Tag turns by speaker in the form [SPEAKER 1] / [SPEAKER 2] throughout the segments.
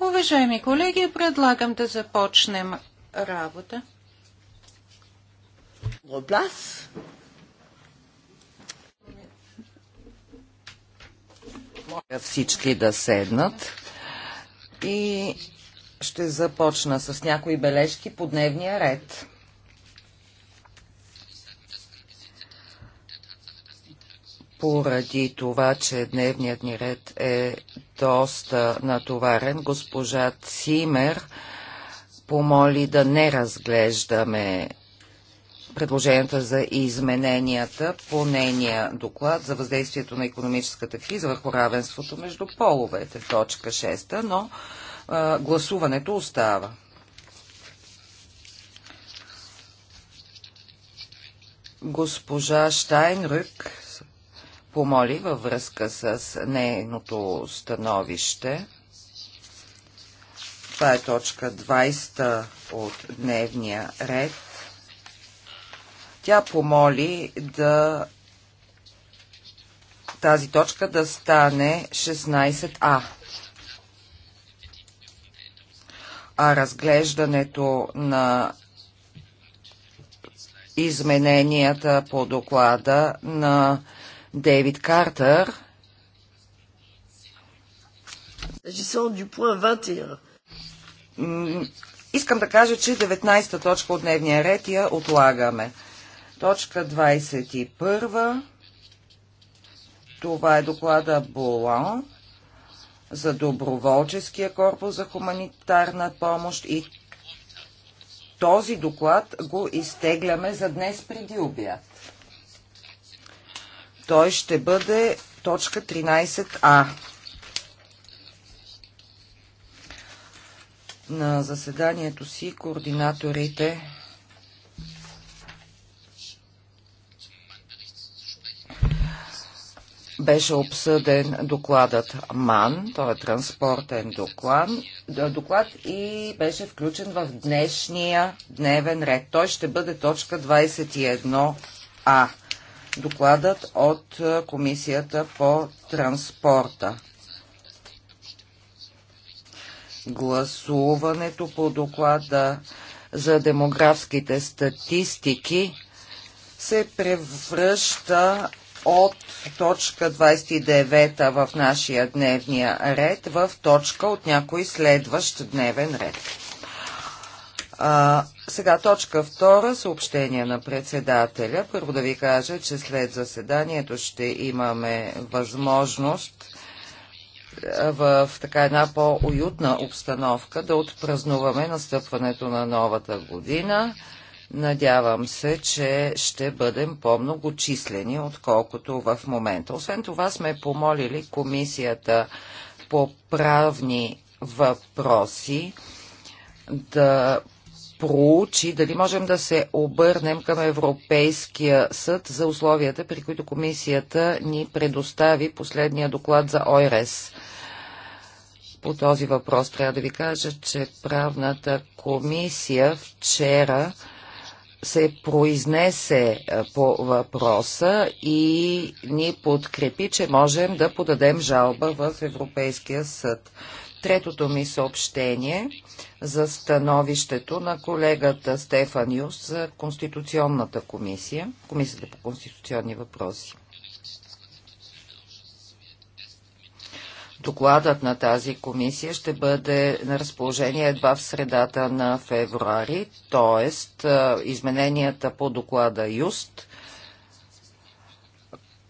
[SPEAKER 1] Уважаеми колеги, предлагам да започнем
[SPEAKER 2] работа. Моля всички да седнат и ще започна с някои бележки по дневния ред. Поради това, че дневният ни ред е доста натоварен, госпожа Цимер помоли да не разглеждаме предложенията за измененията по нейния доклад за въздействието на економическата криза върху равенството между половете, точка 6, но а, гласуването остава. Госпожа Штайнрюк помоли във връзка с нейното становище. Това е точка 20 от дневния ред. Тя помоли да тази точка да стане 16а. А разглеждането на измененията по доклада на Дейвид Картер. Искам да кажа, че 19-та точка от дневния ред я отлагаме. Точка 21. Това е доклада Болан за доброволческия корпус за хуманитарна помощ и този доклад го изтегляме за днес преди обяд. Той ще бъде точка 13а. На заседанието си координаторите беше обсъден докладът МАН, той е транспортен доклад, доклад и беше включен в днешния дневен ред. Той ще бъде точка 21А докладът от Комисията по транспорта. Гласуването по доклада за демографските статистики се превръща от точка 29 в нашия дневния ред в точка от някой следващ дневен ред. А, сега точка втора, съобщение на председателя. Първо да ви кажа, че след заседанието ще имаме възможност в така една по-уютна обстановка да отпразнуваме настъпването на новата година. Надявам се, че ще бъдем по-многочислени, отколкото в момента. Освен това сме помолили комисията по правни въпроси да проучи дали можем да се обърнем към Европейския съд за условията, при които комисията ни предостави последния доклад за ОРС. По този въпрос трябва да ви кажа, че правната комисия вчера се произнесе е, по въпроса и ни подкрепи, че можем да подадем жалба в Европейския съд. Третото ми съобщение за становището на колегата Стефан Юс за Конституционната комисия, Комисията по конституционни въпроси. Докладът на тази комисия ще бъде на разположение едва в средата на февруари, т.е. измененията по доклада ЮСТ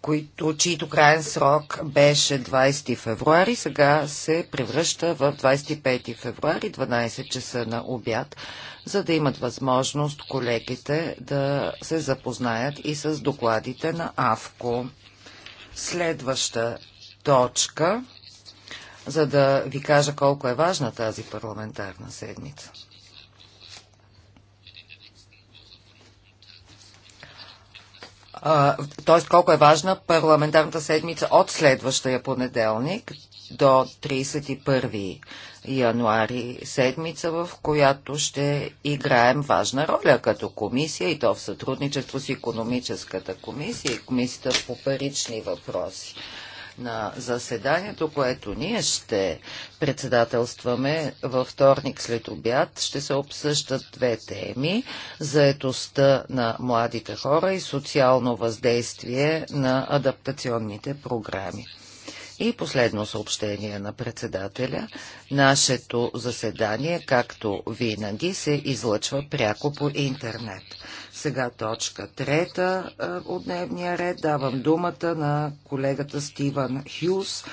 [SPEAKER 2] които, чието крайен срок беше 20 февруари, сега се превръща в 25 февруари, 12 часа на обяд, за да имат възможност колегите да се запознаят и с докладите на АВКО. Следваща точка, за да ви кажа колко е важна тази парламентарна седмица. т.е. колко е важна парламентарната седмица от следващия понеделник до 31 януари седмица, в която ще играем важна роля като комисия и то в сътрудничество с економическата комисия и комисията по парични въпроси на заседанието, което ние ще председателстваме във вторник след обяд, ще се обсъщат две теми – заетостта на младите хора и социално въздействие на адаптационните програми. И последно съобщение на председателя. Нашето заседание, както винаги, се излъчва пряко по интернет. Сега точка трета е, от дневния ред. Давам думата на колегата Стивън Хюс,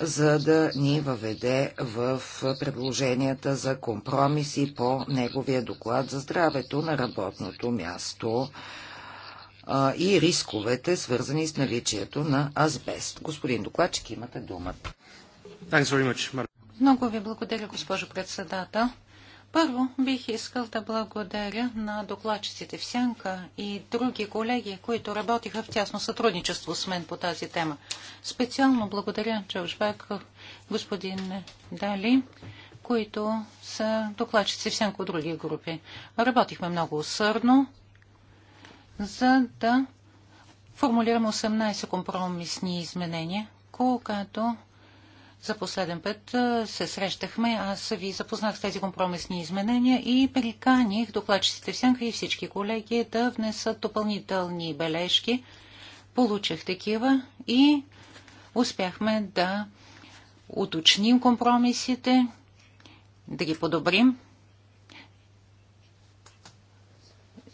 [SPEAKER 2] за да ни въведе в предложенията за компромиси по неговия доклад за здравето на работното място а, и рисковете, свързани с наличието на азбест. Господин докладчик, имате думата.
[SPEAKER 1] Много ви благодаря, госпожо председател. Първо бих искал да благодаря на докладчиците в Сянка и други колеги, които работиха в тясно сътрудничество с мен по тази тема. Специално благодаря Джордж Бекър, господин Дали, които са докладчици в Сянка от други групи. Работихме много усърдно, за да формулираме 18 компромисни изменения, когато за последен път се срещахме, аз ви запознах с тези компромисни изменения и приканих докладчиците в сянка и всички колеги да внесат допълнителни бележки. Получих такива и успяхме да уточним компромисите, да ги подобрим.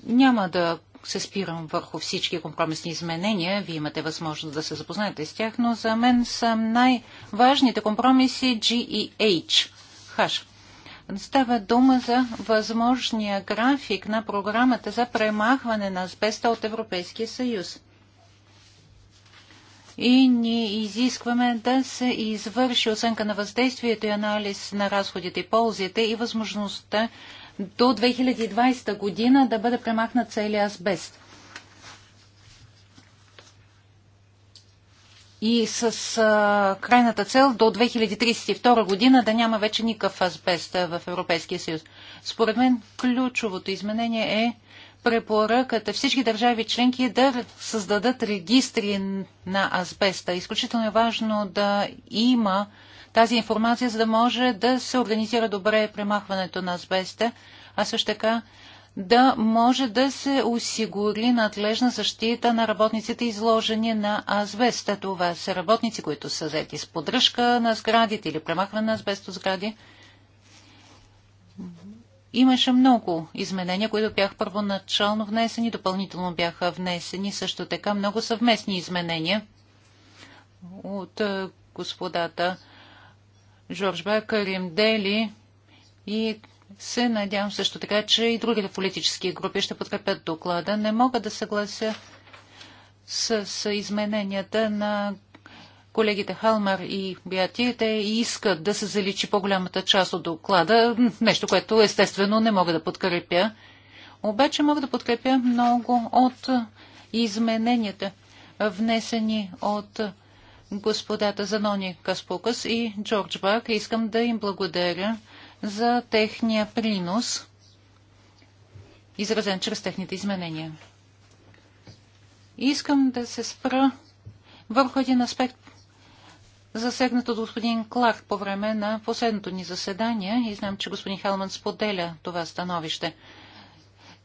[SPEAKER 1] Няма да се спирам върху всички компромисни изменения. Вие имате възможност да се запознаете с тях, но за мен са най-важните компромиси G и H. H. Става дума за възможния график на програмата за премахване на асбеста от Европейския съюз. И ние изискваме да се извърши оценка на въздействието и анализ на разходите и ползите и възможността до 2020 година да бъде премахнат целият азбест. И с а, крайната цел до 2032 година да няма вече никакъв асбест в Европейския съюз. Според мен ключовото изменение е препоръката всички държави членки да създадат регистри на азбеста. Изключително е важно да има тази информация, за да може да се организира добре премахването на азбеста, а също така да може да се осигури надлежна защита на работниците, изложени на азбеста. Това са работници, които са взети с поддръжка на сградите или премахване на азбесто сгради. Имаше много изменения, които бях първоначално внесени, допълнително бяха внесени също така много съвместни изменения от е, господата Жорж Бак, Карим Дели и се надявам също така, че и другите политически групи ще подкрепят доклада. Не мога да съглася с, с измененията на колегите Халмар и Биати. Те искат да се заличи по-голямата част от доклада, нещо, което естествено не мога да подкрепя. Обаче мога да подкрепя много от измененията, внесени от господата Занони Каспукас и Джордж Бак. Искам да им благодаря за техния принос, изразен чрез техните изменения. Искам да се спра върху един аспект, засегнат от господин Кларк по време на последното ни заседание и знам, че господин Хелман споделя това становище.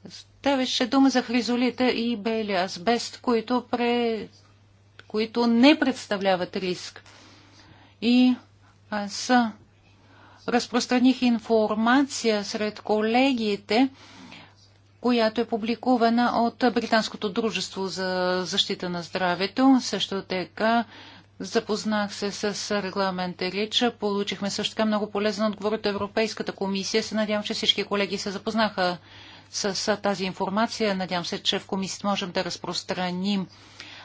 [SPEAKER 1] Ставаше дума за хризолита и белия азбест, които пре които не представляват риск. И аз разпространих информация сред колегите, която е публикувана от Британското дружество за защита на здравето. Също така запознах се с регламента Рича. Получихме също така много полезен отговор от Европейската комисия. Се надявам, че всички колеги се запознаха с тази информация. Надявам се, че в комисията можем да разпространим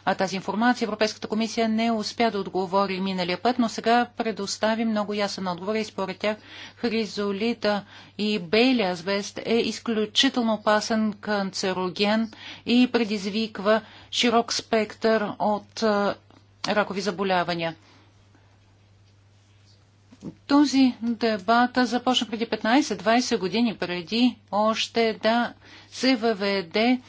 [SPEAKER 1] а тази информация Европейската комисия не успя да отговори миналия път, но сега предостави много ясен отговор и според тях хризолита и белия азбест е изключително опасен канцероген и предизвиква широк спектър от ракови заболявания. Този дебат започна преди 15-20 години, преди още да се въведе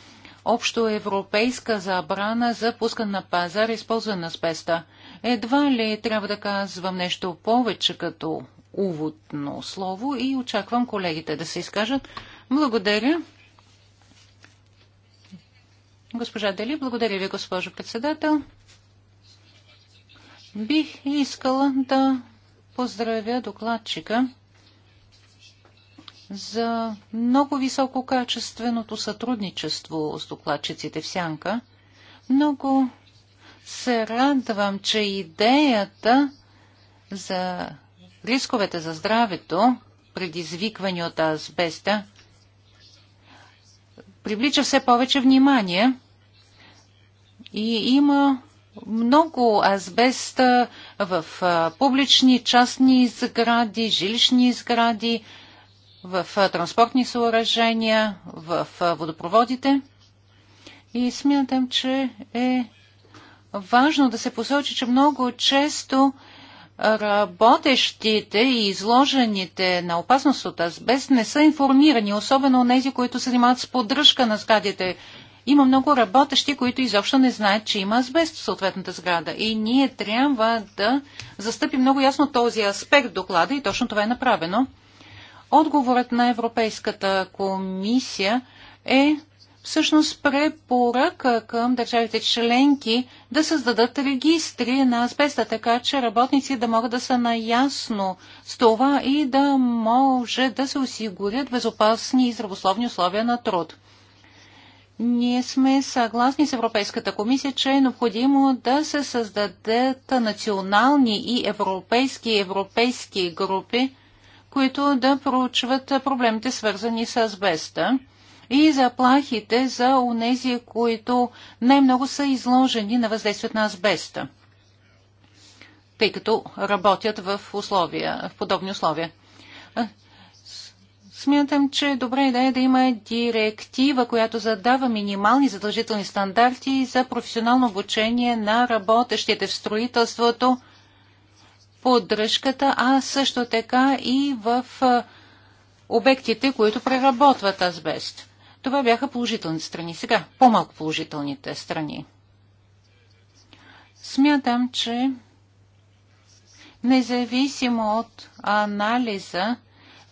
[SPEAKER 1] общоевропейска забрана за пускане на пазар използване на спеста. Едва ли трябва да казвам нещо повече като уводно слово и очаквам колегите да се изкажат. Благодаря. Госпожа Дели, благодаря ви, госпожо председател. Бих искала да поздравя докладчика за много висококачественото сътрудничество с докладчиците в Сянка. Много се радвам, че идеята за рисковете за здравето, предизвиквани от азбеста, привлича все повече внимание и има много азбеста в публични, частни сгради, жилищни сгради, в транспортни съоръжения, в водопроводите. И смятам, че е важно да се посочи, че много често работещите и изложените на опасност от азбест не са информирани, особено тези, които се занимават с поддръжка на сградите. Има много работещи, които изобщо не знаят, че има азбест в съответната сграда. И ние трябва да застъпим много ясно този аспект в доклада и точно това е направено. Отговорът на Европейската комисия е всъщност препоръка към държавите членки да създадат регистри на асбеста, така че работници да могат да са наясно с това и да може да се осигурят безопасни и здравословни условия на труд. Ние сме съгласни с Европейската комисия, че е необходимо да се създадат национални и европейски европейски групи, които да проучват проблемите свързани с азбеста и заплахите за унези, които най-много са изложени на въздействието на азбеста, тъй като работят в, условия, в подобни условия. Смятам, че е добра идея е да има директива, която задава минимални задължителни стандарти за професионално обучение на работещите в строителството поддръжката, а също така и в обектите, които преработват азбест. Това бяха положителните страни. Сега по-малко положителните страни. Смятам, че независимо от анализа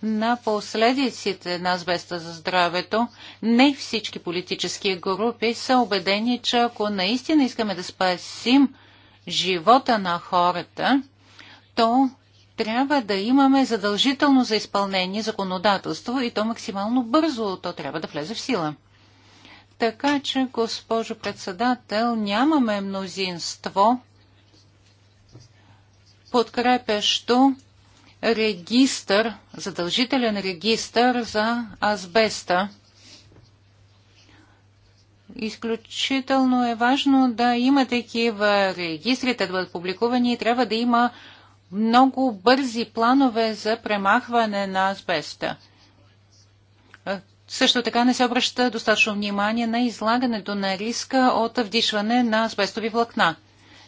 [SPEAKER 1] на последиците на азбеста за здравето, не всички политически групи са убедени, че ако наистина искаме да спасим живота на хората, то трябва да имаме задължително за изпълнение законодателство и то максимално бързо то трябва да влезе в сила. Така че, госпожо председател, нямаме мнозинство подкрепящо регистър, задължителен регистър за азбеста. Изключително е важно да има такива регистри, да бъдат публикувани и трябва да има много бързи планове за премахване на азбеста. Също така не се обръща достатъчно внимание на излагането на риска от вдишване на азбестови влакна.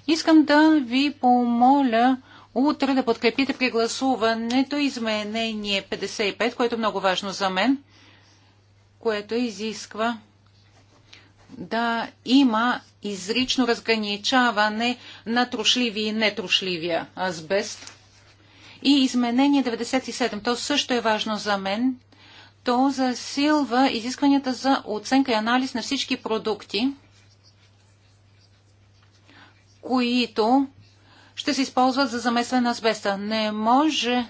[SPEAKER 1] Искам да ви помоля утре да подкрепите при гласуването изменение 55, което е много важно за мен, което изисква да има изрично разграничаване на трошливи и нетрошливия азбест. И изменение 97, то също е важно за мен. То засилва изискванията за оценка и анализ на всички продукти, които ще се използват за замесване на азбеста. Не може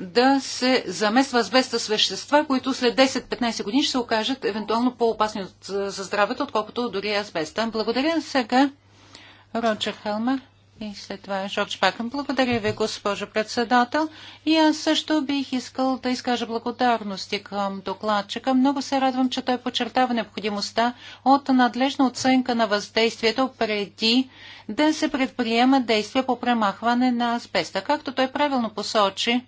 [SPEAKER 1] да се замесва с с вещества, които след 10-15 години ще се окажат евентуално по-опасни за здравето, отколкото дори азбеста. Благодаря сега Роджер Хелмер и след това Жорж Пакън. Благодаря ви, госпожо председател. И аз също бих искал да изкажа благодарности към докладчика. Много се радвам, че той подчертава необходимостта от надлежна оценка на въздействието преди да се предприема действия по премахване на асбеста. Както той правилно посочи,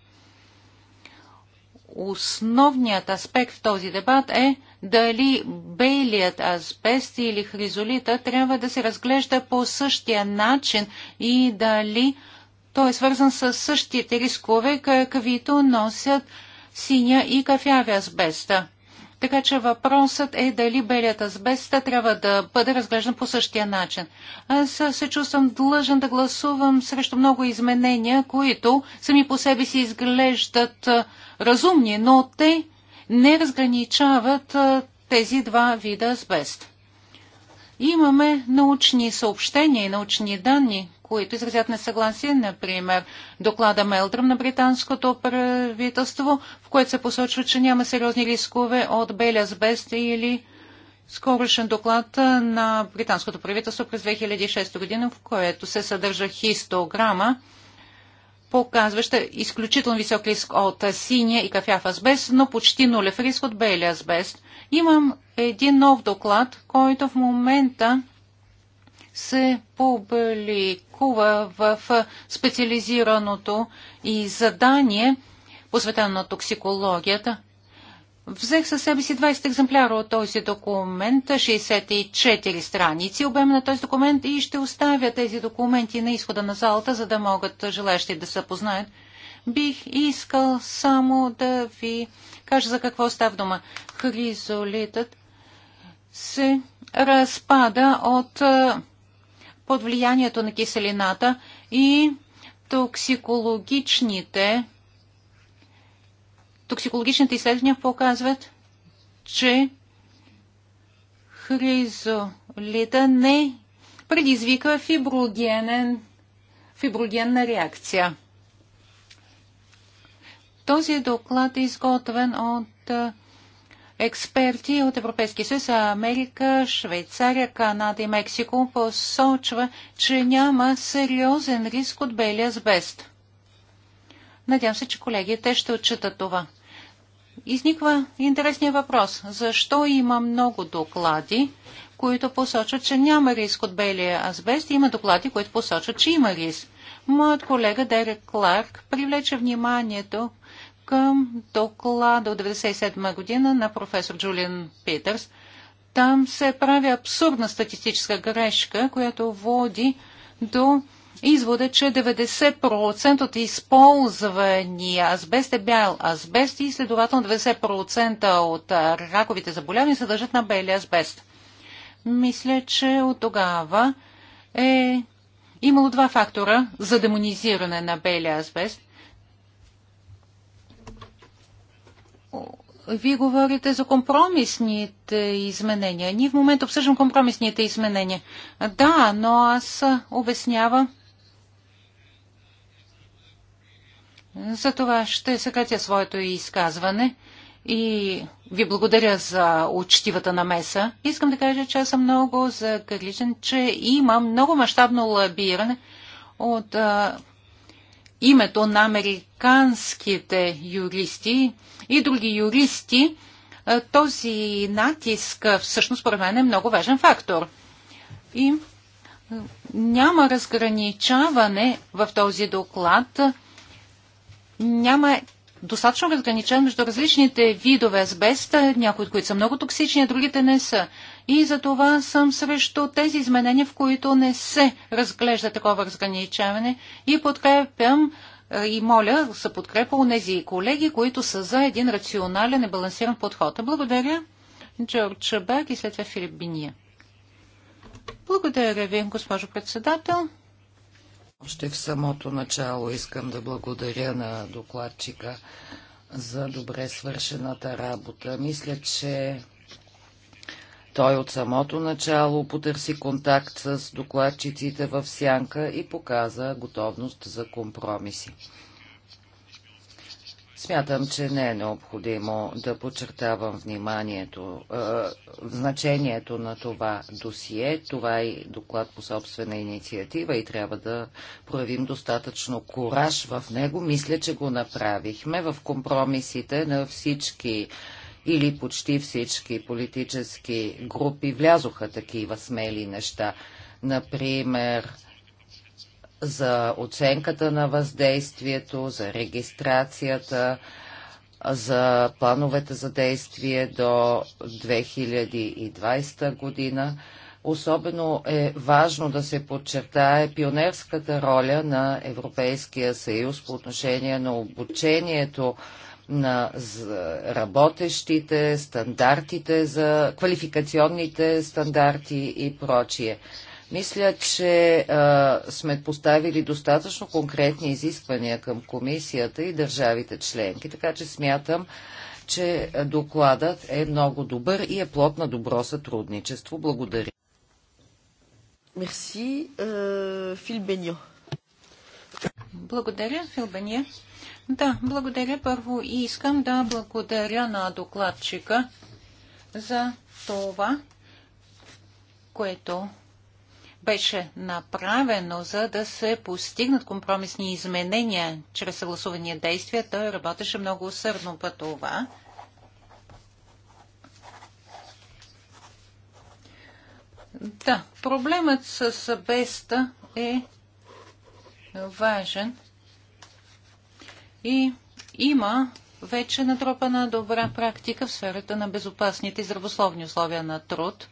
[SPEAKER 1] основният аспект в този дебат е дали белият азбест или хризолита трябва да се разглежда по същия начин и дали той е свързан с същите рискове, каквито носят синя и кафяви азбеста. Така че въпросът е дали белият азбест трябва да бъде разглеждан по същия начин. Аз се чувствам длъжен да гласувам срещу много изменения, които сами по себе си изглеждат разумни, но те не разграничават тези два вида азбест. Имаме научни съобщения и научни данни, които изразят несъгласие, например доклада Мелдръм на британското правителство, в което се посочва, че няма сериозни рискове от бели азбест или скорошен доклад на британското правителство през 2006 година, в което се съдържа хистограма показваща изключително висок риск от синия и кафяв азбест, но почти нулев риск от белия азбест. Имам един нов доклад, който в момента се публикува в специализираното издание, посветено на токсикологията. Взех със себе си 20 екземпляра от този документ, 64 страници обем на този документ и ще оставя тези документи на изхода на залата, за да могат желащи да се познаят. Бих искал само да ви кажа за какво става дума. Хризолитът се разпада от под влиянието на киселината и токсикологичните токсикологичните изследвания показват, че хризолита не предизвиква фиброгенен, фиброгенна реакция. Този доклад е изготвен от експерти от Европейския съюз, Америка, Швейцария, Канада и Мексико посочва, че няма сериозен риск от белия азбест. Надявам се, че колегите ще отчитат това. Изниква интересния въпрос. Защо има много доклади, които посочват, че няма риск от белия азбест има доклади, които посочват, че има риск? Моят колега Дерек Кларк привлече вниманието към доклада от 1997 година на професор Джулиан Питърс. Там се прави абсурдна статистическа грешка, която води до Извод е, че 90% от използвания азбест е бял азбест и следователно 90% от раковите заболявания се дължат на белия азбест. Мисля, че от тогава е имало два фактора за демонизиране на белия азбест. Вие говорите за компромисните изменения. Ние в момента обсъждам компромисните изменения. Да, но аз обяснявам Затова ще съкратя своето изказване и ви благодаря за учтивата намеса. Искам да кажа, че аз съм много загрижен, че има много мащабно лабиране от а, името на американските юристи и други юристи. А, този натиск всъщност според мен е много важен фактор. И няма разграничаване в този доклад няма достатъчно разграничен между различните видове азбест, някои от които са много токсични, а другите не са. И за това съм срещу тези изменения, в които не се разглежда такова разграничаване и подкрепям и моля за подкрепа у нези колеги, които са за един рационален и балансиран подход. Благодаря, Джордж Бек и след това Филип Биния. Благодаря ви, госпожо председател.
[SPEAKER 2] Още в самото начало искам да благодаря на докладчика за добре свършената работа. Мисля, че той от самото начало потърси контакт с докладчиците в сянка и показа готовност за компромиси. Смятам, че не е необходимо да подчертавам вниманието, е, значението на това досие. Това е доклад по собствена инициатива и трябва да проявим достатъчно кораж в него. Мисля, че го направихме в компромисите на всички или почти всички политически групи влязоха такива смели неща. Например, за оценката на въздействието, за регистрацията, за плановете за действие до 2020 година. Особено е важно да се подчертае пионерската роля на Европейския съюз по отношение на обучението на работещите, стандартите за квалификационните стандарти и прочие. Мисля, че а, сме поставили достатъчно конкретни изисквания към комисията и държавите членки, така че смятам, че докладът е много добър и е плод на добро сътрудничество. Благодаря.
[SPEAKER 1] Мерси, Фил Беньо. Благодаря, Фил Беньо. Да, благодаря. Първо и искам да благодаря на докладчика за това, което беше направено, за да се постигнат компромисни изменения чрез съгласувания действия. Той работеше много усърдно по това. Да, проблемът с Беста е важен и има вече натрупана добра практика в сферата на безопасните и здравословни условия на труд.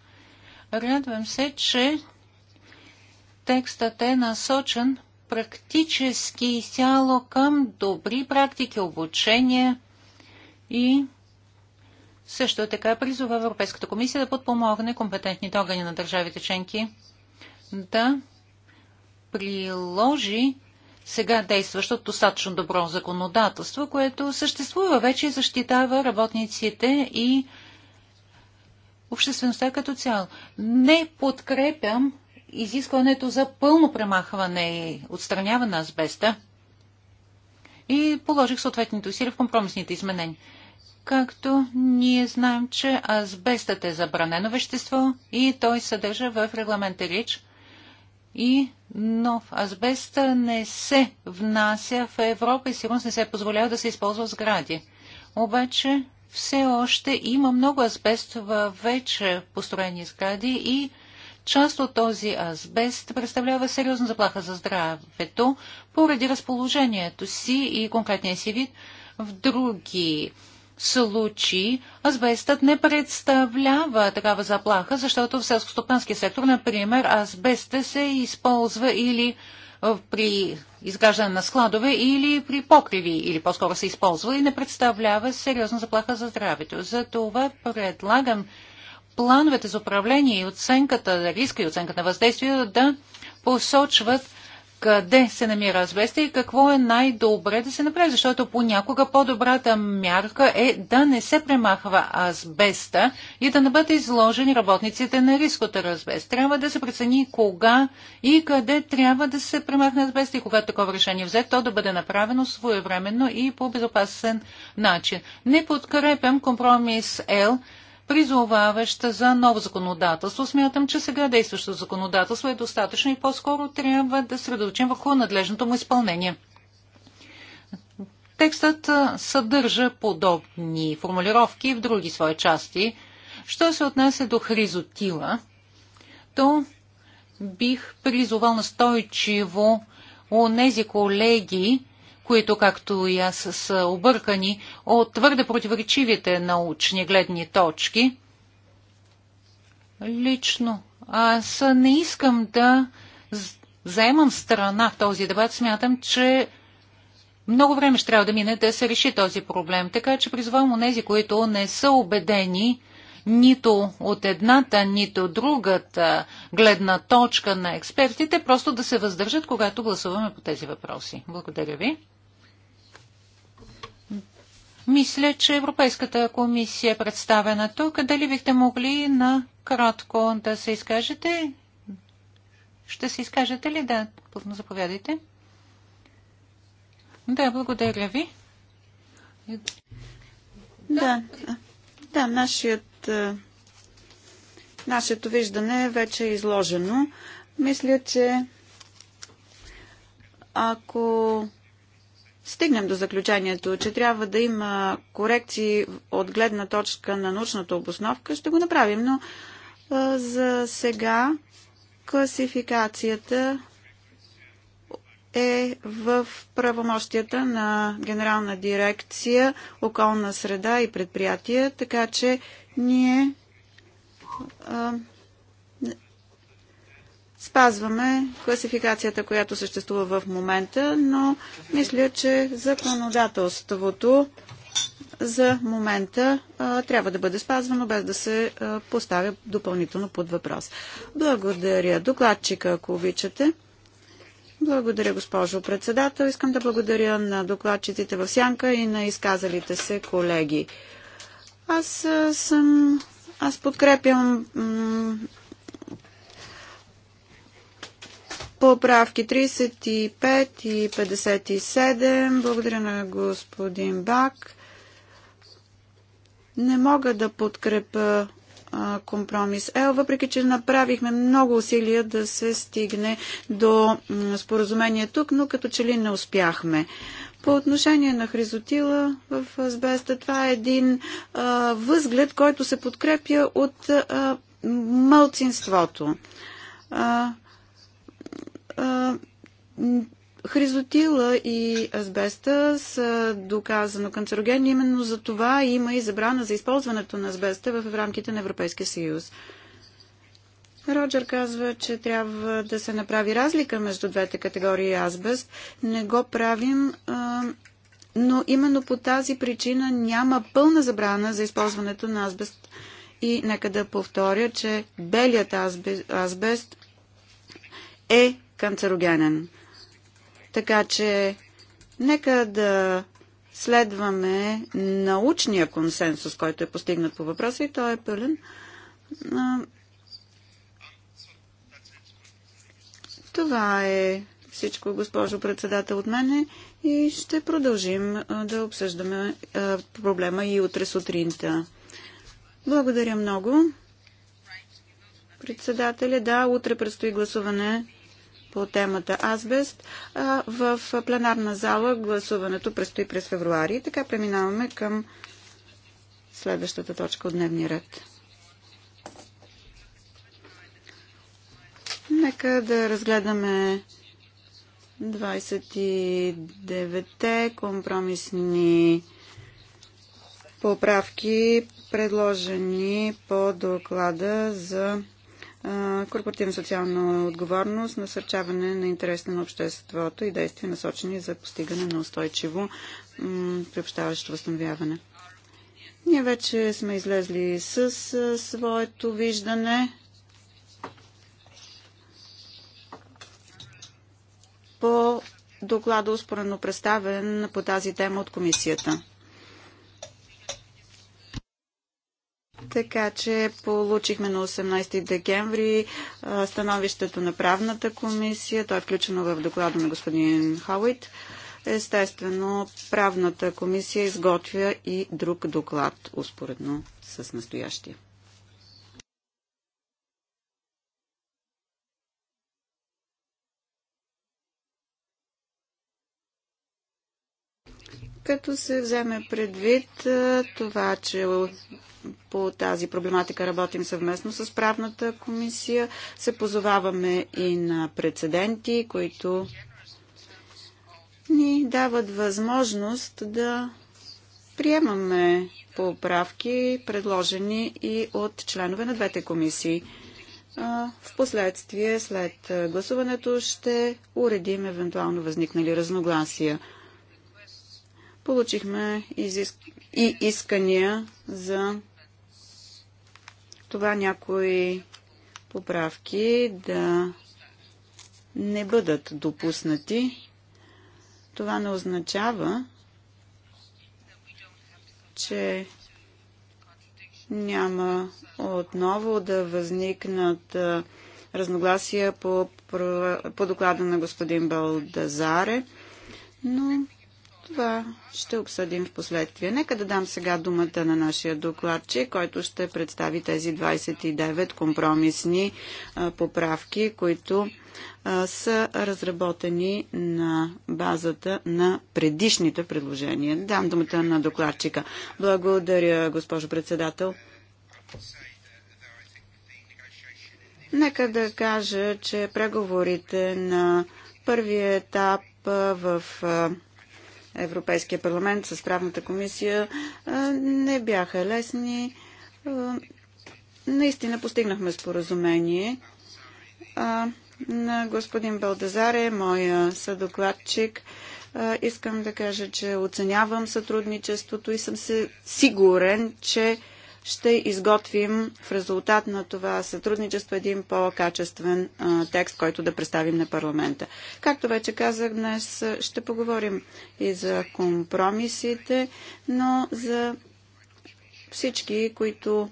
[SPEAKER 1] Радвам се, че Текстът е насочен практически изцяло към добри практики, обучение и също така призова Европейската комисия да подпомогне компетентните органи на държавите членки да приложи сега действащото достатъчно добро законодателство, което съществува вече и защитава работниците и обществеността като цяло. Не подкрепям изискването за пълно премахване и отстраняване на азбеста и положих съответните усилия в компромисните изменения. Както ние знаем, че азбестът е забранено вещество и той съдържа в регламента РИЧ и нов азбест не се внася в Европа и сигурно не се позволява да се използва в сгради. Обаче все още има много азбест в вече построени сгради и Част от този азбест представлява сериозна заплаха за здравето поради разположението си и конкретния си вид. В други случаи азбестът не представлява такава заплаха, защото в селскостопанския сектор, например, азбестът се използва или при изграждане на складове или при покриви, или по-скоро се използва и не представлява сериозна заплаха за здравето. Затова предлагам плановете за управление и оценката на риска и оценката на въздействие да посочват къде се намира азбеста и какво е най-добре да се направи, защото понякога по-добрата мярка е да не се премахва азбеста и да не бъдат изложени работниците на риск от азбест. Трябва да се прецени кога и къде трябва да се премахне азбеста и когато такова решение е взе, то да бъде направено своевременно и по безопасен начин. Не подкрепям компромис Л, призоваваща за ново законодателство. Смятам, че сега действащото законодателство е достатъчно и по-скоро трябва да средоточим върху надлежното му изпълнение. Текстът съдържа подобни формулировки в други свои части. Що се отнася до хризотила, то бих призовал настойчиво у нези колеги, които, както и аз, са объркани от твърде противоречивите научни гледни точки. Лично аз не искам да заемам страна в този дебат. Смятам, че много време ще трябва да мине да се реши този проблем. Така че призвам онези, които не са убедени нито от едната, нито другата гледна точка на експертите, просто да се въздържат, когато гласуваме по тези въпроси. Благодаря ви. Мисля, че Европейската комисия е представена тук. Дали бихте могли на кратко да се изкажете? Ще се изкажете ли? Да, заповядайте. Да, благодаря ви. Да, да, нашият, е,
[SPEAKER 3] нашето виждане вече е изложено. Мисля, че ако стигнем до заключението, че трябва да има корекции от гледна точка на научната обосновка, ще го направим. Но за сега класификацията е в правомощията на Генерална дирекция околна среда и предприятия, така че ние а, спазваме класификацията, която съществува в момента, но мисля, че законодателството за момента а, трябва да бъде спазвано, без да се а, поставя допълнително под въпрос. Благодаря. Докладчика, ако обичате. Благодаря, госпожо председател. Искам да благодаря на докладчиците в Сянка и на изказалите се колеги. Аз а, съм. Аз подкрепям Поправки 35 и 57. Благодаря на господин Бак. Не мога да подкрепя компромис Ел, въпреки че направихме много усилия да се стигне до споразумение тук, но като че ли не успяхме. По отношение на хризотила в азбеста, това е един а, възглед, който се подкрепя от а, мълцинството. А, Хризотила и азбеста са доказано канцерогенни, именно за това има и забрана за използването на азбеста в рамките на Европейския съюз. Роджер казва, че трябва да се направи разлика между двете категории азбест. Не го правим, но именно по тази причина няма пълна забрана за използването на азбест. И нека да повторя, че белият азбест е канцерогенен. Така че нека да следваме научния консенсус, който е постигнат по въпроса и той е пълен. Това е всичко, госпожо председател, от мене и ще продължим да обсъждаме проблема и утре сутринта. Благодаря много. Председателя, да, утре предстои гласуване по темата Азбест. в пленарна зала гласуването предстои през февруари. така преминаваме към следващата точка от дневния ред. Нека да разгледаме 29-те компромисни поправки, предложени по доклада за корпоративна социална отговорност, насърчаване на интереса на обществото и действия насочени за постигане на устойчиво приобщаващо възстановяване. Ние вече сме излезли с своето виждане по доклада, успорено представен по тази тема от комисията. Така че получихме на 18 декември становището на правната комисия. То е включено в доклада на господин Хауит. Естествено, правната комисия изготвя и друг доклад, успоредно с настоящия. като се вземе предвид това, че по тази проблематика работим съвместно с правната комисия, се позоваваме и на прецеденти, които ни дават възможност да приемаме поправки, предложени и от членове на двете комисии. В последствие, след гласуването, ще уредим евентуално възникнали разногласия. Получихме изиск... и искания за това някои поправки да не бъдат допуснати. Това не означава, че няма отново да възникнат разногласия по, по доклада на господин Балдазаре, но това ще обсъдим в последствие. Нека да дам сега думата на нашия докладчик, който ще представи тези 29 компромисни поправки, които са разработени на базата на предишните предложения. Дам думата на докладчика. Благодаря, госпожо председател. Нека да кажа, че преговорите на първия етап в Европейския парламент с правната комисия не бяха лесни. Наистина постигнахме споразумение. На господин Балдазаре, моя съдокладчик, искам да кажа, че оценявам сътрудничеството и съм се сигурен, че ще изготвим в резултат на това сътрудничество един по-качествен текст, който да представим на парламента. Както вече казах, днес ще поговорим и за компромисите, но за всички, които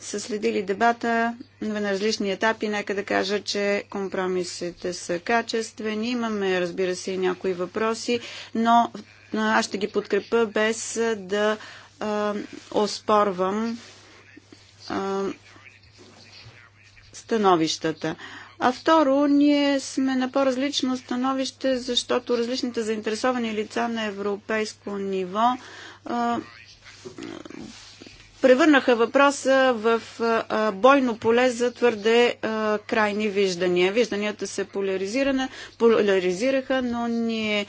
[SPEAKER 3] са следили дебата на различни етапи, нека да кажа, че компромисите са качествени. Имаме, разбира се, и някои въпроси, но аз ще ги подкрепа без да а, оспорвам а, становищата. А второ, ние сме на по-различно становище, защото различните заинтересовани лица на европейско ниво а, превърнаха въпроса в бойно поле за твърде крайни виждания. Вижданията се поляризираха, но ние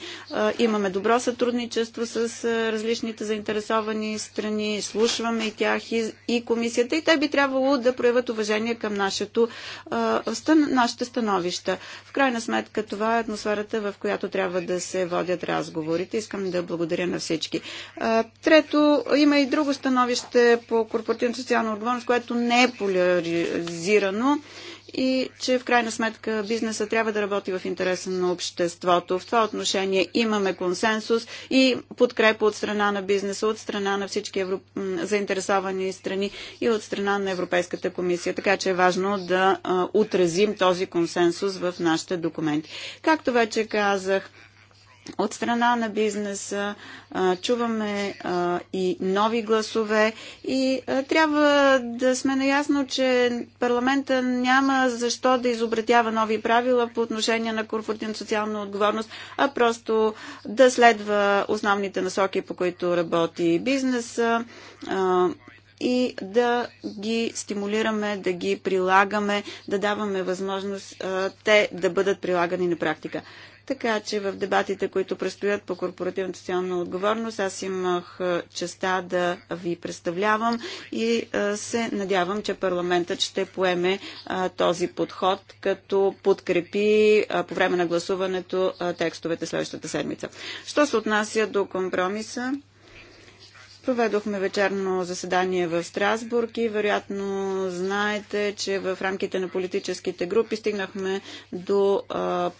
[SPEAKER 3] имаме добро сътрудничество с различните заинтересовани страни, слушваме и тях и, комисията и те би трябвало да проявят уважение към нашето, нашите становища. В крайна сметка това е атмосферата, в която трябва да се водят разговорите. Искам да благодаря на всички. Трето, има и друго становище по корпоративно социална отговорност, което не е поляризирано и че в крайна сметка бизнеса трябва да работи в интереса на обществото. В това отношение имаме консенсус и подкрепа от страна на бизнеса, от страна на всички евро... заинтересовани страни и от страна на Европейската комисия. Така че е важно да а, отразим този консенсус в нашите документи. Както вече казах, от страна на бизнеса, чуваме и нови гласове и трябва да сме наясно, че парламента няма защо да изобретява нови правила по отношение на корпоративна социална отговорност, а просто да следва основните насоки, по които работи бизнеса и да ги стимулираме, да ги прилагаме, да даваме възможност те да бъдат прилагани на практика. Така че в дебатите, които предстоят по корпоративна социална отговорност, аз имах честа да ви представлявам и се надявам, че парламентът ще поеме този подход, като подкрепи по време на гласуването текстовете следващата седмица. Що се отнася до компромиса? Проведохме вечерно заседание в Страсбург и вероятно знаете, че в рамките на политическите групи стигнахме до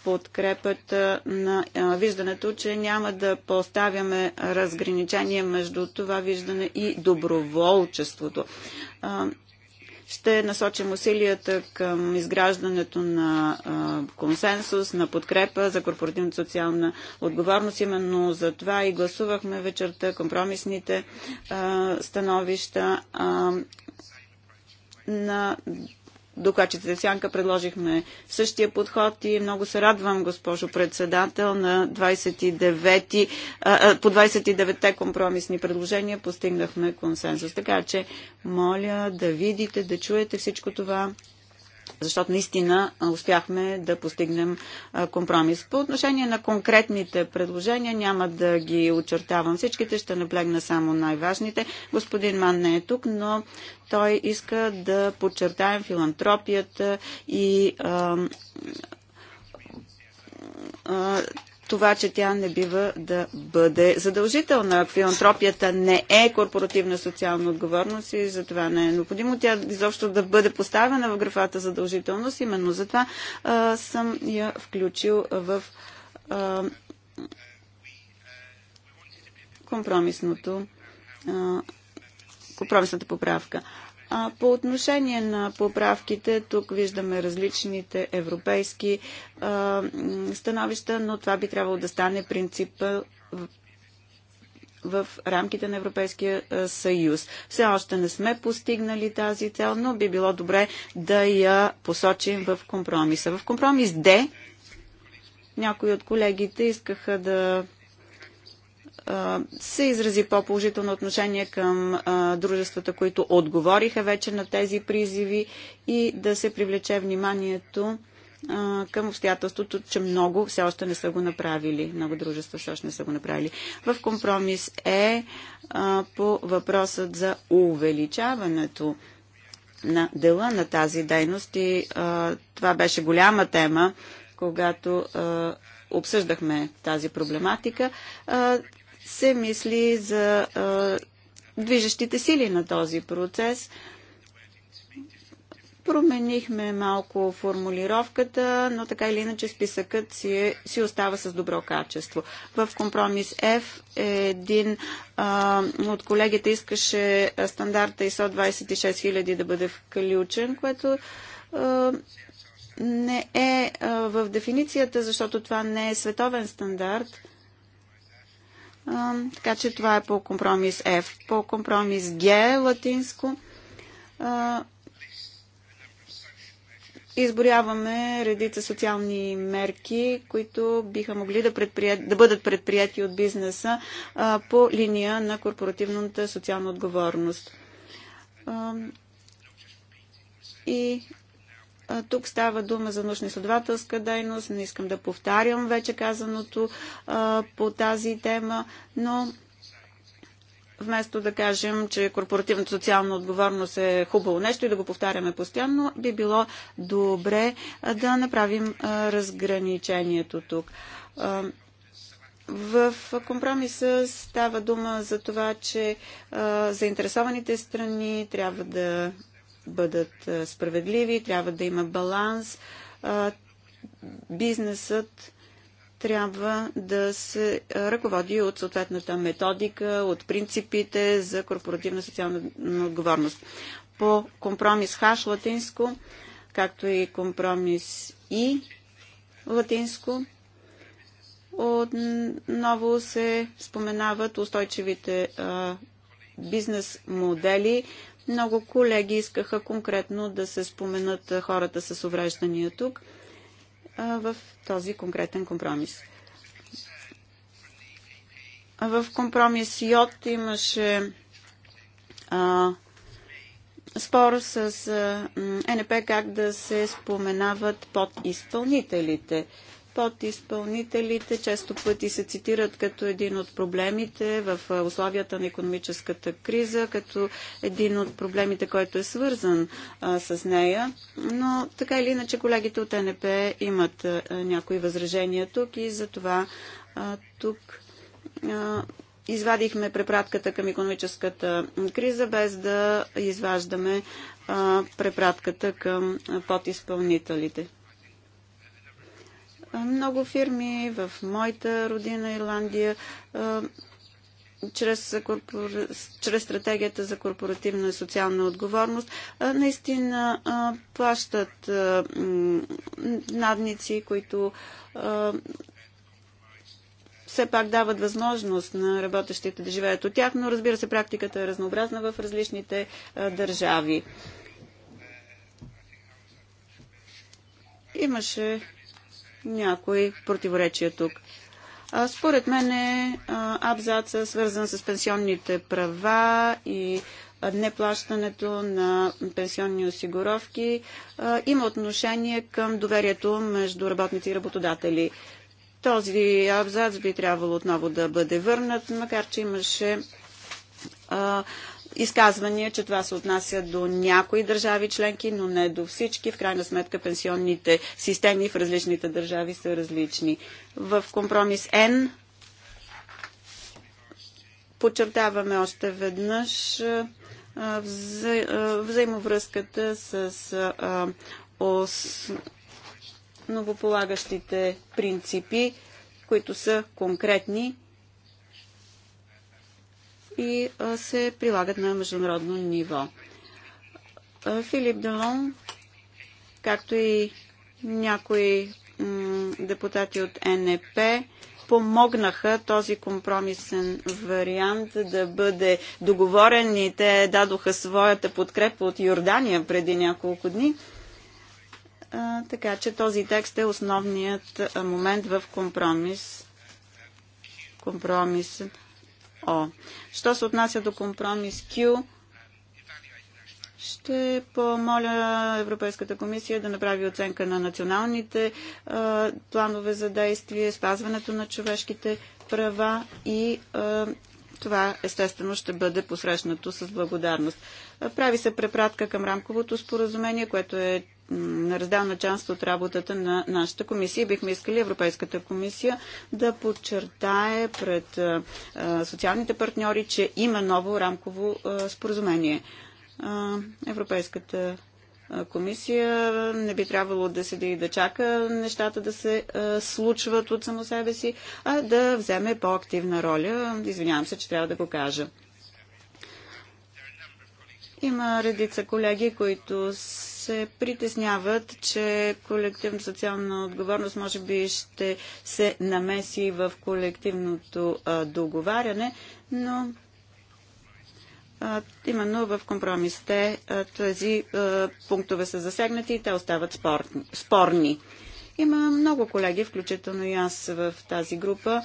[SPEAKER 3] подкрепата на виждането, че няма да поставяме разграничение между това виждане и доброволчеството. Ще насочим усилията към изграждането на консенсус, на подкрепа за корпоративна социална отговорност. Именно за това и гласувахме вечерта компромисните становища на докладчиците Сянка предложихме същия подход и много се радвам, госпожо председател, на 29, по 29-те компромисни предложения постигнахме консенсус. Така че, моля да видите, да чуете всичко това защото наистина успяхме да постигнем компромис. По отношение на конкретните предложения, няма да ги очертавам всичките, ще наблегна само най-важните. Господин Ман не е тук, но той иска да подчертаем филантропията и това, че тя не бива да бъде задължителна. Филантропията не е корпоративна социална отговорност и затова не е необходимо тя изобщо да бъде поставена в графата задължителност. Именно затова а, съм я включил в а, компромисното а, компромисната поправка. А, по отношение на поправките, тук виждаме различните европейски а, становища, но това би трябвало да стане принципа в рамките на Европейския съюз. Все още не сме постигнали тази цел, но би било добре да я посочим в компромиса. В компромис Д някои от колегите искаха да се изрази по-положително отношение към дружествата, които отговориха вече на тези призиви и да се привлече вниманието към обстоятелството, че много все още не са го направили. Много дружества все още не са го направили. В компромис е по въпросът за увеличаването на дела на тази дейност и това беше голяма тема, когато обсъждахме тази проблематика се мисли за а, движещите сили на този процес. Променихме малко формулировката, но така или иначе списъкът си, е, си остава с добро качество. В компромис F е един а, от колегите искаше стандарта ISO 26000 да бъде включен, което а, не е а, в дефиницията, защото това не е световен стандарт така че това е по компромис F. По компромис G латинско а, изборяваме редица социални мерки, които биха могли да, предприят, да бъдат предприяти от бизнеса а, по линия на корпоративната социална отговорност. А, и тук става дума за научно-изследователска дейност. Не искам да повтарям вече казаното по тази тема, но вместо да кажем, че корпоративната социална отговорност е хубаво нещо и да го повтаряме постоянно, би било добре да направим разграничението тук. В компромиса става дума за това, че а, заинтересованите страни трябва да бъдат справедливи, трябва да има баланс. Бизнесът трябва да се ръководи от съответната методика, от принципите за корпоративна социална отговорност. По компромис ХАШ латинско, както и компромис И латинско, отново се споменават устойчивите бизнес модели много колеги искаха конкретно да се споменат хората с увреждания тук в този конкретен компромис. В компромис Йод имаше а, спор с а, НП как да се споменават подизпълнителите. Подизпълнителите често пъти се цитират като един от проблемите в условията на економическата криза, като един от проблемите, който е свързан а, с нея. Но така или иначе колегите от НП имат а, някои възражения тук и това а, тук а, извадихме препратката към економическата криза, без да изваждаме а, препратката към подизпълнителите. Много фирми в моята родина Ирландия чрез, чрез стратегията за корпоративна и социална отговорност, наистина плащат надници, които все пак дават възможност на работещите да живеят от тях, но разбира се, практиката е разнообразна в различните държави. Имаше някои противоречия тук. А, според мен е абзаца свързан с пенсионните права и неплащането на пенсионни осигуровки а, има отношение към доверието между работници и работодатели. Този абзац би трябвало отново да бъде върнат, макар че имаше а, изказвания, че това се отнася до някои държави членки, но не до всички. В крайна сметка пенсионните системи в различните държави са различни. В компромис Н подчертаваме още веднъж вза... взаимовръзката с новополагащите принципи, които са конкретни и се прилагат на международно ниво. Филип Делон, както и някои депутати от НП, помогнаха този компромисен вариант да бъде договорен и те дадоха своята подкрепа от Йордания преди няколко дни. така че този текст е основният момент в компромис. Компромисен О. Що се отнася до компромис Q, ще помоля Европейската комисия да направи оценка на националните а, планове за действие, спазването на човешките права и а, това естествено ще бъде посрещнато с благодарност. Прави се препратка към рамковото споразумение, което е на разделна част от работата на нашата комисия. Бихме искали Европейската комисия да подчертае пред социалните партньори, че има ново рамково споразумение. Европейската комисия. Не би трябвало да седи и да чака нещата да се случват от само себе си, а да вземе по-активна роля. Извинявам се, че трябва да го кажа. Има редица колеги, които се притесняват, че колективно социална отговорност може би ще се намеси в колективното договаряне, но Именно в компромисите тези пунктове са засегнати и те остават спорни. Има много колеги, включително и аз в тази група,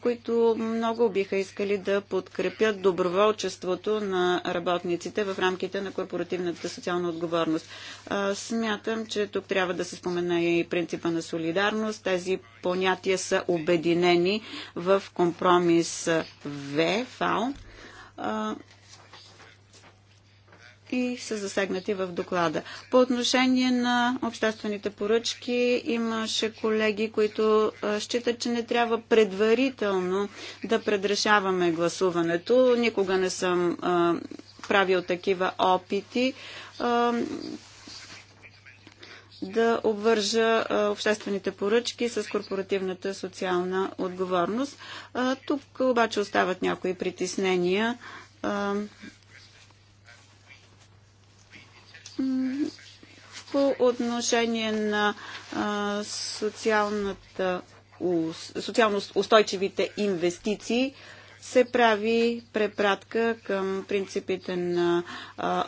[SPEAKER 3] които много биха искали да подкрепят доброволчеството на работниците в рамките на корпоративната социална отговорност. Смятам, че тук трябва да се спомена и принципа на солидарност. Тези понятия са обединени в компромис ВФАО и са засегнати в доклада. По отношение на обществените поръчки имаше колеги, които считат, че не трябва предварително да предрешаваме гласуването. Никога не съм правил такива опити. да обвържа обществените поръчки с корпоративната социална отговорност. тук обаче остават някои притеснения по отношение на социалната, социално устойчивите инвестиции се прави препратка към принципите на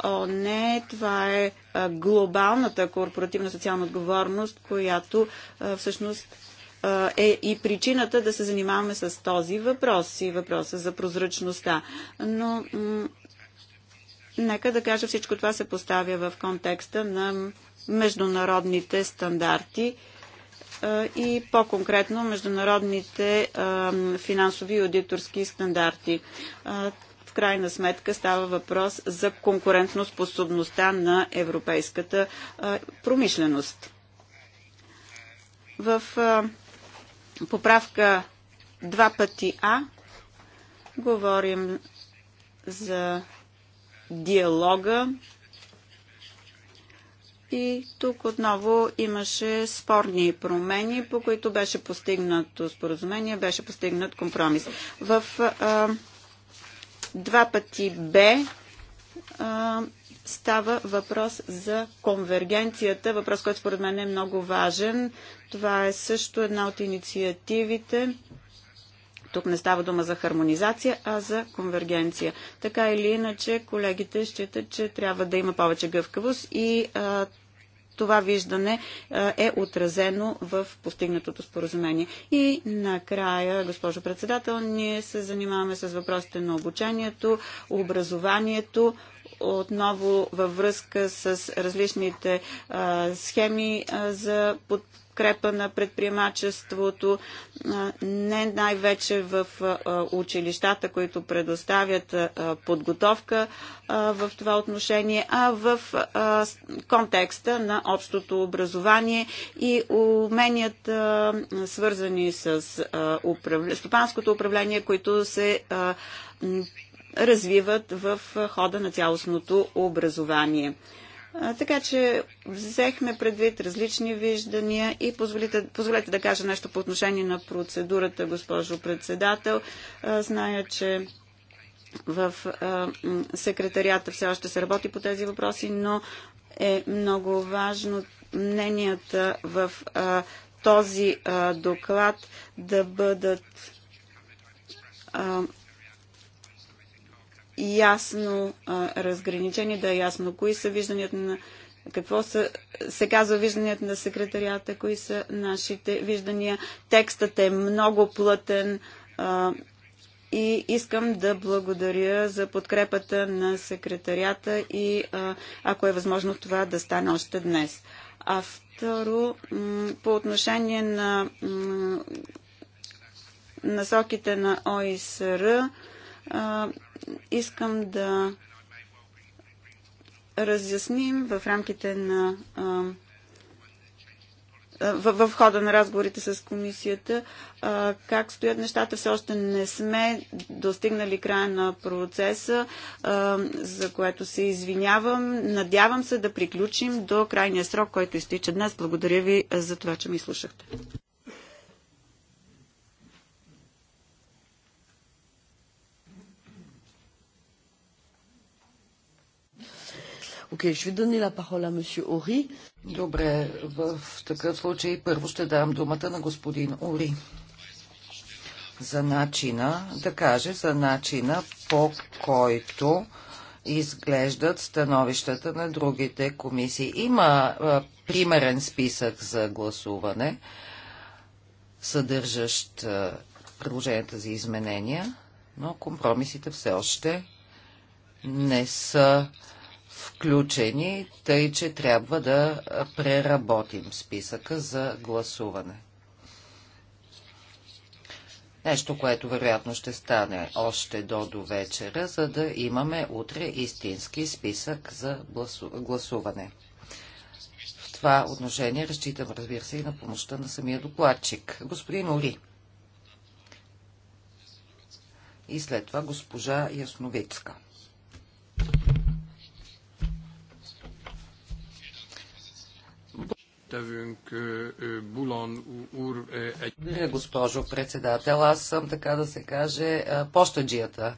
[SPEAKER 3] ООН. Това е глобалната корпоративна социална отговорност, която всъщност е и причината да се занимаваме с този въпрос и въпроса за прозрачността. Но Нека да кажа, всичко това се поставя в контекста на международните стандарти и по-конкретно международните финансови и аудиторски стандарти. В крайна сметка става въпрос за конкурентноспособността на европейската промишленост. В поправка два пъти А говорим за диалога. И тук отново имаше спорни промени, по които беше постигнато споразумение, беше постигнат компромис. В а, два пъти Б става въпрос за конвергенцията, въпрос, който според мен е много важен. Това е също една от инициативите тук не става дума за хармонизация, а за конвергенция. Така или иначе, колегите считат, че трябва да има повече гъвкавост и а, това виждане е отразено в постигнатото споразумение. И накрая, госпожо председател, ние се занимаваме с въпросите на обучението, образованието, отново във връзка с различните а, схеми а, за подкрепа на предприемачеството, а, не най-вече в училищата, които предоставят подготовка в това отношение, а в контекста на общото образование и уменията, свързани с управ... стопанското управление, които се развиват в хода на цялостното образование. Така че взехме предвид различни виждания и позволите, позволете да кажа нещо по отношение на процедурата, госпожо председател. Зная, че в секретарията все още се работи по тези въпроси, но е много важно мненията в този доклад да бъдат ясно а, разграничение, да е ясно кои са вижданията на какво са, се казва вижданията на секретарията, кои са нашите виждания. Текстът е много плътен а, и искам да благодаря за подкрепата на секретарията и а, ако е възможно това да стане още днес. А второ, по отношение на насоките на ОИСР, а, искам да разясним в рамките на в, хода на разговорите с комисията как стоят нещата. Все още не сме достигнали края на процеса, за което се извинявам. Надявам се да приключим до крайния срок, който изтича днес. Благодаря ви за това, че ми слушахте.
[SPEAKER 2] Okay, je vais donner la Ори. Добре, в такъв случай първо ще дам думата на господин Ори за начина, да каже за начина по който изглеждат становищата на другите комисии. Има а, примерен списък за гласуване, съдържащ а, предложенията за изменения, но компромисите все още не са включени, тъй че трябва да преработим списъка за гласуване. Нещо, което вероятно ще стане още до до вечера, за да имаме утре истински списък за гласуване. В това отношение разчитам, разбира се, и на помощта на самия докладчик. Господин Ори. И след това госпожа Ясновицка. Bulan úr egy... Благодаря, госпожо председател. Аз съм, така да се каже, пощаджията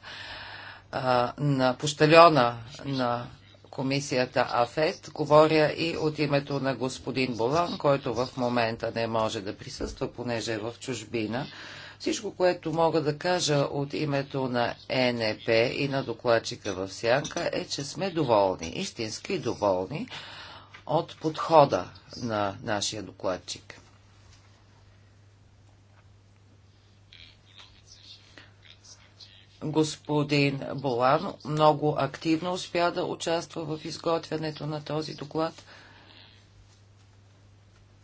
[SPEAKER 2] на пощальона на комисията АФЕТ. Говоря и от името на господин Болан, който в момента не може да присъства, понеже е в чужбина. Всичко, което мога да кажа от името на ЕНП и на докладчика в Сянка е, че сме доволни, истински доволни от подхода на нашия докладчик. Господин Болан много активно успя да участва в изготвянето на този доклад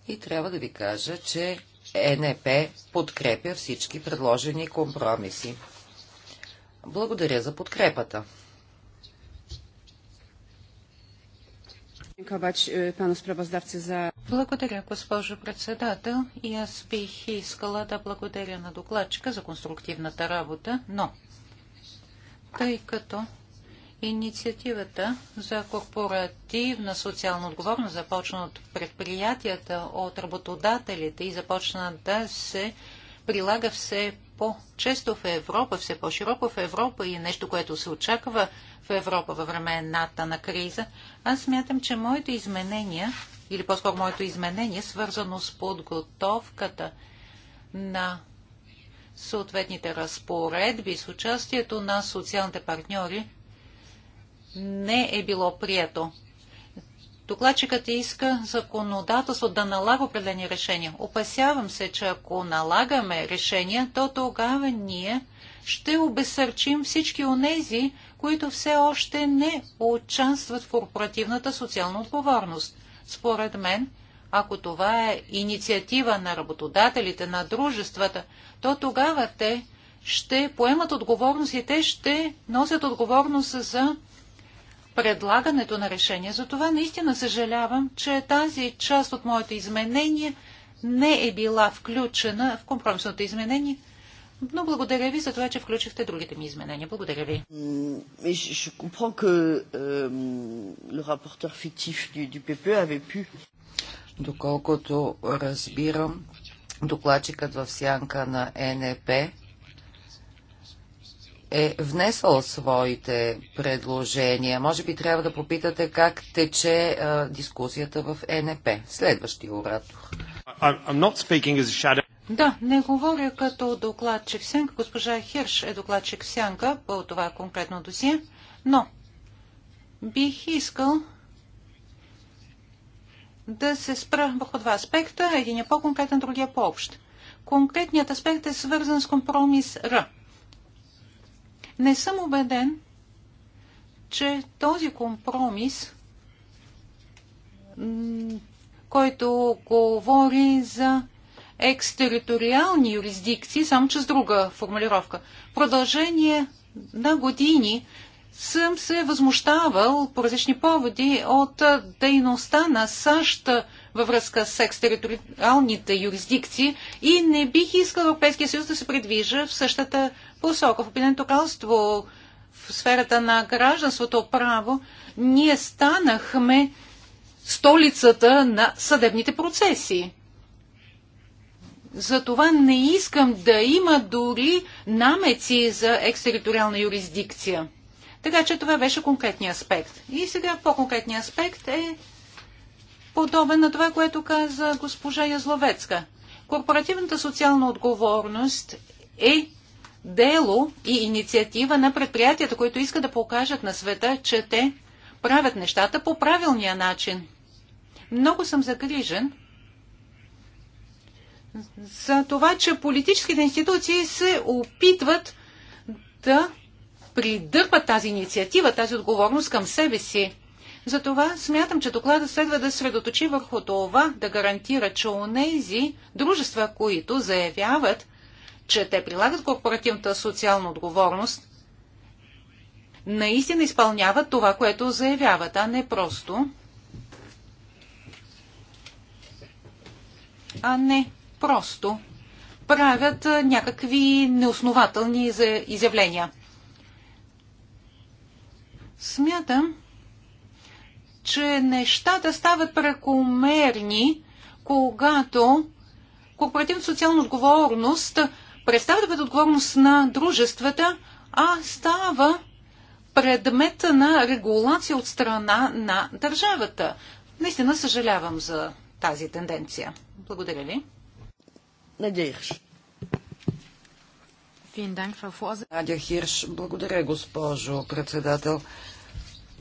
[SPEAKER 2] и трябва да ви кажа, че ЕНП подкрепя всички предложени компромиси. Благодаря за подкрепата.
[SPEAKER 1] E, благодаря, госпожо председател. И аз бих искала да благодаря на докладчика за конструктивната работа, но тъй като инициативата за корпоративна социална отговорност започна от предприятията, от работодателите и започна да се прилага все по-често в Европа, все по-широко в Европа и е нещо, което се очаква в Европа във времената на криза, аз смятам, че моите изменения, или по-скоро моето изменение, свързано с подготовката на съответните разпоредби с участието на социалните партньори, не е било прието. Докладчикът иска законодателство да налага определени решения. Опасявам се, че ако налагаме решения, то тогава ние ще обесърчим всички онези, които все още не участват в корпоративната социална отговорност. Според мен, ако това е инициатива на работодателите, на дружествата, то тогава те ще поемат отговорност и те ще носят отговорност за предлагането на решение. Затова наистина съжалявам, че тази част от моето изменение не е била включена в компромисното изменение. Но благодаря ви за това, че включихте другите ми изменения. Благодаря ви.
[SPEAKER 2] Доколкото разбирам, докладчикът в сянка на НЕП е внесъл своите предложения. Може би трябва да попитате как тече а, е, дискусията в е НП. Следващия оратор.
[SPEAKER 1] Да, не говоря като докладчик сянка. Госпожа
[SPEAKER 2] Хирш е докладчик сянка
[SPEAKER 1] по това конкретно досие, но бих искал да се спра върху два аспекта. Един е по-конкретен, другия е по-общ. Конкретният аспект е свързан с компромис Р не съм убеден, че този компромис, който говори за екстериториални юрисдикции, само че с друга формулировка. Продължение на години съм се възмущавал по различни поводи от дейността на САЩ във връзка с екстериториалните юрисдикции и не бих искал Европейския съюз да се предвижа в същата посока. В Опиненто кралство в сферата на гражданството право ние станахме столицата на съдебните процеси. Затова не искам да има дори намеци за екстериториална юрисдикция. Така че това беше конкретния аспект. И сега по-конкретния аспект е подобен на това, което каза госпожа Язловецка. Корпоративната социална отговорност е дело и инициатива на предприятията, които искат да покажат на света, че те правят нещата по правилния начин. Много съм загрижен за това, че политическите институции се опитват да придърпат тази инициатива, тази отговорност към себе си. Затова смятам, че доклада следва да средоточи върху това да гарантира, че онези дружества, които заявяват, че те прилагат корпоративната социална отговорност, наистина изпълняват това, което заявяват, а не просто а не просто правят някакви неоснователни изявления. Смятам, че нещата стават прекомерни, когато корпоративната социална отговорност престава да бъде отговорност на дружествата, а става предмет на регулация от страна на държавата. Наистина съжалявам за тази тенденция. Благодаря ви.
[SPEAKER 2] Надеяш. Надя Хирш, благодаря, госпожо председател.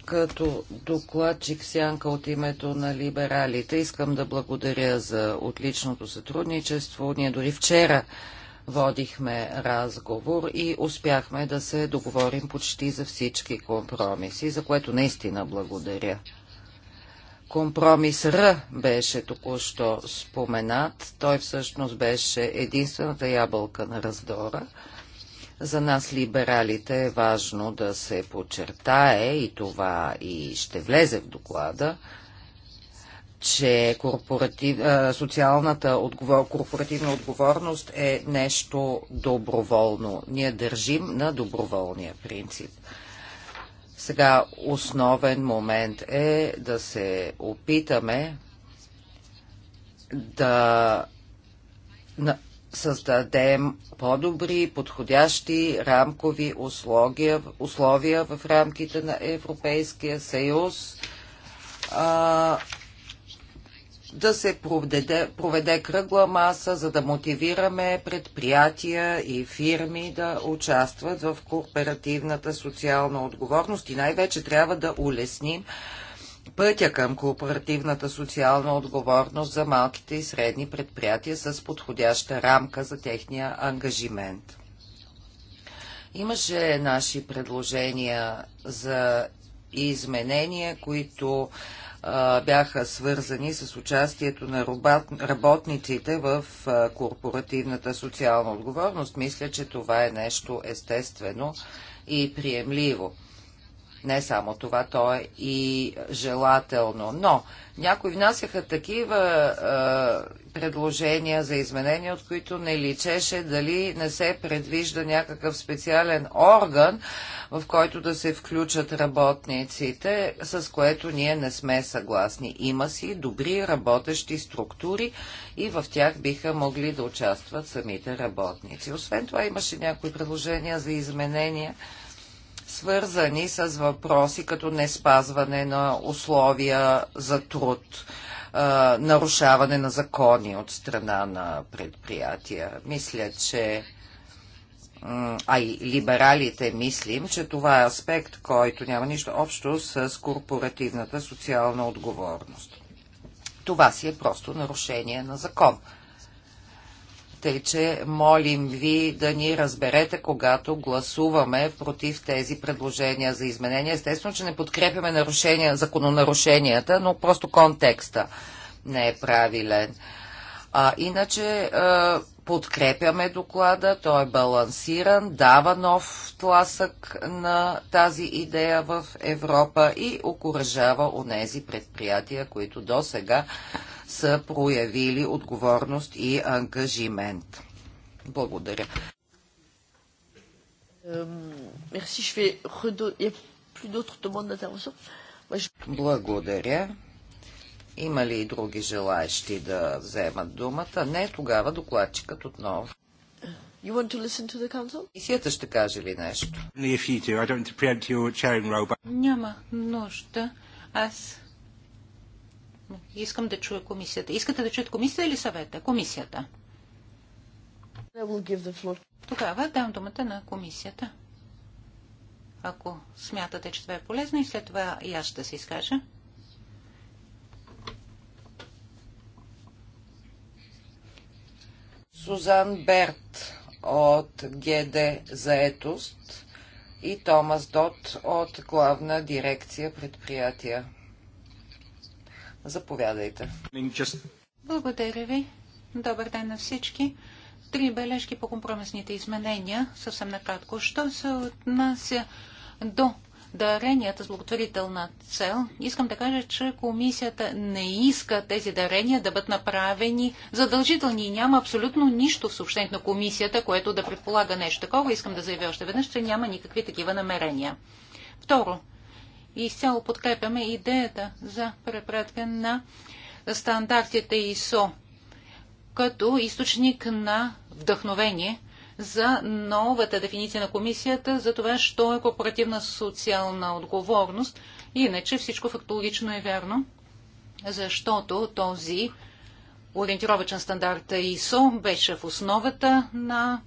[SPEAKER 2] Като докладчик Сянка от името на либералите искам да благодаря за отличното сътрудничество. Ние дори вчера водихме разговор и успяхме да се договорим почти за всички компромиси, за което наистина благодаря. Компромис Р беше току-що споменат. Той всъщност беше единствената ябълка на раздора – за нас либералите е важно да се подчертае и това и ще влезе в доклада, че корпоратив, социалната отговор, корпоративна отговорност е нещо доброволно. Ние държим на доброволния принцип. Сега основен момент е да се опитаме да създадем по-добри, подходящи рамкови условия, условия в рамките на Европейския съюз, а, да се проведе, проведе кръгла маса, за да мотивираме предприятия и фирми да участват в корпоративната социална отговорност и най-вече трябва да улесним пътя към кооперативната социална отговорност за малките и средни предприятия с подходяща рамка за техния ангажимент. Имаше наши предложения за изменения, които а, бяха свързани с участието на работниците в а, корпоративната социална отговорност. Мисля, че това е нещо естествено и приемливо. Не само това, то е и желателно. Но някои внасяха такива е, предложения за изменения, от които не личеше дали не се предвижда някакъв специален орган, в който да се включат работниците, с което ние не сме съгласни. Има си добри работещи структури и в тях биха могли да участват самите работници. Освен това имаше някои предложения за изменения свързани с въпроси като неспазване на условия за труд, нарушаване на закони от страна на предприятия. Мисля, че а и либералите мислим, че това е аспект, който няма нищо общо с корпоративната социална отговорност. Това си е просто нарушение на закон. Тъй, че молим ви да ни разберете, когато гласуваме против тези предложения за изменения. Естествено, че не подкрепяме нарушения, закононарушенията, но просто контекста не е правилен. А, иначе а, подкрепяме доклада, той е балансиран, дава нов тласък на тази идея в Европа и окоръжава онези предприятия, които до сега са проявили отговорност и ангажимент. Благодаря. Благодаря. Има ли и други желаящи да вземат думата? Не, тогава докладчикът отново. You want to listen to the council? Комисията ще каже ли нещо?
[SPEAKER 1] Няма нужда. Аз Искам да чуя комисията. Искате да чуят комисията или съвета? Комисията. Тогава дам думата на комисията. Ако смятате, че това е полезно и след това и аз ще се изкажа.
[SPEAKER 2] Сузан Берт от ГД Заетост и Томас Дот от Главна дирекция предприятия. Заповядайте.
[SPEAKER 1] Благодаря ви. Добър ден на всички. Три бележки по компромисните изменения, съвсем накратко. Що се отнася до даренията с благотворителна цел, искам да кажа, че комисията не иска тези дарения да бъдат направени задължителни. и Няма абсолютно нищо в съобщението на комисията, което да предполага нещо такова. Искам да заявя още веднъж, че няма никакви такива намерения. Второ, изцяло подкрепяме идеята за препратка на стандартите ИСО като източник на вдъхновение за новата дефиниция на комисията за това, що е корпоративна социална отговорност. Иначе всичко фактологично е вярно, защото този ориентировачен стандарт ИСО беше в основата на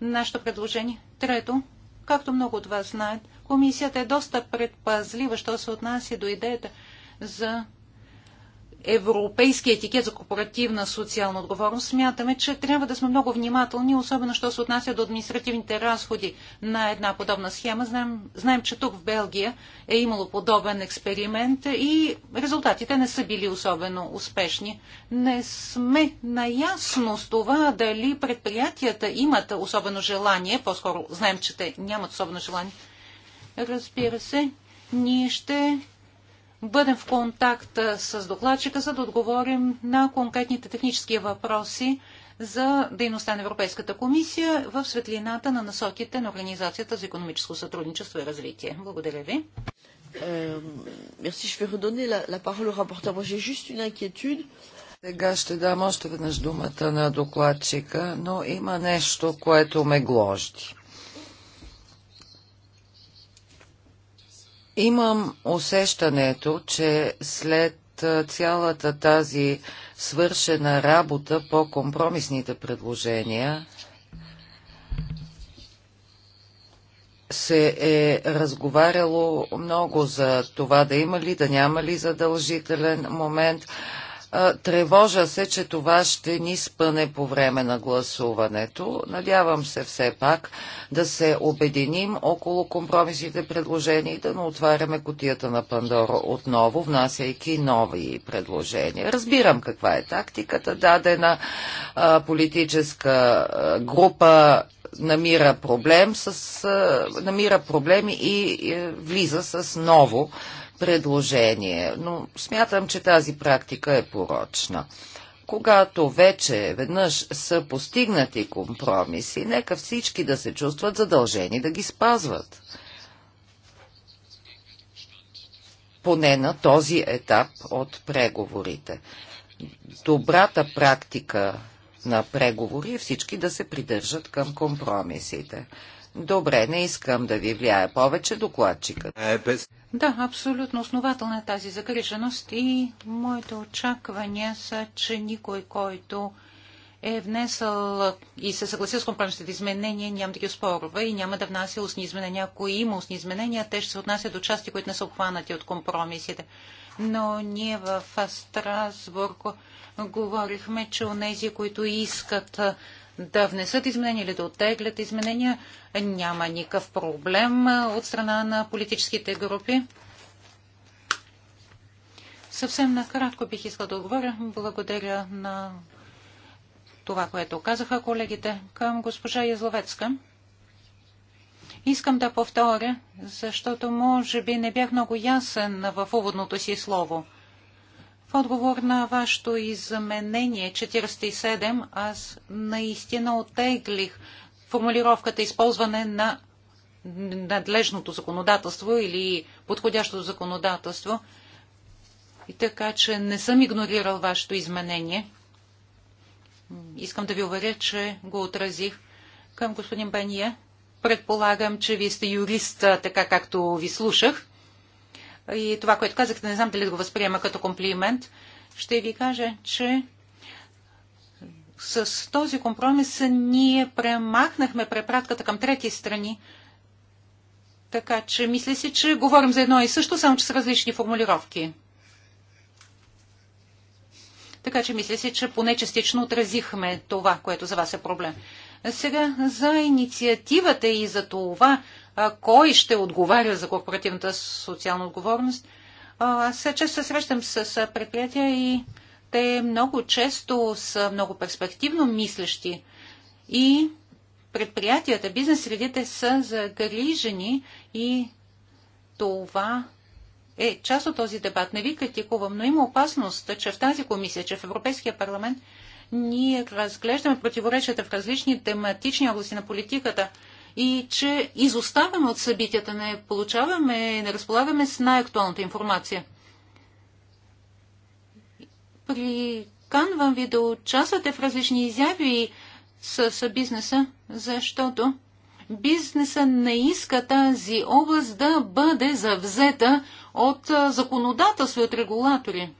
[SPEAKER 1] нашето предложение. Трето, както много от вас знаят, Комисията е доста предпазлива, що се отнася до идеята за европейски етикет за корпоративна социална отговорност, смятаме, че трябва да сме много внимателни, особено що се отнася до административните разходи на една подобна схема. Знаем, знаем, че тук в Белгия е имало подобен експеримент и резултатите не са били особено успешни. Не сме наясно с това дали предприятията имат особено желание, по-скоро знаем, че те нямат особено желание Разбира се, ние ще бъдем в контакт с докладчика, за да отговорим на конкретните технически въпроси за дейността на Европейската комисия в светлината на насоките на Организацията за економическо сътрудничество
[SPEAKER 2] и развитие. Благодаря ви. Сега ще дам още веднъж думата на докладчика, но има нещо, което ме гложди. Имам усещането, че след цялата тази свършена работа по компромисните предложения се е разговаряло много за това да има ли, да няма ли задължителен момент. Тревожа се, че това ще ни спъне по време на гласуването. Надявам се все пак да се обединим около компромисните предложения и да не отваряме котията на Пандора отново, внасяйки нови предложения. Разбирам каква е тактиката. Дадена политическа група намира, проблем с, намира проблеми и е, влиза с ново предложение, но смятам, че тази практика е порочна. Когато вече веднъж са постигнати компромиси, нека всички да се чувстват задължени да ги спазват. Поне на този етап от преговорите. Добрата практика на преговори е всички да се придържат към компромисите. Добре, не искам да ви влияе повече докладчикът. Е,
[SPEAKER 1] да, абсолютно основателна е тази загриженост и моите очаквания са, че никой, който е внесъл и се съгласил с компромисните изменения, няма да ги спорва и няма да внася устни изменения. Ако има устни изменения, те ще се отнасят до части, които не са обхванати от компромисите. Но ние в Страсбург говорихме, че онези, които искат да внесат изменения или да оттеглят изменения. Няма никакъв проблем от страна на политическите групи. Съвсем накратко бих искал да отговоря. Благодаря на това, което казаха колегите към госпожа Язловецка. Искам да повторя, защото може би не бях много ясен в уводното си слово – в отговор на вашето изменение 47, аз наистина отеглих формулировката използване на надлежното законодателство или подходящото законодателство. И така, че не съм игнорирал вашето изменение. Искам да ви уверя, че го отразих към господин Бения. Предполагам, че вие сте юрист, така както ви слушах. И това, което казахте, не знам дали да го възприема като комплимент. Ще ви кажа, че с този компромис ние премахнахме препратката към трети страни. Така че мисля си, че говорим за едно и също, само че с различни формулировки. Така че мисля си, че поне частично отразихме това, което за вас е проблем. Сега за инициативата и за това, кой ще отговаря за корпоративната социална отговорност. Аз често се срещам с предприятия и те много често са много перспективно мислещи и предприятията, бизнес средите са загрижени и това е част от този дебат. Не ви критикувам, но има опасност, че в тази комисия, че в Европейския парламент ние разглеждаме противоречията в различни тематични области на политиката и че изоставяме от събитията, не получаваме, не разполагаме с най-актуалната информация. Приканвам ви да участвате в различни изяви с бизнеса, защото бизнеса не иска тази област да бъде завзета от законодателство и от регулатори.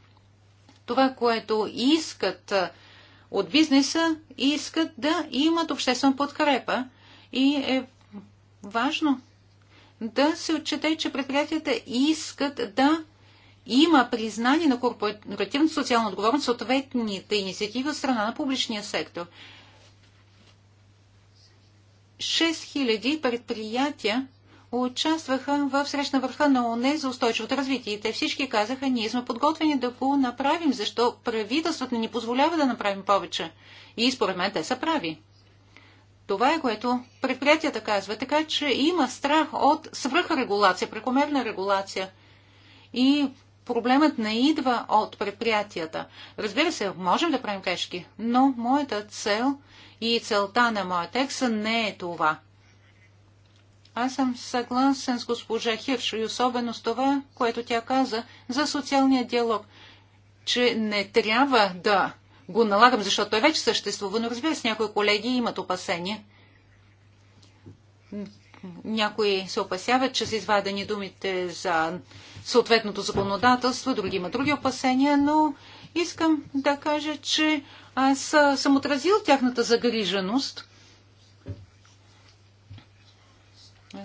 [SPEAKER 1] Това, което искат от бизнеса, искат да имат обществена подкрепа и е важно да се отчете, че предприятията искат да има признание на корпоративната социална отговорност съответните инициативи от страна на публичния сектор. 6000 предприятия участваха в срещна върха на ОНЕ за устойчивото развитие. И те всички казаха, ние сме подготвени да го направим, защо правителството не ни позволява да направим повече. И според мен те са прави. Това е което предприятията казват. Така че има страх от свръхрегулация, прекомерна регулация. И проблемът не идва от предприятията. Разбира се, можем да правим грешки, но моята цел и целта на моя текст не е това. Аз съм съгласен с госпожа Хирш и особено с това, което тя каза за социалния диалог, че не трябва да го налагам, защото той вече съществува, но разбира се, някои колеги имат опасения. Някои се опасяват, че са извадени думите за съответното законодателство, други имат други опасения, но искам да кажа, че аз съм отразил тяхната загриженост.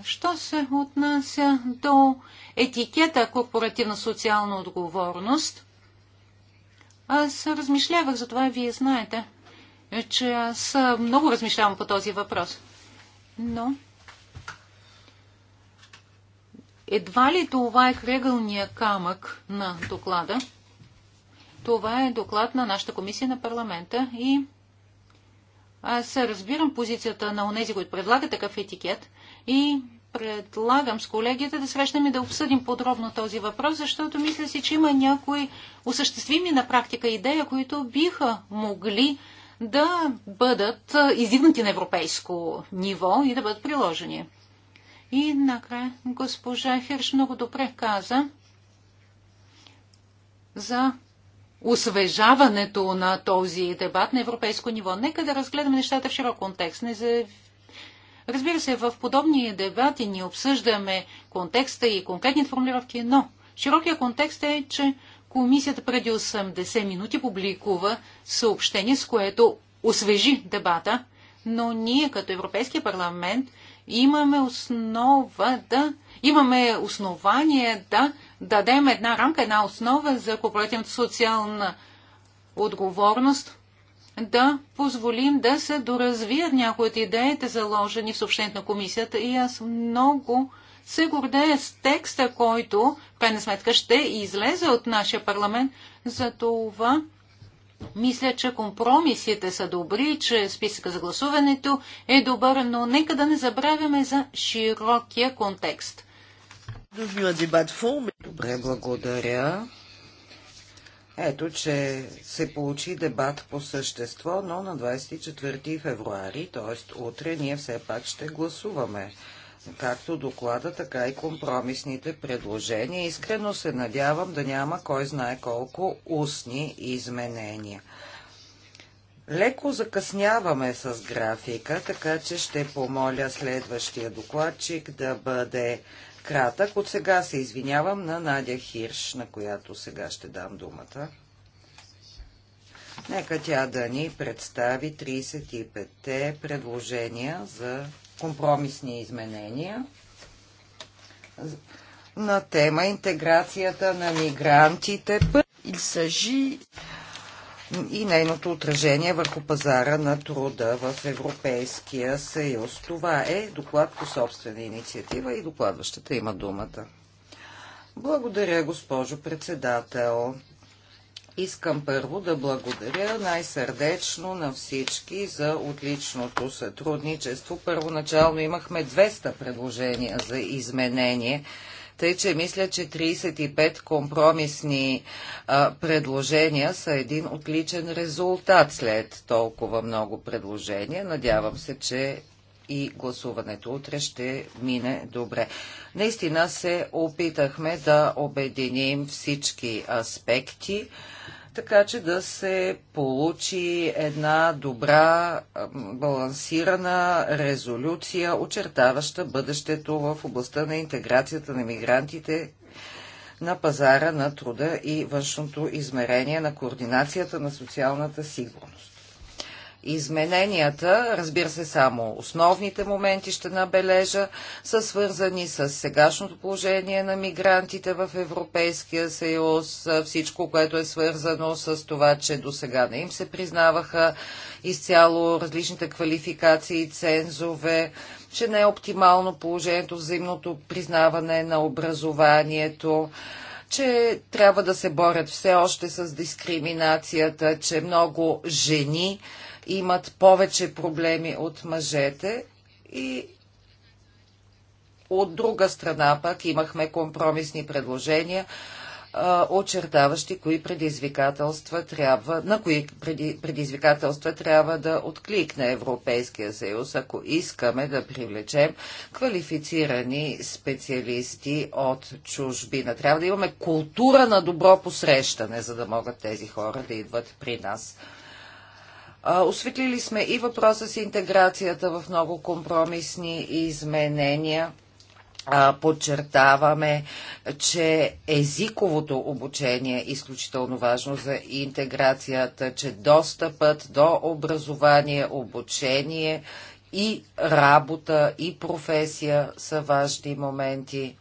[SPEAKER 1] Що се отнася до етикета корпоративна социална отговорност, аз размишлявах за това, вие знаете, е, че аз много размишлявам по този въпрос. Но едва ли това е кръгълния камък на доклада? Това е доклад на нашата комисия на парламента и аз разбирам позицията на онези, които предлагат такъв етикет и предлагам с колегията да срещнем и да обсъдим подробно този въпрос, защото мисля си, че има някои осъществими на практика идеи, които биха могли да бъдат издигнати на европейско ниво и да бъдат приложени. И накрая госпожа Хирш много добре каза за освежаването на този дебат на европейско ниво. Нека да разгледаме нещата в широк контекст. Не за Разбира се, в подобни дебати ни обсъждаме контекста и конкретните формулировки, но широкия контекст е, че комисията преди 80 минути публикува съобщение, с което освежи дебата, но ние като Европейския парламент имаме основа да имаме основание да дадем една рамка, една основа за корпоративната социална отговорност, да позволим да се доразвият някои от идеите, заложени в съобщението на комисията. И аз много се гордея с текста, който, в крайна сметка, ще излезе от нашия парламент. За това мисля, че компромисите са добри, че списъка за гласуването е добър, но нека да не забравяме за широкия контекст.
[SPEAKER 2] Добре, благодаря. Ето, че се получи дебат по същество, но на 24 февруари, т.е. утре, ние все пак ще гласуваме както доклада, така и компромисните предложения. Искрено се надявам да няма кой знае колко устни изменения. Леко закъсняваме с графика, така че ще помоля следващия докладчик да бъде кратък. От сега се извинявам на Надя Хирш, на която сега ще дам думата. Нека тя да ни представи 35-те предложения за компромисни изменения на тема интеграцията на мигрантите. Il s'agit и нейното отражение върху пазара на труда в Европейския съюз. Това е доклад по собствена инициатива и докладващата има думата. Благодаря, госпожо председател. Искам първо да благодаря най-сърдечно на всички за отличното сътрудничество. Първоначално имахме 200 предложения за изменение тъй, че мисля, че 35 компромисни а, предложения са един отличен резултат след толкова много предложения. Надявам се, че и гласуването утре ще мине добре. Наистина се опитахме да обединим всички аспекти така че да се получи една добра, балансирана резолюция, очертаваща бъдещето в областта на интеграцията на мигрантите на пазара на труда и външното измерение на координацията на социалната сигурност. Измененията, разбира се, само основните моменти ще набележа, са свързани с сегашното положение на мигрантите в Европейския съюз, всичко, което е свързано с това, че до сега не им се признаваха изцяло различните квалификации и цензове, че не е оптимално положението взаимното признаване на образованието че трябва да се борят все още с дискриминацията, че много жени имат повече проблеми от мъжете и от друга страна пък имахме компромисни предложения, очертаващи кои предизвикателства трябва, на кои предизвикателства трябва да откликне Европейския съюз, ако искаме да привлечем квалифицирани специалисти от чужбина. Трябва да имаме култура на добро посрещане, за да могат тези хора да идват при нас. Осветлили сме и въпроса с интеграцията в много компромисни изменения. Подчертаваме, че езиковото обучение е изключително важно за интеграцията, че достъпът до образование, обучение и работа и професия са важни моменти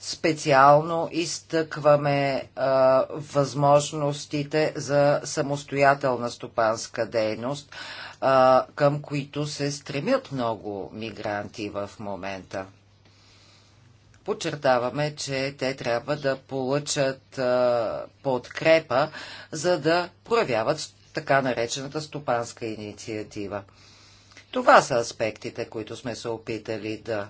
[SPEAKER 2] специално изтъкваме а, възможностите за самостоятелна стопанска дейност, а, към които се стремят много мигранти в момента. Подчертаваме, че те трябва да получат а, подкрепа, за да проявяват така наречената стопанска инициатива. Това са аспектите, които сме се опитали да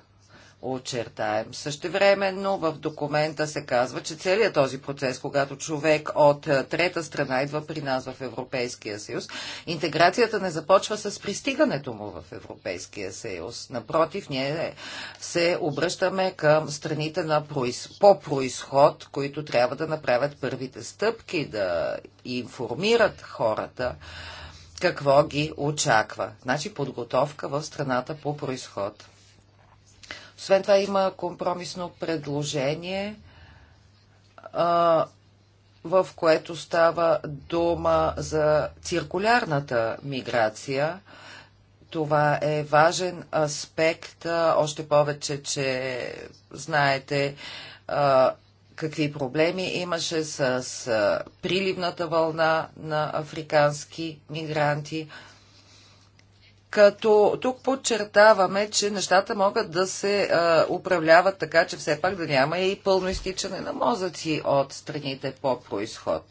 [SPEAKER 2] очертаем. Същевременно в документа се казва, че целият този процес, когато човек от е, трета страна идва при нас в Европейския съюз, интеграцията не започва с пристигането му в Европейския съюз. Напротив, ние се обръщаме към страните на произ... по происход, които трябва да направят първите стъпки, да информират хората какво ги очаква. Значи подготовка в страната по происход. Освен това има компромисно предложение, в което става дума за циркулярната миграция. Това е важен аспект, още повече, че знаете какви проблеми имаше с приливната вълна на африкански мигранти – като тук подчертаваме, че нещата могат да се а, управляват така, че все пак да няма и пълно изтичане на мозъци от страните по происход.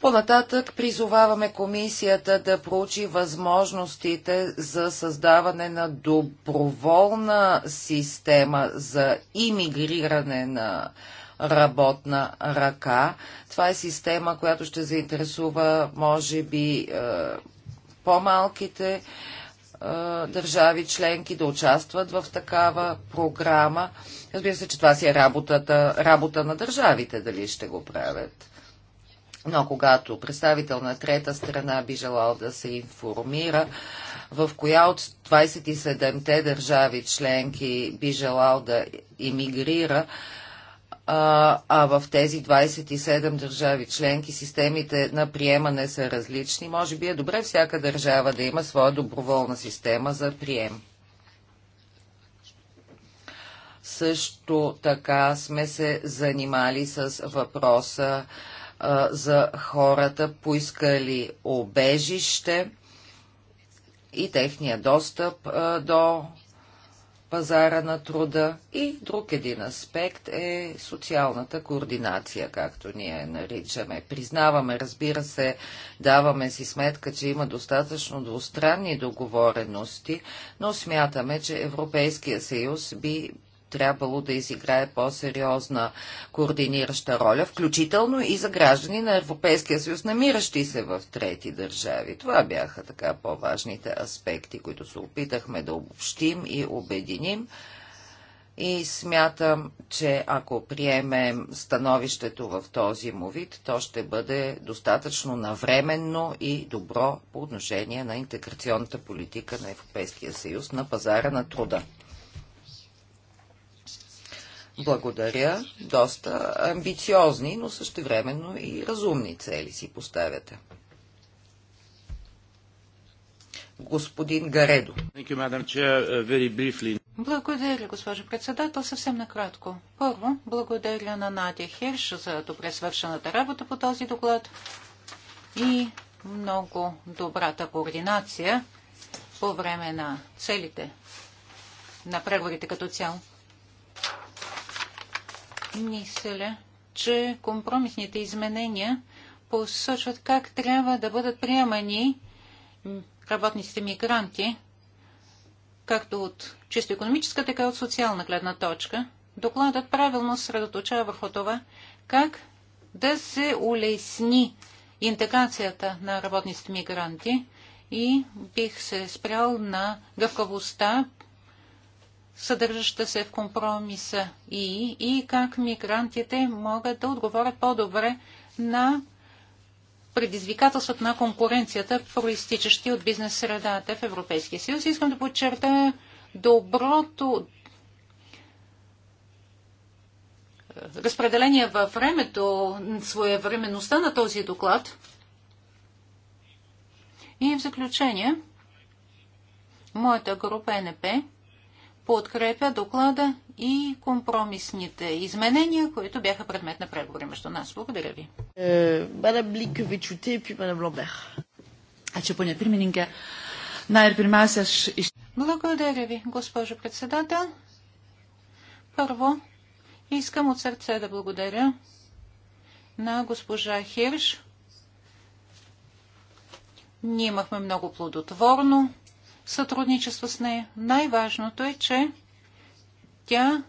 [SPEAKER 2] Понататък призоваваме комисията да проучи възможностите за създаване на доброволна система за имигриране на работна ръка. Това е система, която ще заинтересува, може би, по-малките е, държави членки да участват в такава програма. Разбира се, че това си е работата, работа на държавите, дали ще го правят. Но когато представител на трета страна би желал да се информира в коя от 27-те държави членки би желал да иммигрира, а, а в тези 27 държави членки системите на приемане са различни. Може би е добре всяка държава да има своя доброволна система за прием. Също така сме се занимали с въпроса а, за хората, поискали обежище и техния достъп а, до пазара на труда и друг един аспект е социалната координация, както ние наричаме. Признаваме, разбира се, даваме си сметка, че има достатъчно двустранни договорености, но смятаме, че Европейския съюз би трябвало да изиграе по-сериозна координираща роля, включително и за граждани на Европейския съюз, намиращи се в трети държави. Това бяха така по-важните аспекти, които се опитахме да обобщим и обединим. И смятам, че ако приемем становището в този му вид, то ще бъде достатъчно навременно и добро по отношение на интеграционната политика на Европейския съюз на пазара на труда. Благодаря. Доста амбициозни, но същевременно и разумни цели си поставяте. Господин Гаредо. Uh,
[SPEAKER 1] благодаря, госпожо председател. Съвсем накратко. Първо, благодаря на Надя Хирш за добре свършената работа по този доклад и много добрата координация по време на целите на преговорите като цяло. Мисля, че компромисните изменения посочват как трябва да бъдат приемани работниците мигранти, както от чисто економическа, така и от социална гледна точка. Докладът правилно средоточава върху това, как да се улесни интеграцията на работниците мигранти и бих се спрял на гъвкавостта съдържаща се в компромиса и, и как мигрантите могат да отговорят по-добре на предизвикателствата на конкуренцията, проистичащи от бизнес средата в Европейския съюз. Искам да подчертая доброто разпределение във времето, своевременността на този доклад. И в заключение, моята група е НП подкрепя доклада и компромисните изменения, които бяха предмет на преговори между нас. Благодаря ви. Е, мадам Блинковичуте и мадам Ламбер. Ačiū, ponia pirmininkė. Na ir pirmiausia, aš iš... Благодаря ви, госпожо председател. Първо, искам от сърце да благодаря на госпожа Хирш. Ние имахме много плодотворно сътрудничество с нея. Най-важното е, че тя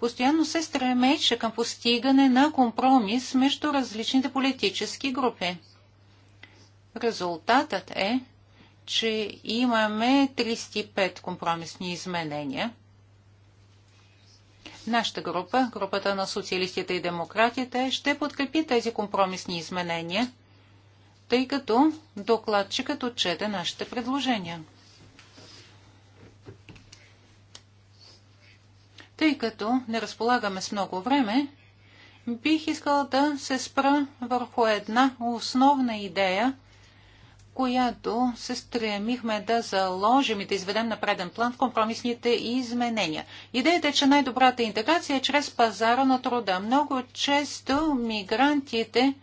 [SPEAKER 1] постоянно се стремеше към постигане на компромис между различните политически групи. Резултатът е, че имаме 35 компромисни изменения. Нашата група, групата на социалистите и демократите, ще подкрепи тези компромисни изменения – тъй като докладчикът отчете нашите предложения. Тъй като не разполагаме с много време, бих искал да се спра върху една основна идея, която се стремихме да заложим и да изведем на преден план в компромисните изменения. Идеята е, че най-добрата интеграция е чрез пазара на труда. Много често мигрантите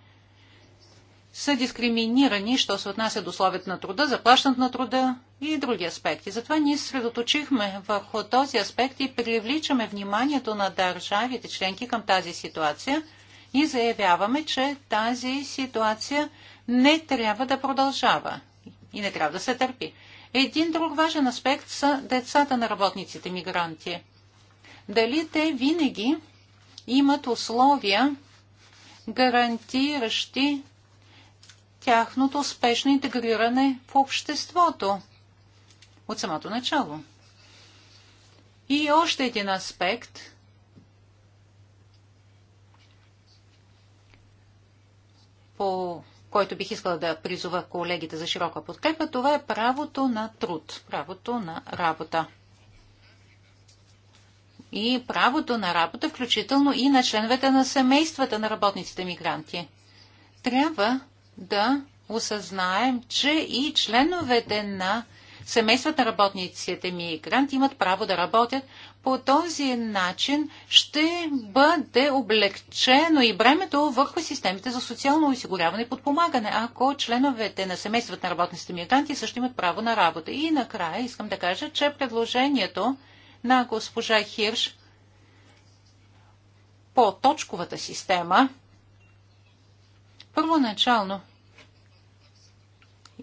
[SPEAKER 1] са дискриминирани, що се отнася до условията на труда, заплащането на труда и други аспекти. Затова ние средоточихме върху този аспект и привличаме вниманието на държавите членки към тази ситуация и заявяваме, че тази ситуация не трябва да продължава и не трябва да се търпи. Един друг важен аспект са децата на работниците мигранти. Дали те винаги имат условия, гарантиращи тяхното успешно интегриране в обществото от самото начало. И още един аспект. по който бих искала да призова колегите за широка подкрепа, това е правото на труд, правото на работа. И правото на работа, включително и на членовете на семействата на работниците мигранти. Трябва да осъзнаем, че и членовете на семействата на работниците грант имат право да работят. По този начин ще бъде облегчено и бремето върху системите за социално осигуряване и подпомагане, ако членовете на семействата на работниците мигранти също имат право на работа. И накрая искам да кажа, че предложението на госпожа Хирш по точковата система – Първоначално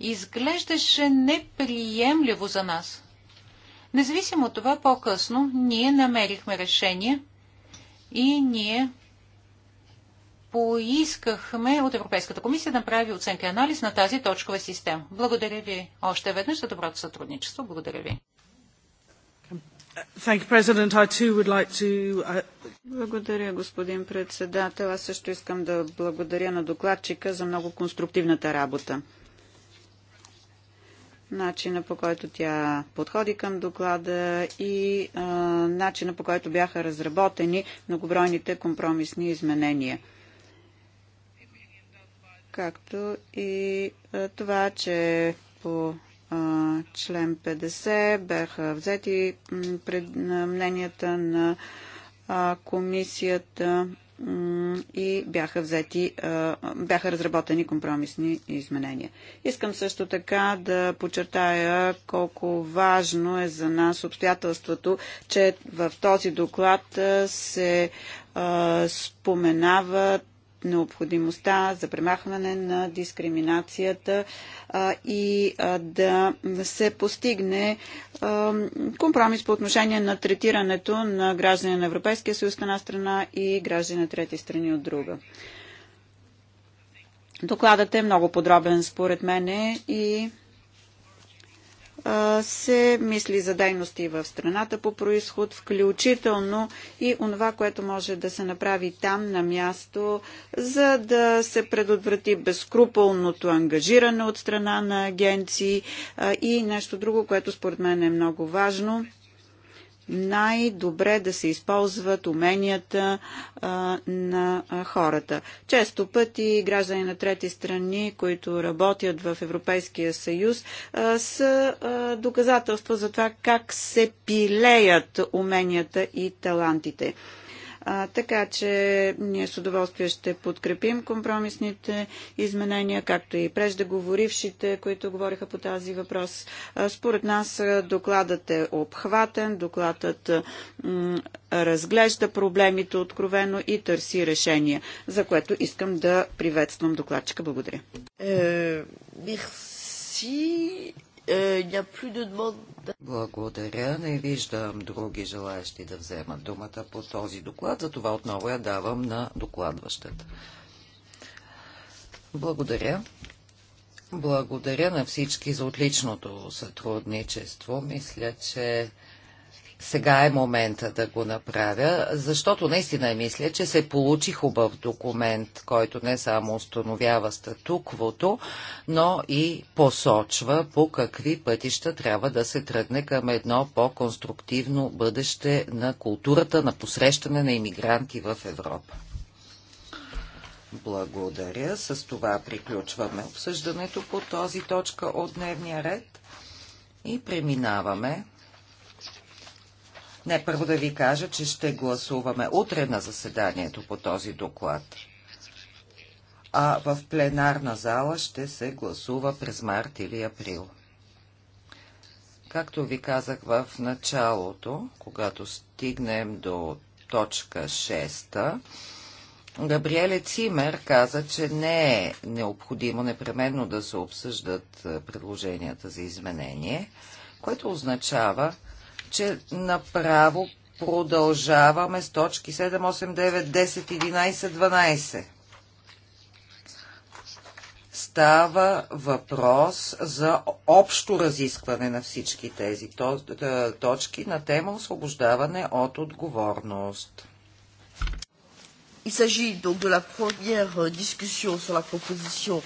[SPEAKER 1] изглеждаше неприемливо за нас. Независимо от това, по-късно ние намерихме решение и ние поискахме от Европейската комисия да направи оценка и анализ на тази точкова система. Благодаря ви още веднъж за доброто сътрудничество. Благодаря ви.
[SPEAKER 2] To...
[SPEAKER 3] Uh,
[SPEAKER 1] благодаря, господин
[SPEAKER 3] председател. Аз също искам да благодаря на докладчика за много конструктивната работа. Начина по който тя подходи към доклада и а, начина по който бяха разработени многобройните компромисни изменения както и това, че по член 50 бяха взети пред мненията на комисията и бяха взети, бяха разработени компромисни изменения. Искам също така да подчертая колко важно е за нас обстоятелството, че в този доклад се споменават необходимостта за премахване на дискриминацията а, и а, да се постигне а, компромис по отношение на третирането на граждани на Европейския съюз от една страна и граждани на трети страни от друга. Докладът е много подробен според мене и се мисли за дейности в страната по происход, включително и онова, което може да се направи там на място, за да се предотврати безкруполното ангажиране от страна на агенции и нещо друго, което според мен е много важно – най-добре да се използват уменията а, на хората. Често пъти граждани на трети страни, които работят в Европейския съюз, а, са а, доказателства за това как се пилеят уменията и талантите. А, така че ние с удоволствие ще подкрепим компромисните изменения, както и преждеговорившите, които говориха по тази въпрос. А, според нас докладът е обхватен, докладът разглежда проблемите откровено и търси решения, за което искам да приветствам докладчика. Благодаря.
[SPEAKER 2] Е, мерси.
[SPEAKER 3] Euh,
[SPEAKER 2] Благодаря. Не виждам други желаящи да вземат думата по този доклад. Затова отново я давам на докладващата. Благодаря. Благодаря на всички за отличното сътрудничество. Мисля, че сега е момента да го направя, защото наистина мисля, че се получи хубав документ, който не само установява статуквото, но и посочва по какви пътища трябва да се тръгне към едно по-конструктивно бъдеще на културата на посрещане на иммигранти в Европа. Благодаря. С това приключваме обсъждането по този точка от дневния ред и преминаваме не, първо да ви кажа, че ще гласуваме утре на заседанието по този доклад. А в пленарна зала ще се гласува през март или април. Както ви казах в началото, когато стигнем до точка 6, Габриеле Цимер каза, че не е необходимо непременно да се обсъждат предложенията за изменение, което означава, че направо продължаваме с точки 7, 8, 9, 10, 11, 12. Става въпрос за общо разискване на всички тези е, точки на тема освобождаване от отговорност. Euh,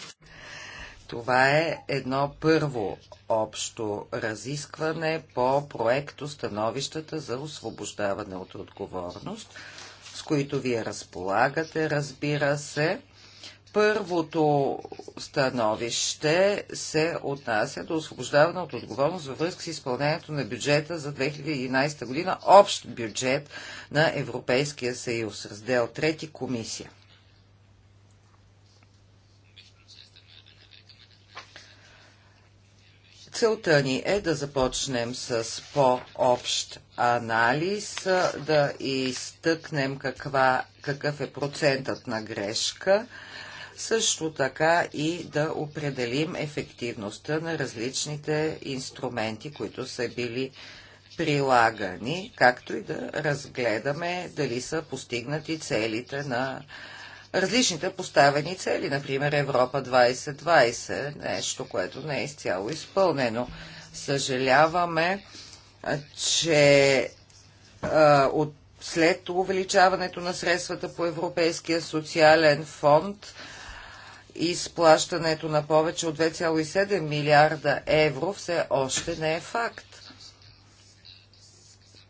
[SPEAKER 2] Това е едно първо общо разискване по проекто становищата за освобождаване от отговорност, с които вие разполагате, разбира се. Първото становище се отнася до освобождаване от отговорност във връзка с изпълнението на бюджета за 2011 година, общ бюджет на Европейския съюз, раздел 3 комисия. Целта ни е да започнем с по-общ анализ, да изтъкнем каква, какъв е процентът на грешка, също така и да определим ефективността на различните инструменти, които са били прилагани, както и да разгледаме дали са постигнати целите на различните поставени цели, например Европа 2020, нещо, което не е изцяло изпълнено. Съжаляваме, че а, от след увеличаването на средствата по Европейския социален фонд и изплащането на повече от 2,7 милиарда евро все още не е факт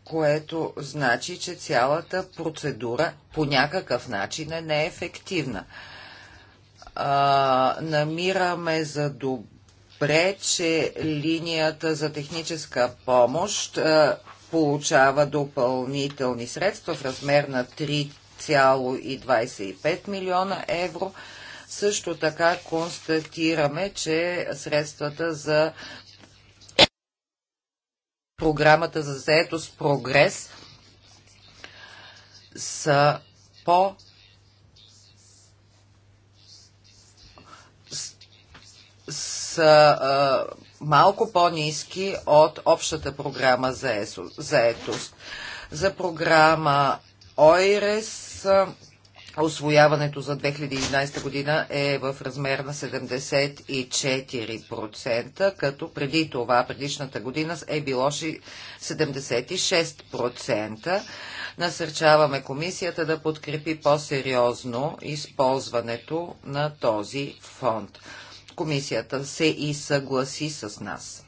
[SPEAKER 2] което значи, че цялата процедура по някакъв начин е неефективна. А, намираме за добре, че линията за техническа помощ а, получава допълнителни средства в размер на 3,25 милиона евро. Също така констатираме, че средствата за програмата за заетост прогрес са по са а, малко по-низки от общата програма за заетост. За програма ОИРЕС освояването за 2011 година е в размер на 74%, като преди това, предишната година е било 76%. Насърчаваме комисията да подкрепи по-сериозно използването на този фонд. Комисията се и съгласи с нас.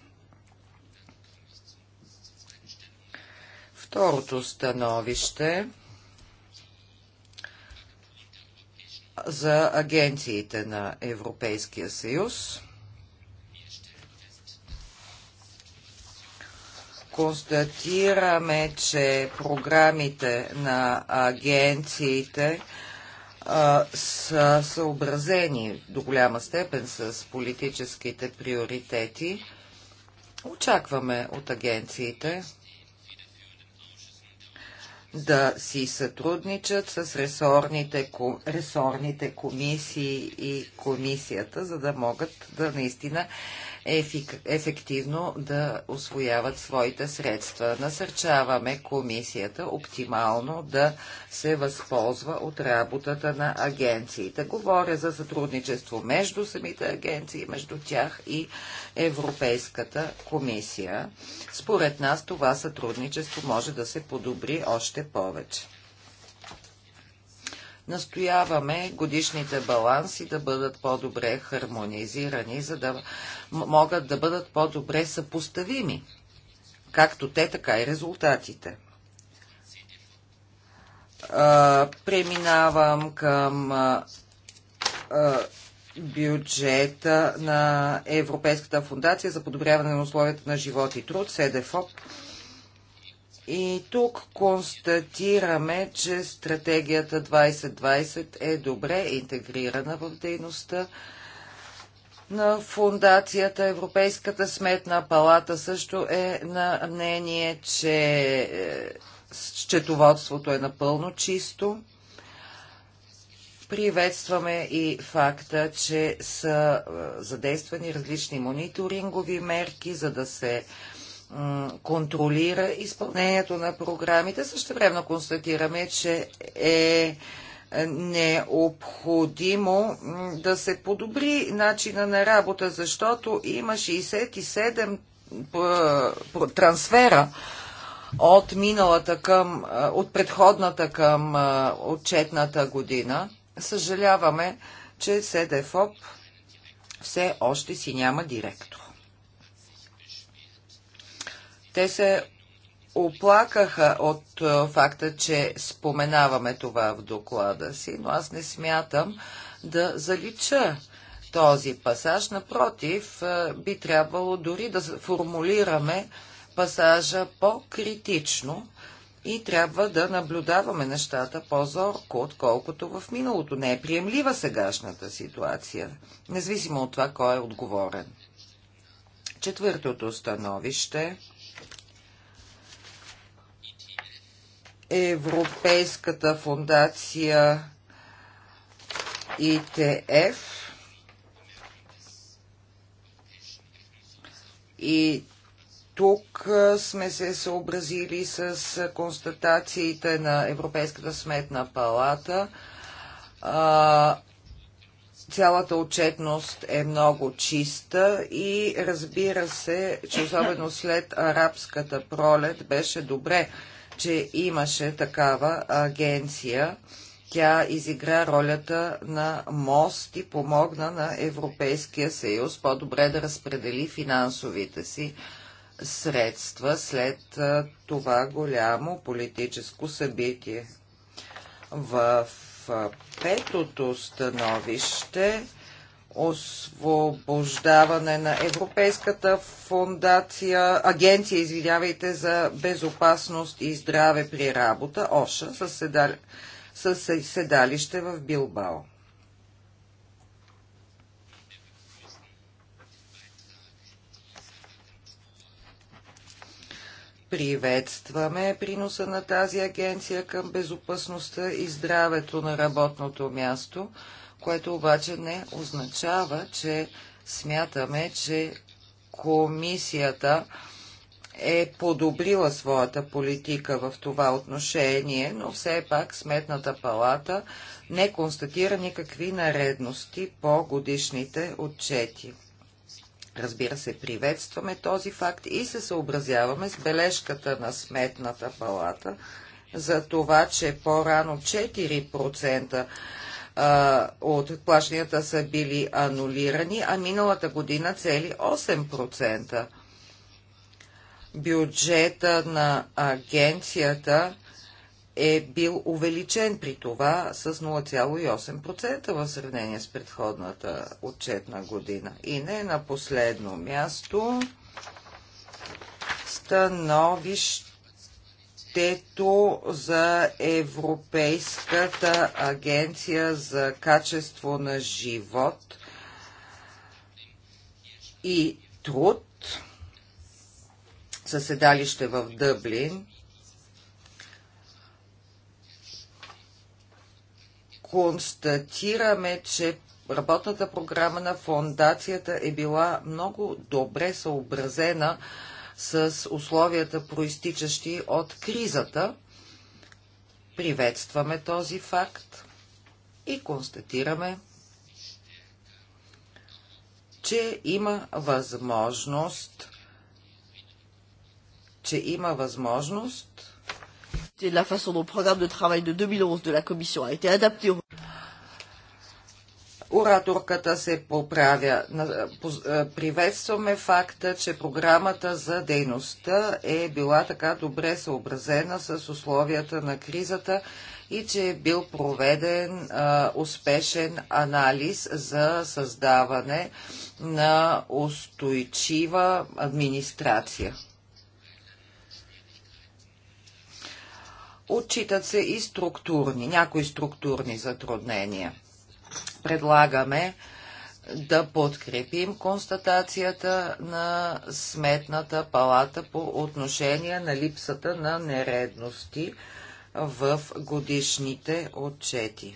[SPEAKER 2] Второто становище – за агенциите на Европейския съюз. Констатираме, че програмите на агенциите а, са съобразени до голяма степен с политическите приоритети. Очакваме от агенциите да си сътрудничат с ресорните, ресорните комисии и комисията, за да могат да наистина ефективно да освояват своите средства. Насърчаваме комисията оптимално да се възползва от работата на агенциите. Говоря за сътрудничество между самите агенции, между тях и Европейската комисия. Според нас това сътрудничество може да се подобри още повече. Настояваме годишните баланси да бъдат по-добре хармонизирани, за да могат да бъдат по-добре съпоставими, както те, така и резултатите. преминавам към бюджета на Европейската фундация за подобряване на условията на живот и труд, СДФОП. И тук констатираме, че стратегията 2020 е добре интегрирана в дейността на фундацията Европейската сметна палата също е на мнение, че счетоводството е, е напълно чисто. Приветстваме и факта, че са е, задействани различни мониторингови мерки, за да се контролира изпълнението на програмите. Също констатираме, че е, е необходимо да се подобри начина на работа, защото има 67 трансфера от миналата към, от предходната към отчетната година. Съжаляваме, че СДФОП все още си няма директор. Те се оплакаха от е, факта, че споменаваме това в доклада си, но аз не смятам да залича този пасаж. Напротив, е, би трябвало дори да формулираме пасажа по-критично и трябва да наблюдаваме нещата по-зорко, отколкото в миналото. Не е приемлива сегашната ситуация, независимо от това кой е отговорен. Четвъртото становище Европейската фундация ИТФ и тук сме се съобразили с констатациите на Европейската сметна палата. цялата отчетност е много чиста и разбира се, че особено след арабската пролет беше добре че имаше такава агенция. Тя изигра ролята на мост и помогна на Европейския съюз по-добре да разпредели финансовите си средства след това голямо политическо събитие. В петото становище освобождаване на Европейската фундация, агенция, извинявайте, за безопасност и здраве при работа, ОША, с седали, седалище в Билбао. Приветстваме приноса на тази агенция към безопасността и здравето на работното място – което обаче не означава, че смятаме, че комисията е подобрила своята политика в това отношение, но все пак Сметната палата не констатира никакви наредности по годишните отчети. Разбира се, приветстваме този факт и се съобразяваме с бележката на Сметната палата за това, че по-рано 4% а, от плащанията са били анулирани, а миналата година цели 8%. Бюджета на агенцията е бил увеличен при това с 0,8% в сравнение с предходната отчетна година. И не на последно място становище Комитето за Европейската агенция за качество на живот и труд със седалище в Дъблин, констатираме, че работната програма на фондацията е била много добре съобразена с условията, проистичащи от кризата. Приветстваме този факт и констатираме, че има възможност че има възможност la façon dont le programme de travail de 2011 de la Commission a été adapté au... Ораторката се поправя. Е, приветстваме факта, че програмата за дейността е била така добре съобразена с условията на кризата и че е бил проведен а, е, успешен анализ за създаване на устойчива администрация. Отчитат се и структурни, някои структурни затруднения – предлагаме да подкрепим констатацията на Сметната палата по отношение на липсата на нередности в годишните отчети.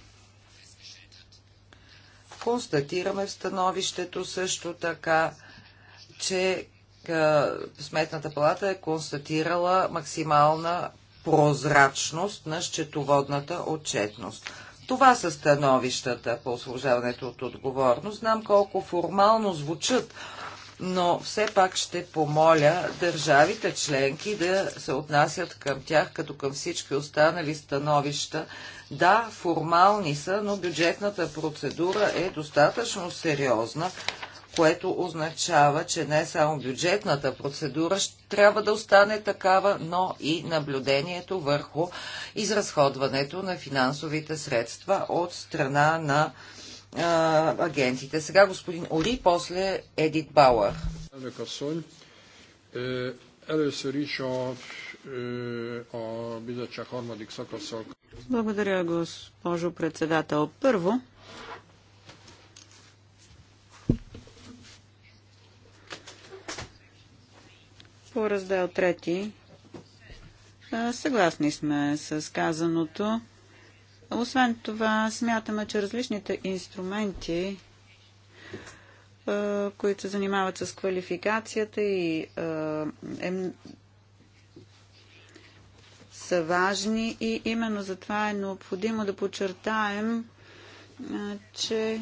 [SPEAKER 2] Констатираме в становището също така, че Сметната палата е констатирала максимална прозрачност на счетоводната отчетност. Това са становищата по освобождаването от отговорност. Знам колко формално звучат, но все пак ще помоля държавите членки да се отнасят към тях, като към всички останали становища. Да, формални са, но бюджетната процедура е достатъчно сериозна, което означава, че не само бюджетната процедура трябва да остане такава, но и наблюдението върху изразходването на финансовите средства от страна на а, агентите. Сега господин Ори, после Едит Бауър. Е, е,
[SPEAKER 3] Благодаря, госпожо председател. Първо, По раздел трети съгласни сме с казаното. Освен това, смятаме, че различните инструменти, които се занимават с квалификацията и е, са важни и именно затова е необходимо да подчертаем, че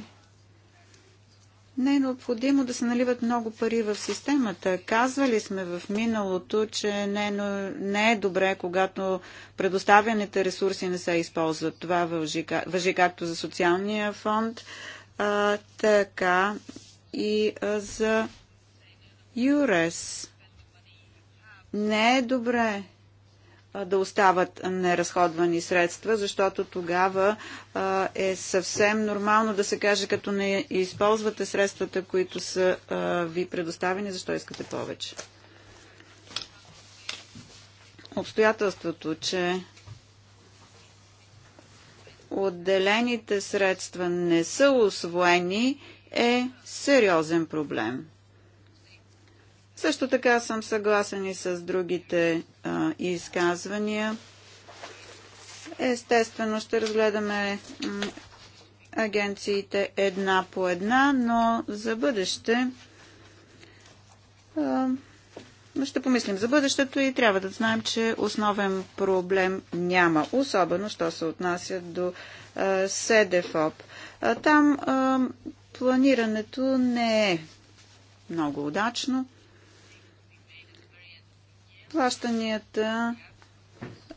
[SPEAKER 3] не е необходимо да се наливат много пари в системата. Казвали сме в миналото, че не, е, но не е добре, когато предоставяните ресурси не се използват. Това въжи, въжи както за социалния фонд, а, така и а, за ЮРЕС. Не е добре да остават неразходвани средства, защото тогава е съвсем нормално да се каже, като не използвате средствата, които са ви предоставени, защо искате повече. Обстоятелството, че отделените средства не са освоени, е сериозен проблем. Също така съм съгласен и с другите а, изказвания. Естествено, ще разгледаме агенциите една по една, но за бъдеще а, ще помислим за бъдещето и трябва да знаем, че основен проблем няма, особено, що се отнася до а, СДФОП. А, там планирането не е много удачно. Плащанията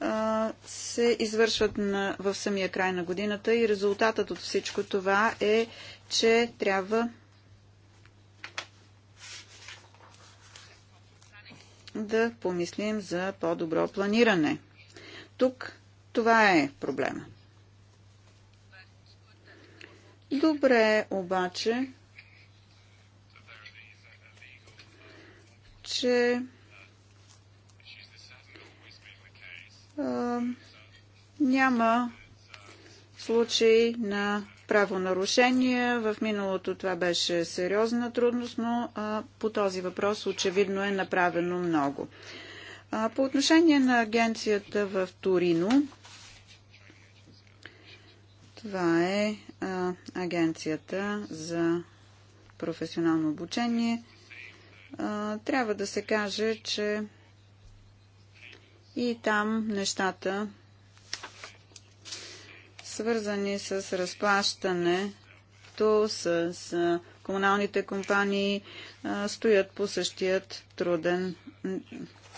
[SPEAKER 3] а, се извършват на, в самия край на годината и резултатът от всичко това е, че трябва да помислим за по-добро планиране. Тук това е проблема. Добре обаче, че няма случаи на правонарушения. В миналото това беше сериозна трудност, но а, по този въпрос очевидно е направено много. А, по отношение на агенцията в Торино, това е а, агенцията за професионално обучение. А, трябва да се каже, че и там нещата свързани с разплащането с, с комуналните компании стоят по същият труден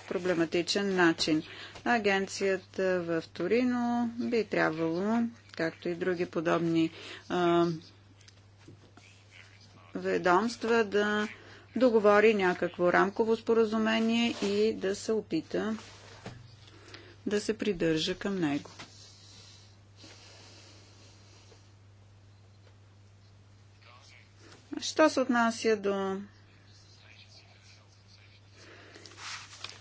[SPEAKER 3] проблематичен начин. Агенцията в Торино би трябвало, както и други подобни ведомства, да договори някакво рамково споразумение и да се опита да се придържа към него. Що се отнася до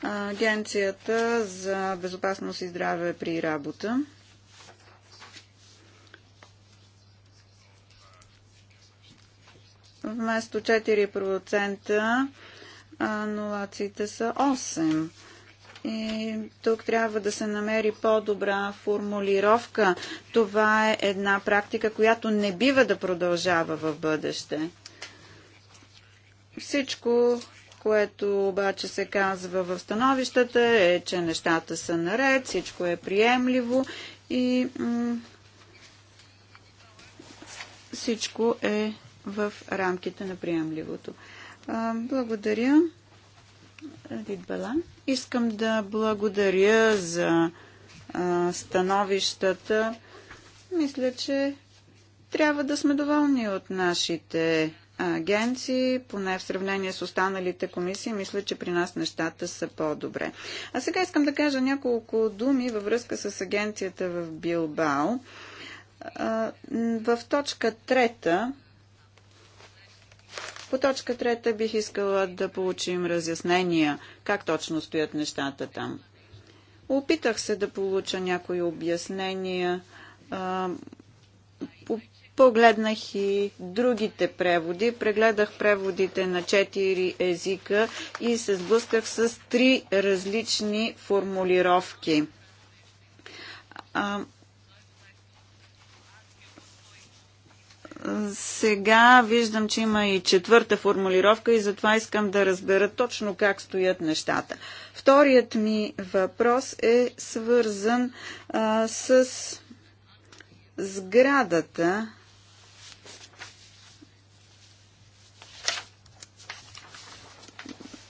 [SPEAKER 3] Агенцията за безопасност и здраве при работа. Вместо 4% анулациите са 8%. И тук трябва да се намери по-добра формулировка. Това е една практика, която не бива да продължава в бъдеще. Всичко, което обаче се казва в становищата е, че нещата са наред, всичко е приемливо и всичко е в рамките на приемливото. А, благодаря. Радит Балан. Искам да благодаря за а, становищата. Мисля, че трябва да сме доволни от нашите агенции, поне в сравнение с останалите комисии, мисля, че при нас нещата са по-добре. А сега искам да кажа няколко думи във връзка с агенцията в Билбао. В точка трета по точка трета бих искала да получим разяснения как точно стоят нещата там. Опитах се да получа някои обяснения. Погледнах и другите преводи. Прегледах преводите на четири езика и се сблъсках с три различни формулировки. Сега виждам, че има и четвърта формулировка и затова искам да разбера точно как стоят нещата. Вторият ми въпрос е свързан а, с сградата,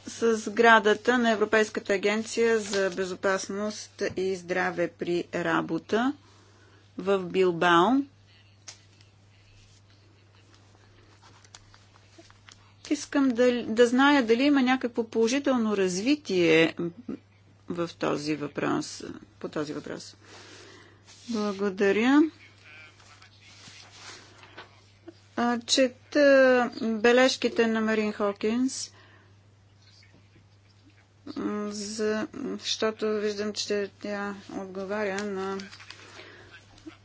[SPEAKER 3] с сградата на Европейската агенция за безопасност и здраве при работа в Билбао. Искам да, да зная дали има някакво положително развитие в този въпрос, по този въпрос. Благодаря. Чета бележките на Марин Хокинс, защото виждам, че тя отговаря на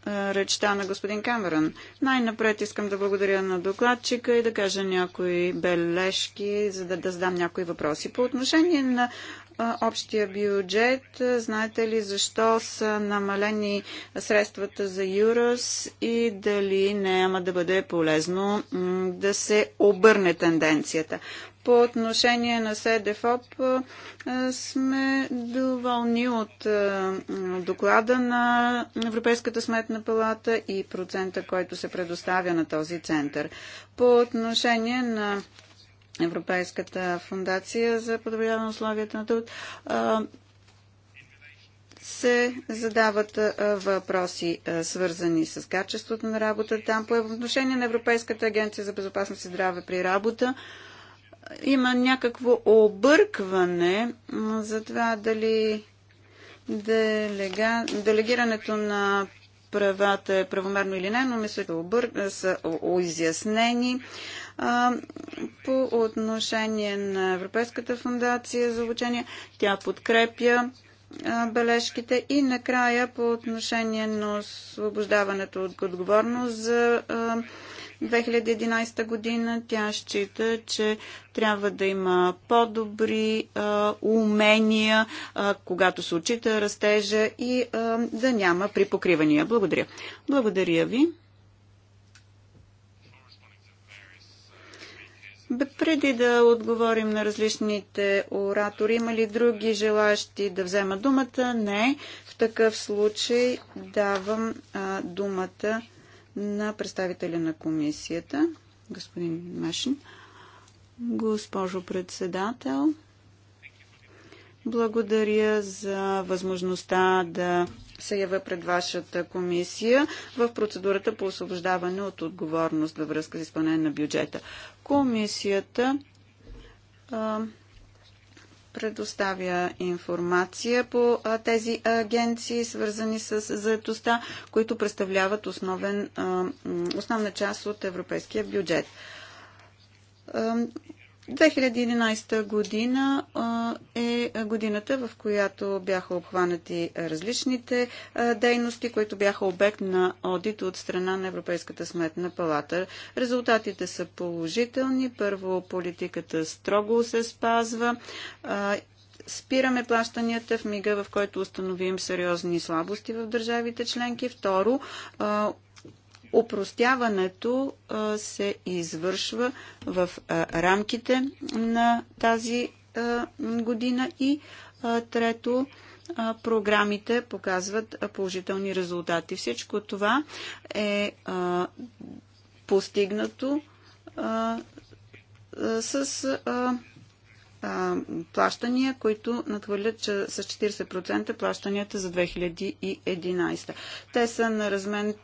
[SPEAKER 3] е, речта на господин Камерън. Най-напред искам да благодаря на докладчика и да кажа някои бележки, за да, да задам някои въпроси. По отношение на е, общия бюджет, е, знаете ли защо са намалени средствата за Юрос и дали няма да бъде полезно да се обърне тенденцията? По отношение на СДФОП сме доволни от доклада на Европейската сметна палата и процента, който се предоставя на този център. По отношение на Европейската фундация за подобряване на условията на труд се задават въпроси, свързани с качеството на работа там. По отношение на Европейската агенция за безопасност и здраве при работа, има някакво объркване за това дали делега... делегирането на правата е правомерно или не, но мисля, че обър... са изяснени по отношение на Европейската фундация за обучение. Тя подкрепя бележките и накрая по отношение на освобождаването от отговорност за 2011 година. Тя счита, че трябва да има по-добри умения, а, когато се отчита растежа и а, да няма припокривания. Благодаря. Благодаря ви. Преди да отговорим на различните оратори, има ли други желащи да взема думата? Не. В такъв случай давам а, думата на представителя на комисията, господин Машин. Госпожо председател, благодаря за възможността да се явя пред вашата комисия в процедурата по освобождаване от отговорност във връзка с изпълнение на бюджета. Комисията а, предоставя информация по тези агенции, свързани с заедостта, които представляват основен, основна част от европейския бюджет. 2011 година е годината, в която бяха обхванати различните дейности, които бяха обект на одит от страна на Европейската сметна палата. Резултатите са положителни. Първо, политиката строго се спазва. Спираме плащанията в мига, в който установим сериозни слабости в държавите членки. Второ, Опростяването се извършва в рамките на тази година и трето програмите показват положителни резултати. Всичко това е постигнато с плащания, които надхвърлят с 40% плащанията за 2011. Те са на размен,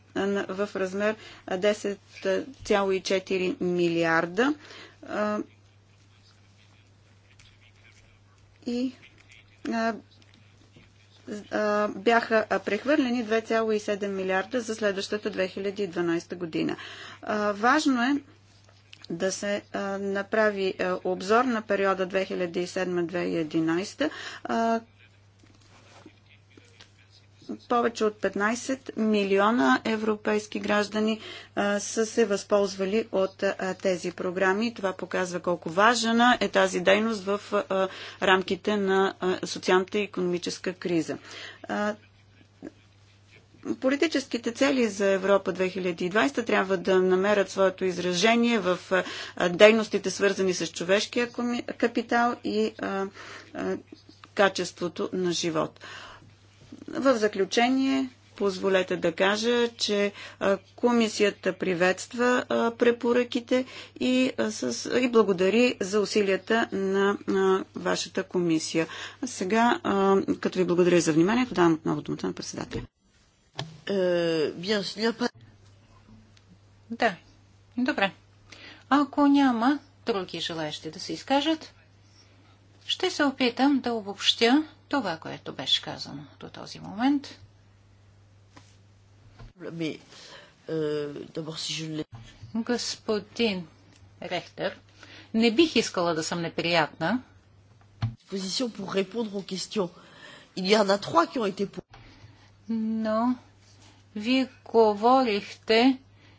[SPEAKER 3] в размер 10,4 милиарда. и бяха прехвърлени 2,7 милиарда за следващата 2012 година. Важно е да се направи обзор на периода 2007-2011, повече от 15 милиона европейски граждани а, са се възползвали от а, тези програми. Това показва колко важна е тази дейност в а, рамките на социалната и економическа криза. Политическите цели за Европа 2020 трябва да намерят своето изражение в дейностите, свързани с човешкия капитал и качеството на живот. В заключение, позволете да кажа, че комисията приветства препоръките и, с, и благодари за усилията на, на вашата комисия. сега, като ви благодаря за вниманието, давам отново думата на председателя.
[SPEAKER 1] Е, да. Добре. Ако няма други желаящи да се изкажат, ще се опитам да обобщя това, което беше казано до този момент. Ами, е, Господин Рехтер, не бих искала да съм неприятна. Но вие говорихте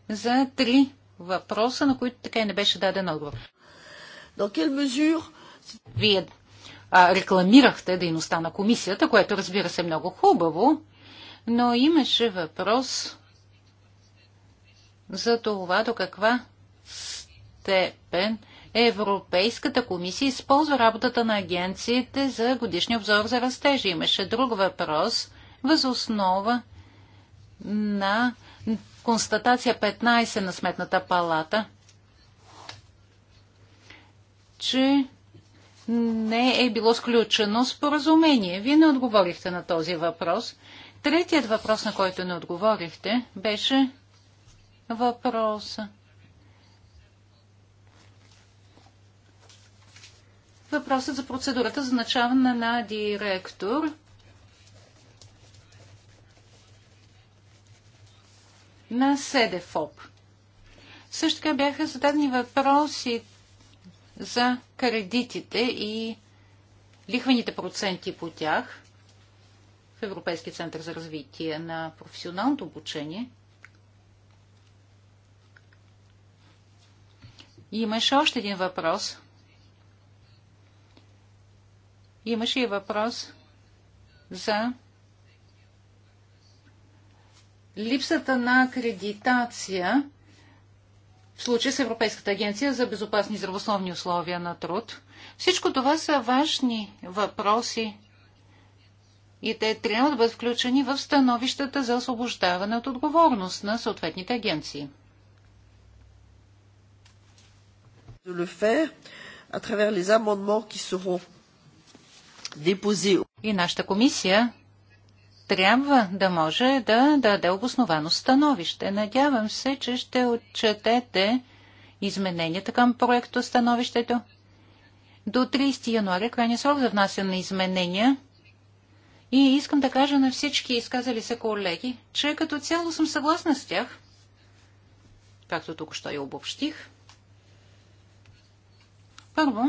[SPEAKER 1] за три въпроса, на които така и не беше даден отговор. Вие а, рекламирахте дейността на комисията, което разбира се е много хубаво, но имаше въпрос за това до каква степен Европейската комисия използва работата на агенциите за годишния обзор за растежи. Имаше друг въпрос възоснова на констатация 15 на Сметната палата, че не е било сключено споразумение. Вие не отговорихте на този въпрос. Третият въпрос, на който не отговорихте, беше въпроса. Въпросът за процедурата за начаване на директор на СЕДЕФОП. Също така бяха зададени въпроси за кредитите и лихвените проценти по тях в Европейски център за развитие на професионалното обучение. И имаше още един въпрос. Имаше и въпрос за липсата на акредитация в случай с Европейската агенция за безопасни и здравословни условия на труд. Всичко това са важни въпроси и те трябва да бъдат включени в становищата за освобождаване от отговорност на съответните агенции. И нашата комисия трябва да може да даде обосновано становище. Надявам се, че ще отчетете измененията към проекто становището. До 30 януаря е крайния срок за внасяне на изменения. И искам да кажа на всички изказали се колеги, че като цяло съм съгласна с тях, както тук що я обобщих. Първо,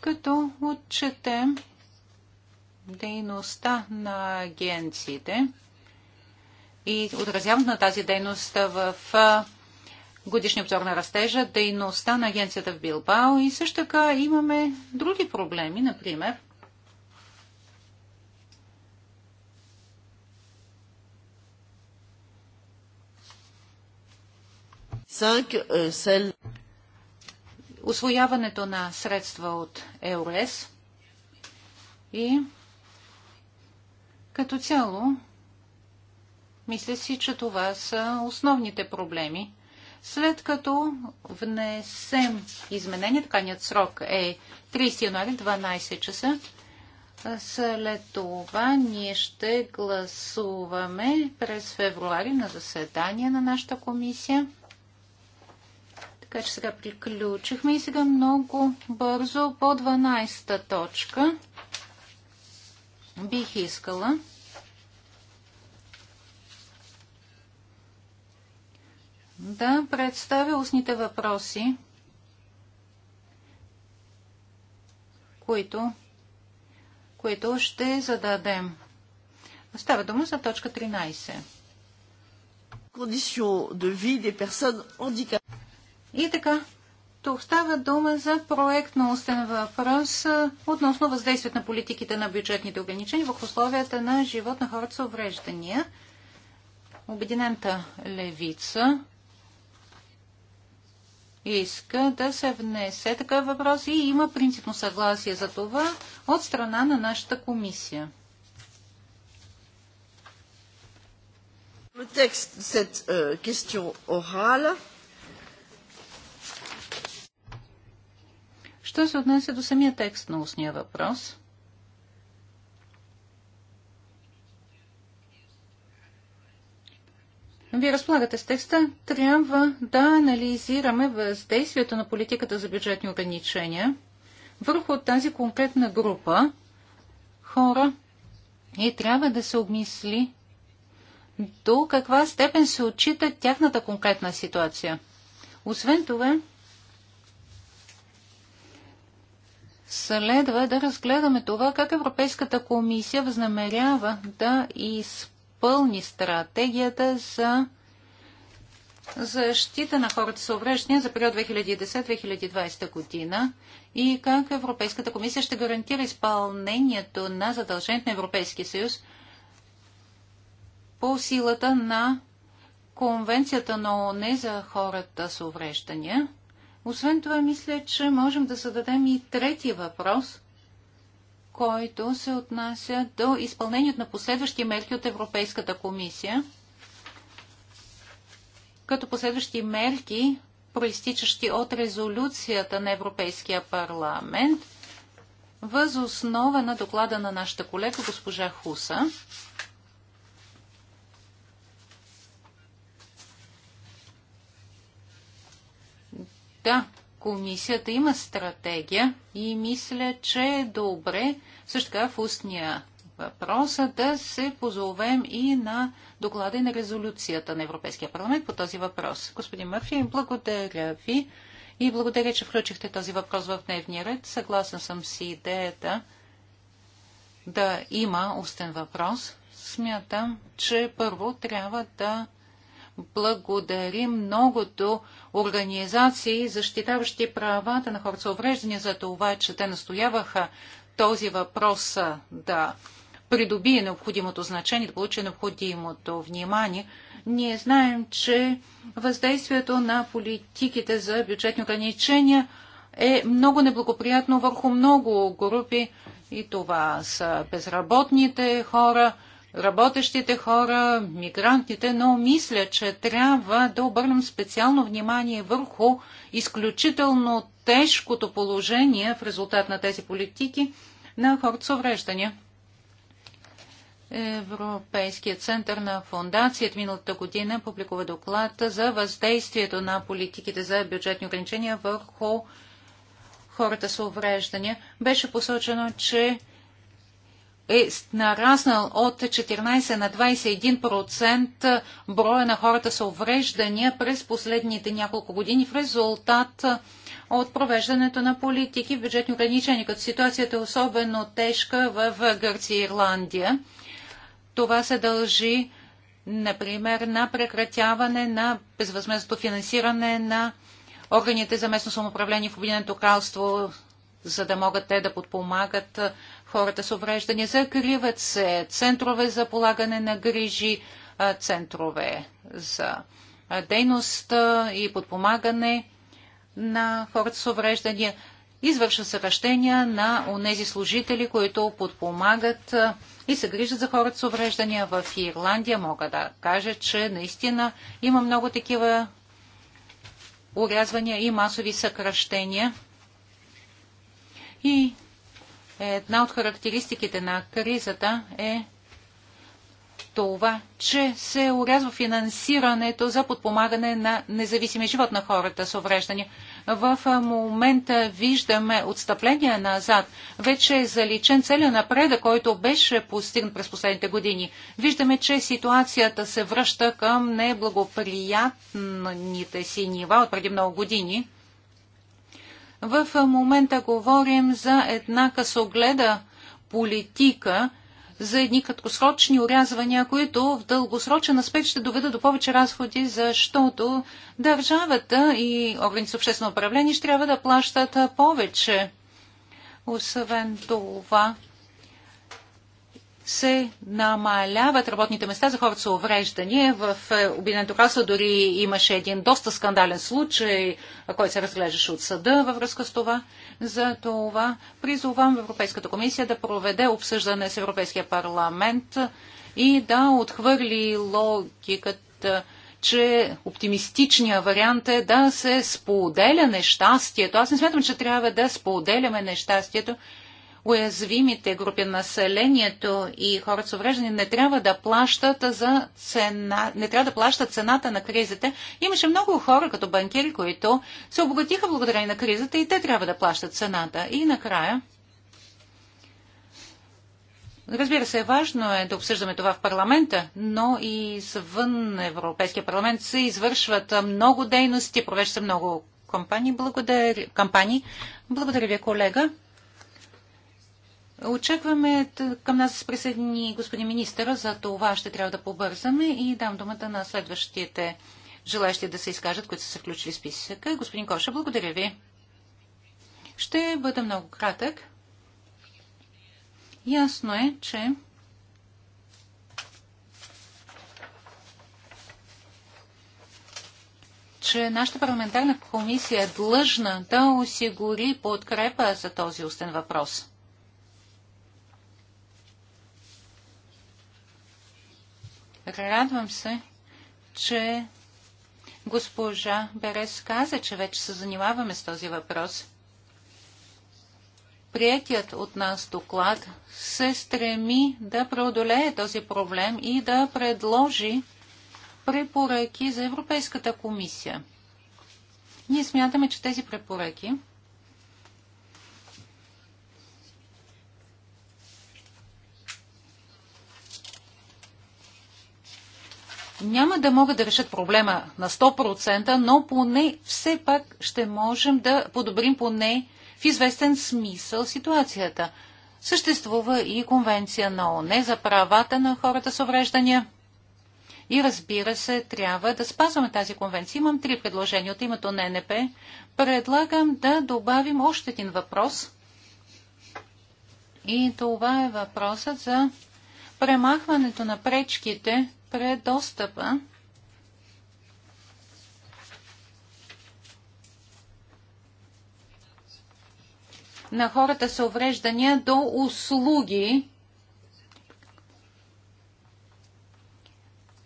[SPEAKER 1] като отчетем дейността на агенциите и отразяването на тази дейност в годишния обзор на растежа, дейността на агенцията в Билбао и също така имаме други проблеми, например – euh, освояването на средства от ЕОРЕС и като цяло мисля си, че това са основните проблеми. След като внесем изменения, таканият срок е 30 януари, 12 часа, след това ние ще гласуваме през февруари на заседание на нашата комисия. Така че сега приключихме и сега много бързо по 12-та точка бих искала да представя устните въпроси, които, които ще зададем. Става дума за точка 13. Conditions de vie des personnes handicapées. И така, тук става дума за проект на устен въпрос относно въздействието на политиките на бюджетните ограничения в условията на живот на хората с увреждания. Обединената левица иска да се внесе такъв въпрос и има принципно съгласие за това от страна на нашата комисия.
[SPEAKER 3] Le texte de cette euh,
[SPEAKER 1] question orale Що се отнася до самия текст на устния въпрос? Вие разполагате с текста. Трябва да анализираме въздействието на политиката за бюджетни ограничения върху тази конкретна група хора и трябва да се обмисли до каква степен се отчита тяхната конкретна ситуация. Освен това, следва да разгледаме това как Европейската комисия възнамерява да изпълни стратегията за защита на хората с увреждания за период 2010-2020 година и как Европейската комисия ще гарантира изпълнението на задължението на Европейския съюз по силата на Конвенцията на ООН за хората с увреждания – освен това, мисля, че можем да зададем и трети въпрос, който се отнася до изпълнението на последващи мерки от Европейската комисия, като последващи мерки, проистичащи от резолюцията на Европейския парламент, въз основа на доклада на нашата колега госпожа Хуса. Да, комисията има стратегия и мисля, че е добре също така в устния въпрос да се позовем и на доклада и на резолюцията на Европейския парламент по този въпрос. Господин Мърфи, благодаря ви и благодаря, че включихте този въпрос в дневния ред. Съгласен съм с идеята да има устен въпрос. Смятам, че първо трябва да благодарим многото организации, защитаващи правата на хората с увреждания за това, че те настояваха този въпрос да придобие необходимото значение, да получи необходимото внимание. Ние знаем, че въздействието на политиките за бюджетни ограничения е много неблагоприятно върху много групи и това са безработните хора – работещите хора, мигрантите, но мисля, че трябва да обърнем специално внимание върху изключително тежкото положение в резултат на тези политики на хората с увреждания. Европейският център на фундацията миналата година публикува доклад за въздействието на политиките за бюджетни ограничения върху хората с увреждания. Беше посочено, че е нараснал от 14 на 21% броя на хората с увреждания през последните няколко години в резултат от провеждането на политики в бюджетни ограничения, като ситуацията е особено тежка в Гърция и Ирландия. Това се дължи, например, на прекратяване на безвъзмезното финансиране на органите за местно самоуправление в Обединеното кралство, за да могат те да подпомагат хората с увреждания. Закриват се центрове за полагане на грижи, центрове за дейност и подпомагане на хората с увреждания. Извършва съкръщения на онези служители, които подпомагат и се грижат за хората с увреждания в Ирландия. Мога да кажа, че наистина има много такива урязвания и масови съкръщения. И Една от характеристиките на кризата е това, че се урязва финансирането за подпомагане на независими живот на хората с увреждания. В момента виждаме отстъпление назад. Вече е заличен целият напредък, който беше постигнат през последните години. Виждаме, че ситуацията се връща към неблагоприятните си нива от преди много години. В момента говорим за една късогледа политика, за едни краткосрочни урязвания, които в дългосрочен аспект ще доведат до повече разходи, защото държавата и органите за обществено управление ще трябва да плащат повече. Освен това, се намаляват работните места за хората с увреждания. В е, Обединеното кралство дори имаше един доста скандален случай, който се разглеждаше от съда във връзка с това. За това призовам Европейската комисия да проведе обсъждане с Европейския парламент и да отхвърли логиката че оптимистичният вариант е да се споделя нещастието. Аз не смятам, че трябва да споделяме нещастието уязвимите групи на населението и хората с увреждане не трябва да плащат за цена, не трябва да плащат цената на кризите. Имаше много хора като банкири, които се обогатиха благодарение на кризата и те трябва да плащат цената. И накрая. Разбира се, важно е да обсъждаме това в парламента, но и извън Европейския парламент се извършват много дейности, провеждат много компании. Благодаря, компании. Благодаря ви, колега. Очакваме към нас с присъедини господин министъра, за това ще трябва да побързаме и дам думата на следващите желащи да се изкажат, които са се включили в списъка. Господин Коша, благодаря ви. Ще бъда много кратък. Ясно е, че че нашата парламентарна комисия е длъжна да осигури подкрепа за този устен въпрос. Радвам се, че госпожа Берес каза, че вече се занимаваме с този въпрос. Приятият от нас доклад се стреми да преодолее този проблем и да предложи препоръки за Европейската комисия. Ние смятаме, че тези препоръки няма да могат да решат проблема на 100%, но поне все пак ще можем да подобрим поне в известен смисъл ситуацията. Съществува и конвенция на ОНЕ за правата на хората с увреждания. И разбира се, трябва да спазваме тази конвенция. Имам три предложения от името на НП. Предлагам да добавим още един въпрос. И това е въпросът за премахването на пречките спре достъпа на хората с увреждания до услуги,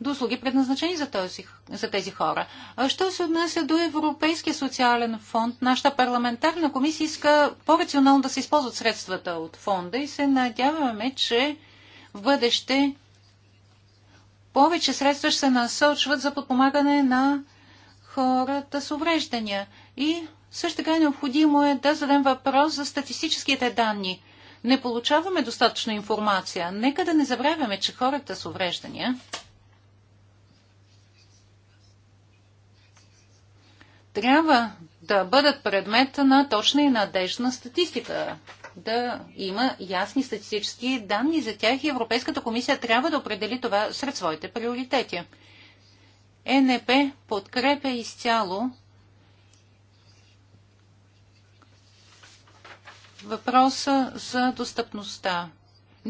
[SPEAKER 1] до услуги предназначени за, този, за тези хора. А що се отнася до Европейския социален фонд, нашата парламентарна комисия иска по-рационално да се използват средствата от фонда и се надяваме, че в бъдеще повече средства ще се насочват за подпомагане на хората с увреждания. И също така е необходимо е да зададем въпрос за статистическите данни. Не получаваме достатъчно информация. Нека да не забравяме, че хората с увреждания трябва да бъдат предмет на точна и надежна статистика да има ясни статистически данни за тях и Европейската комисия трябва да определи това сред своите приоритети. ЕНП подкрепя изцяло въпроса за достъпността.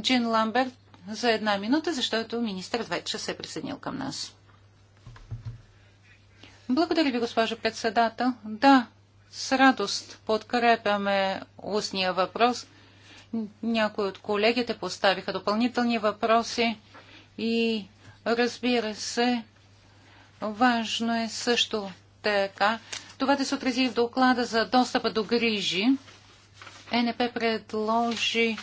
[SPEAKER 1] Джин Ламберт за една минута, защото министър вече се е присъединил към нас. Благодаря ви, госпожо председател. Да, с радост подкрепяме устния въпрос. Някои от колегите поставиха допълнителни въпроси и разбира се, важно е също така това да се отрази в доклада за достъпа до грижи. НП предложи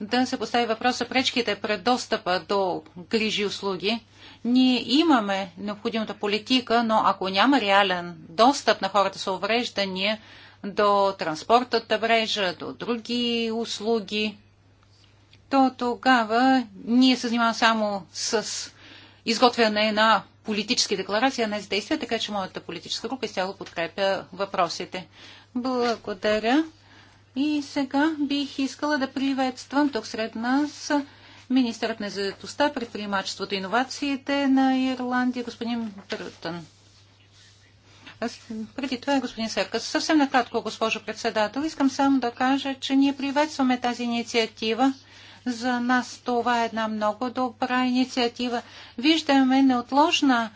[SPEAKER 1] да се постави въпроса пречките пред достъпа до грижи и услуги. Ние имаме необходимата политика, но ако няма реален достъп на хората с увреждания до транспортната мрежа, до други услуги, то тогава ние се занимаваме само с изготвяне на политически декларации, а не с действия, така че моята политическа група изцяло подкрепя въпросите. Благодаря. И сега бих искала да приветствам тук сред нас министърът на заедостта, предприемачеството и иновациите на Ирландия, господин Брутън. Аз, преди това, господин Серкас, съвсем накратко, госпожо председател, искам само да кажа, че ние приветстваме тази инициатива. За нас това е една много добра инициатива. Виждаме неотложна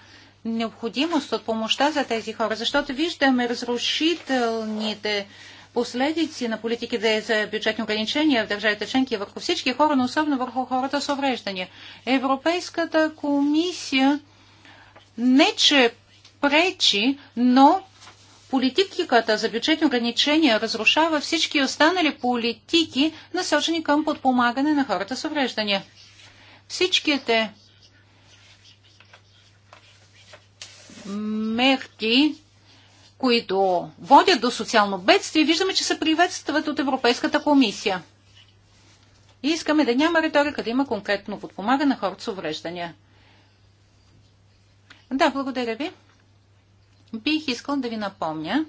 [SPEAKER 1] необходимост от помощта за тези хора, защото виждаме разрушителните последици на политиките за бюджетни ограничения в държавите членки върху всички хора, но особено върху хората с увреждания. Европейската комисия не че пречи, но политиката за бюджетни ограничения разрушава всички останали политики, насочени към подпомагане на хората с увреждания. Всичките мерки които водят до социално бедствие, виждаме, че се приветстват от Европейската комисия. И искаме да няма риторика, да има конкретно подпомага на хората с увреждания. Да, благодаря ви. Бих искал да ви напомня,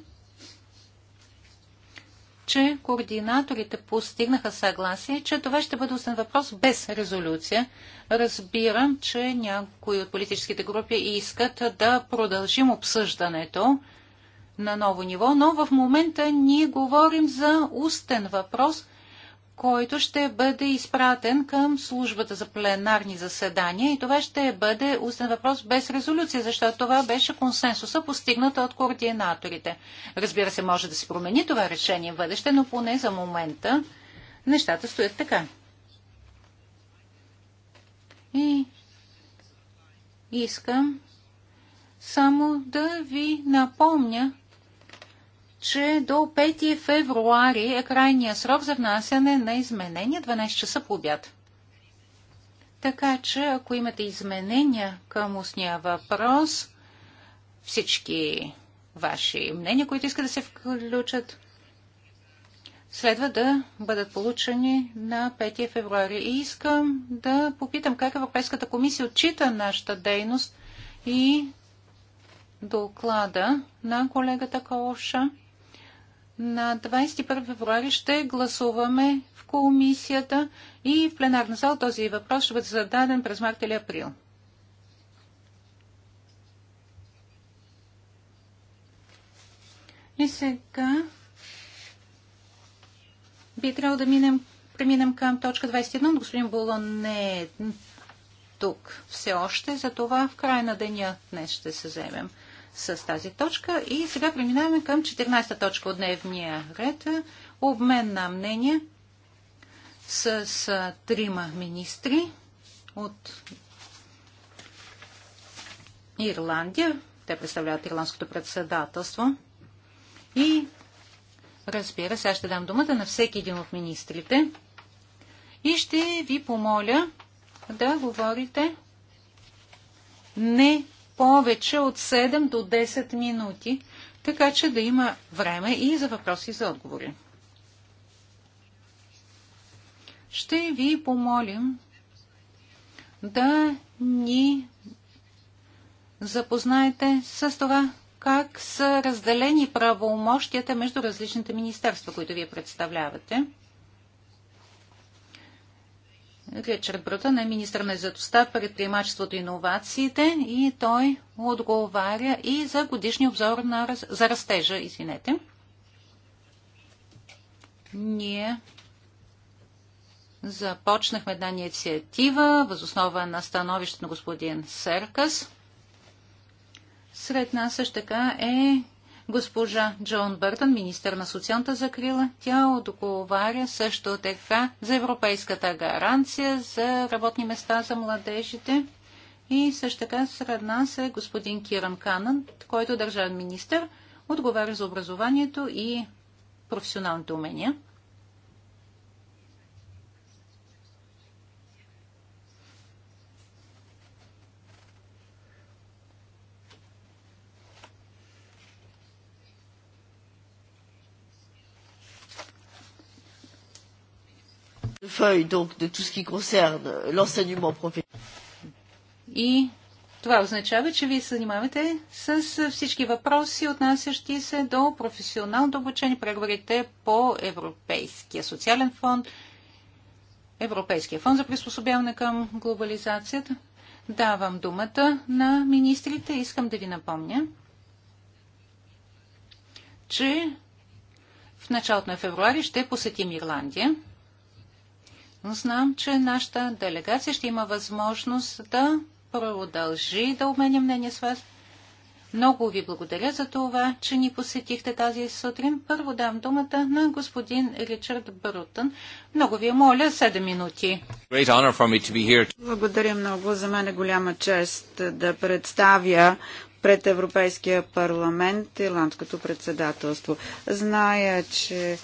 [SPEAKER 1] че координаторите постигнаха съгласие, че това ще бъде устен въпрос без резолюция. Разбирам, че някои от политическите групи искат да продължим обсъждането на ново ниво, но в момента ние говорим за устен въпрос, който ще бъде изпратен към службата за пленарни заседания и това ще бъде устен въпрос без резолюция, защото това беше консенсуса, постигната от координаторите. Разбира се, може да се промени това решение в бъдеще, но поне за момента нещата стоят така. И искам само да ви напомня че до 5 февруари е крайния срок за внасяне на изменения 12 часа по обяд. Така че, ако имате изменения към устния въпрос, всички ваши мнения, които искат да се включат, следва да бъдат получени на 5 февруари. И искам да попитам как Европейската комисия отчита нашата дейност и доклада на колегата Коша на 21 февруари ще гласуваме в комисията и в пленарна зал този въпрос ще бъде зададен през март или април. И сега би трябвало да минем, преминем към точка 21, господин Болон не е тук все още, затова в края на деня днес ще се вземем с тази точка. И сега преминаваме към 14-та точка от дневния ред. Обмен на мнение с, с трима министри от Ирландия. Те представляват Ирландското председателство. И разбира се, аз ще дам думата на всеки един от министрите. И ще ви помоля да говорите не повече от 7 до 10 минути, така че да има време и за въпроси и за отговори. Ще ви помолим да ни запознаете с това, как са разделени правомощията между различните министерства, които вие представлявате. Ричард Брутън е министър на заедостта, предприемачеството и иновациите и той отговаря и за годишния обзор на, за растежа. Извинете. Ние започнахме една инициатива възоснова на становище на господин Серкас. Сред нас също така е госпожа Джон Бъртън, министър на социалната закрила. Тя отговаря също така за европейската гаранция за работни места за младежите. И също така сред нас е господин Киран Канан, който е държавен министър отговаря за образованието и професионалните умения. portefeuille donc de tout ce qui concerne l'enseignement professionnel. Това означава, че вие се занимавате с всички въпроси, отнасящи се до обучение, преговорите по Европейския социален фонд, Европейския фонд за приспособяване към глобализацията. Давам думата на министрите. Искам да ви напомня, че в началото на февруари ще посетим Ирландия. Знам, че нашата делегация ще има възможност да продължи да обменя мнение с вас. Много ви благодаря за това, че ни посетихте тази сутрин. Първо дам думата на господин Ричард Брутън. Много ви моля, 7 минути. Благодаря
[SPEAKER 3] много. За мен е голяма чест да представя пред Европейския парламент ирландското председателство. Зная, че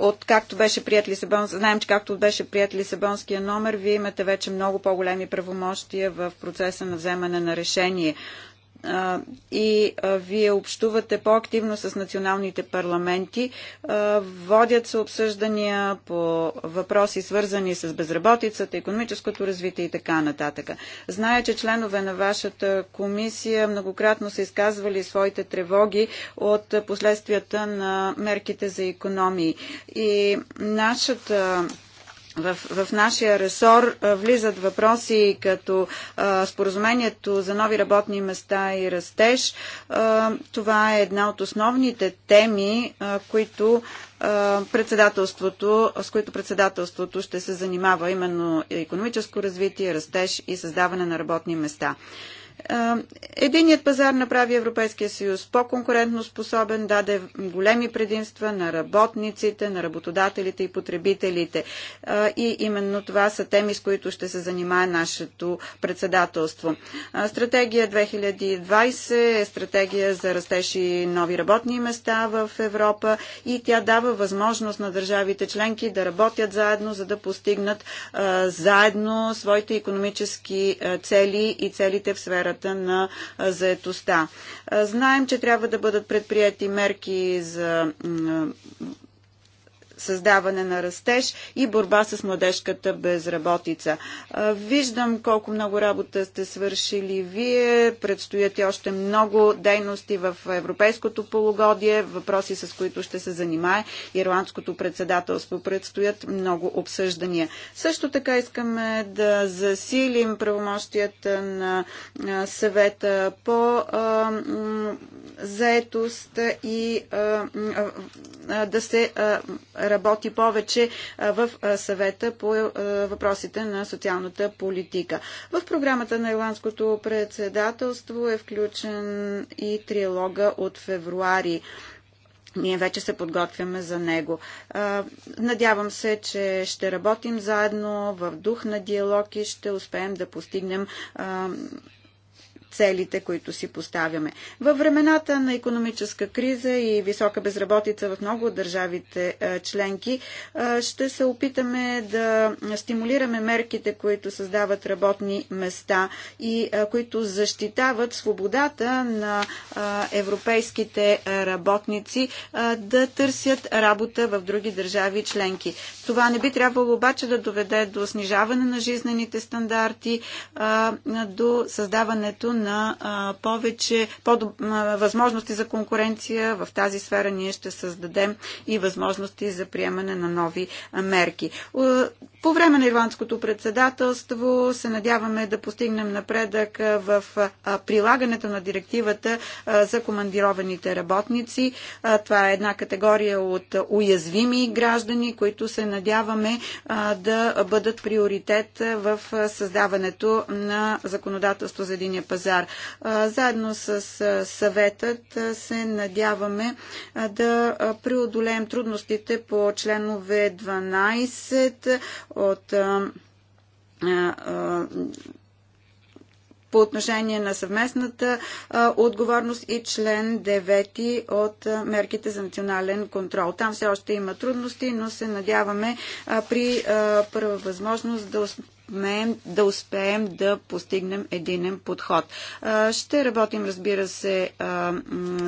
[SPEAKER 3] от както беше прият Лисабон, знаем, че както беше прият Лисабонския номер, вие имате вече много по-големи правомощия в процеса на вземане на решение и вие общувате по-активно с националните парламенти. Водят се обсъждания по въпроси свързани с безработицата, економическото развитие и така нататък. Зная, че членове на вашата комисия многократно са изказвали своите тревоги от последствията на мерките за економии. И нашата в, в нашия ресор влизат въпроси като споразумението за нови работни места и растеж. това е една от основните теми, които председателството, с които председателството ще се занимава, именно економическо развитие, растеж и създаване на работни места. Единият пазар направи Европейския съюз по-конкурентно способен, даде големи предимства на работниците, на работодателите и потребителите. И именно това са теми, с които ще се занимае нашето председателство. Стратегия 2020 е стратегия за растеж и нови работни места в Европа и тя дава възможност на държавите членки да работят заедно, за да постигнат заедно своите економически цели и целите в сфера сферата на заетостта. Знаем, че трябва да бъдат предприяти мерки за създаване на растеж и борба с младежката безработица. Виждам колко много работа сте свършили вие. Предстоят и още много дейности в европейското полугодие, въпроси с които ще се занимае ирландското председателство. Предстоят много обсъждания. Също така искаме да засилим правомощията на съвета по заетост и да се работи повече в съвета по въпросите на социалната политика. В програмата на ирландското председателство е включен и триалога от февруари. Ние вече се подготвяме за него. Надявам се, че ще работим заедно в дух на диалог и ще успеем да постигнем целите, които си поставяме. Във времената на економическа криза и висока безработица в много от държавите е, членки, е, ще се опитаме да стимулираме мерките, които създават работни места и е, които защитават свободата на европейските работници да търсят работа в други държави членки. Това не би трябвало обаче да доведе до снижаване на жизнените стандарти, до създаването на а, повече а, възможности за конкуренция. В тази сфера ние ще създадем и възможности за приемане на нови а, мерки. По време на ирландското председателство се надяваме да постигнем напредък в прилагането на директивата за командированите работници. Това е една категория от уязвими граждани, които се надяваме да бъдат приоритет в създаването на законодателство за единия пазар. Заедно с съветът се надяваме да преодолеем трудностите по членове 12 от по отношение на съвместната отговорност и член 9 от мерките за национален контрол. Там все още има трудности, но се надяваме при първа възможност да успеем, да успеем да постигнем единен подход. Ще работим, разбира се,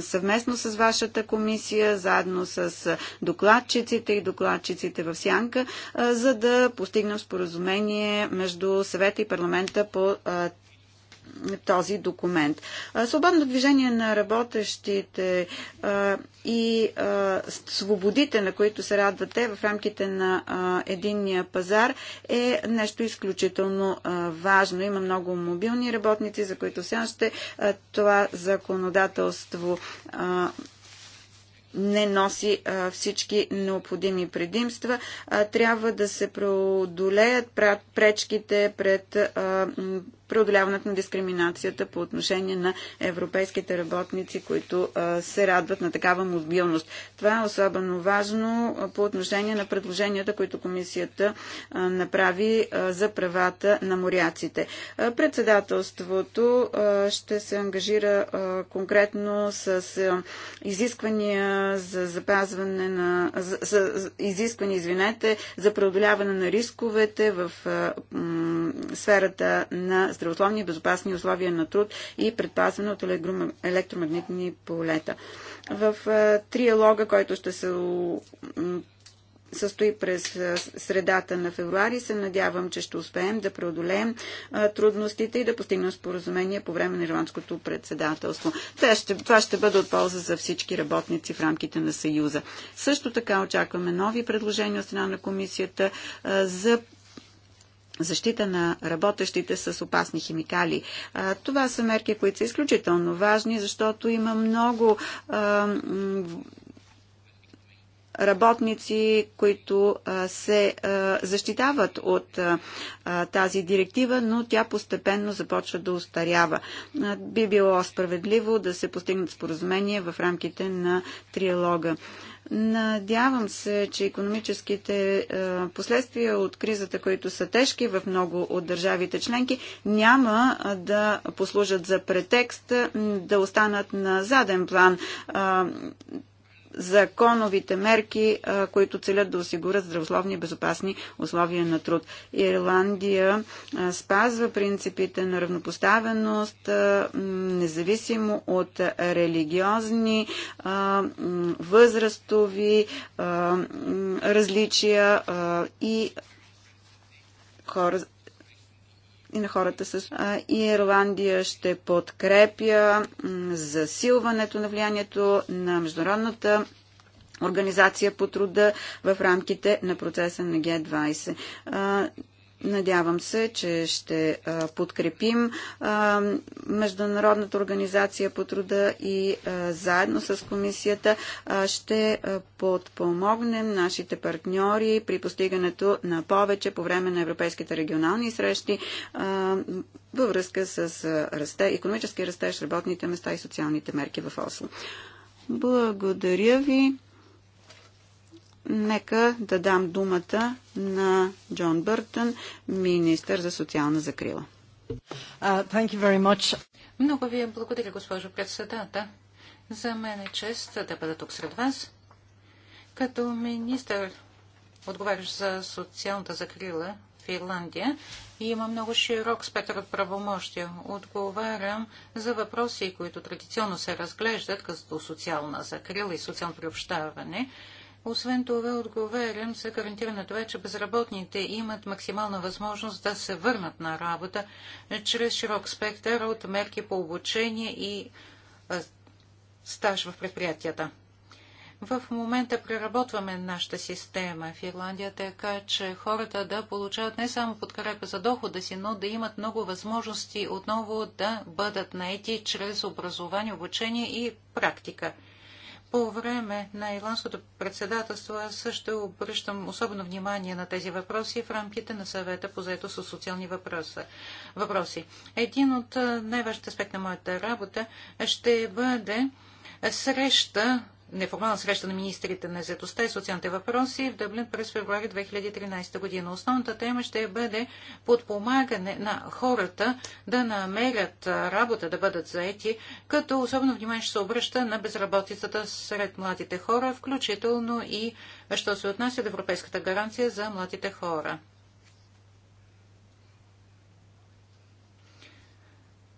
[SPEAKER 3] съвместно с вашата комисия, заедно с докладчиците и докладчиците в Сянка, за да постигнем споразумение между съвета и парламента по този документ. Свободно движение на работещите и свободите, на които се радвате в рамките на единния пазар е нещо изключително важно. Има много мобилни работници, за които все още това законодателство не носи а, всички необходими предимства. А, трябва да се преодолеят пречките пред а, преодоляването на дискриминацията по отношение на европейските работници, които се радват на такава мобилност. Това е особено важно по отношение на предложенията, които комисията направи за правата на моряците. Председателството ще се ангажира конкретно с изисквания за запазване на за, за, изисквания, извинете, за преодоляване на рисковете в сферата на здравословни и безопасни условия на труд и предпазване от електромагнитни полета. В триалога, който ще се състои през средата на февруари. Се надявам, че ще успеем да преодолеем трудностите и да постигнем споразумение по време на ирландското председателство. Това ще, това ще бъде от полза за всички работници в рамките на Съюза. Също така очакваме нови предложения от страна на комисията за защита на работещите с опасни химикали. Това са мерки, които са изключително важни, защото има много работници, които се защитават от тази директива, но тя постепенно започва да устарява. Би било справедливо да се постигнат споразумения в рамките на триалога. Надявам се, че економическите е, последствия от кризата, които са тежки в много от държавите членки, няма да послужат за претекст да останат на заден план законовите мерки, които целят да осигурят здравословни и безопасни условия на труд. Ирландия спазва принципите на равнопоставеност, независимо от религиозни, възрастови различия и хора и на хората с... Ирландия ще подкрепя засилването на влиянието на Международната организация по труда в рамките на процеса на Г-20. Надявам се, че ще подкрепим Международната организация по труда и заедно с комисията ще подпомогнем нашите партньори при постигането на повече по време на европейските регионални срещи във връзка с расте, економически растеж, работните места и социалните мерки в Осло. Благодаря ви. Нека да дам думата на Джон Бъртън, министър за социална
[SPEAKER 1] закрила. Много ви благодаря, госпожо председател. За мен е чест да бъда тук сред вас. Като министър, отговарящ за социалната закрила в Ирландия и има много широк спектър от правомощия. Отговарям за въпроси, които традиционно се разглеждат като социална закрила и социално приобщаване, освен това, отговарям за гарантиране на това, е, че безработните имат максимална възможност да се върнат на работа е, чрез широк спектър от мерки по обучение и стаж в предприятията. В момента преработваме нашата система в Ирландия, така че хората да получават не само подкрепа за дохода си, но да имат много възможности отново да бъдат наети чрез образование, обучение и практика. По време на ирландското председателство аз също обръщам особено внимание на тези въпроси в рамките на съвета по заето с социални въпроси. Един от най-важните аспект на моята работа ще бъде среща неформална среща на министрите на заедостта и социалните въпроси в Дъблин през февруари 2013 година. Основната тема ще бъде подпомагане на хората да намерят работа, да бъдат заети, като особено внимание ще се обръща на безработицата сред младите хора, включително и що се отнася до Европейската гаранция за младите хора.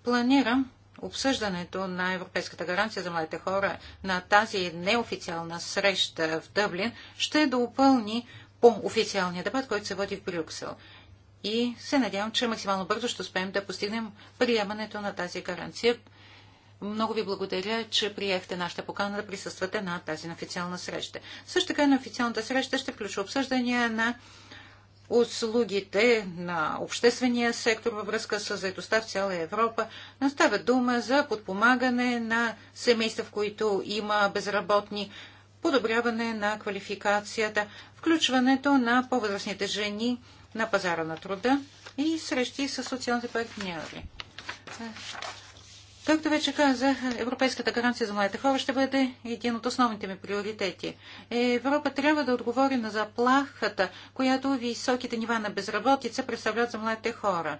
[SPEAKER 1] Планирам обсъждането на Европейската гаранция за младите хора на тази неофициална среща в Дъблин ще допълни по официалния дебат, който се води в Брюксел. И се надявам, че максимално бързо ще успеем да постигнем приемането на тази гаранция. Много ви благодаря, че приехте нашата покана да присъствате на тази официална среща. Също така на официалната среща ще включва обсъждания на услугите на обществения сектор във връзка с заедостта в цяла Европа. Настава става дума за подпомагане на семейства, в които има безработни, подобряване на квалификацията, включването на по-възрастните жени на пазара на труда и срещи с социалните партньори. Както вече казах, Европейската гаранция за младите хора ще бъде един от основните ми приоритети. Европа трябва да отговори на заплахата, която високите нива на безработица представляват за младите хора.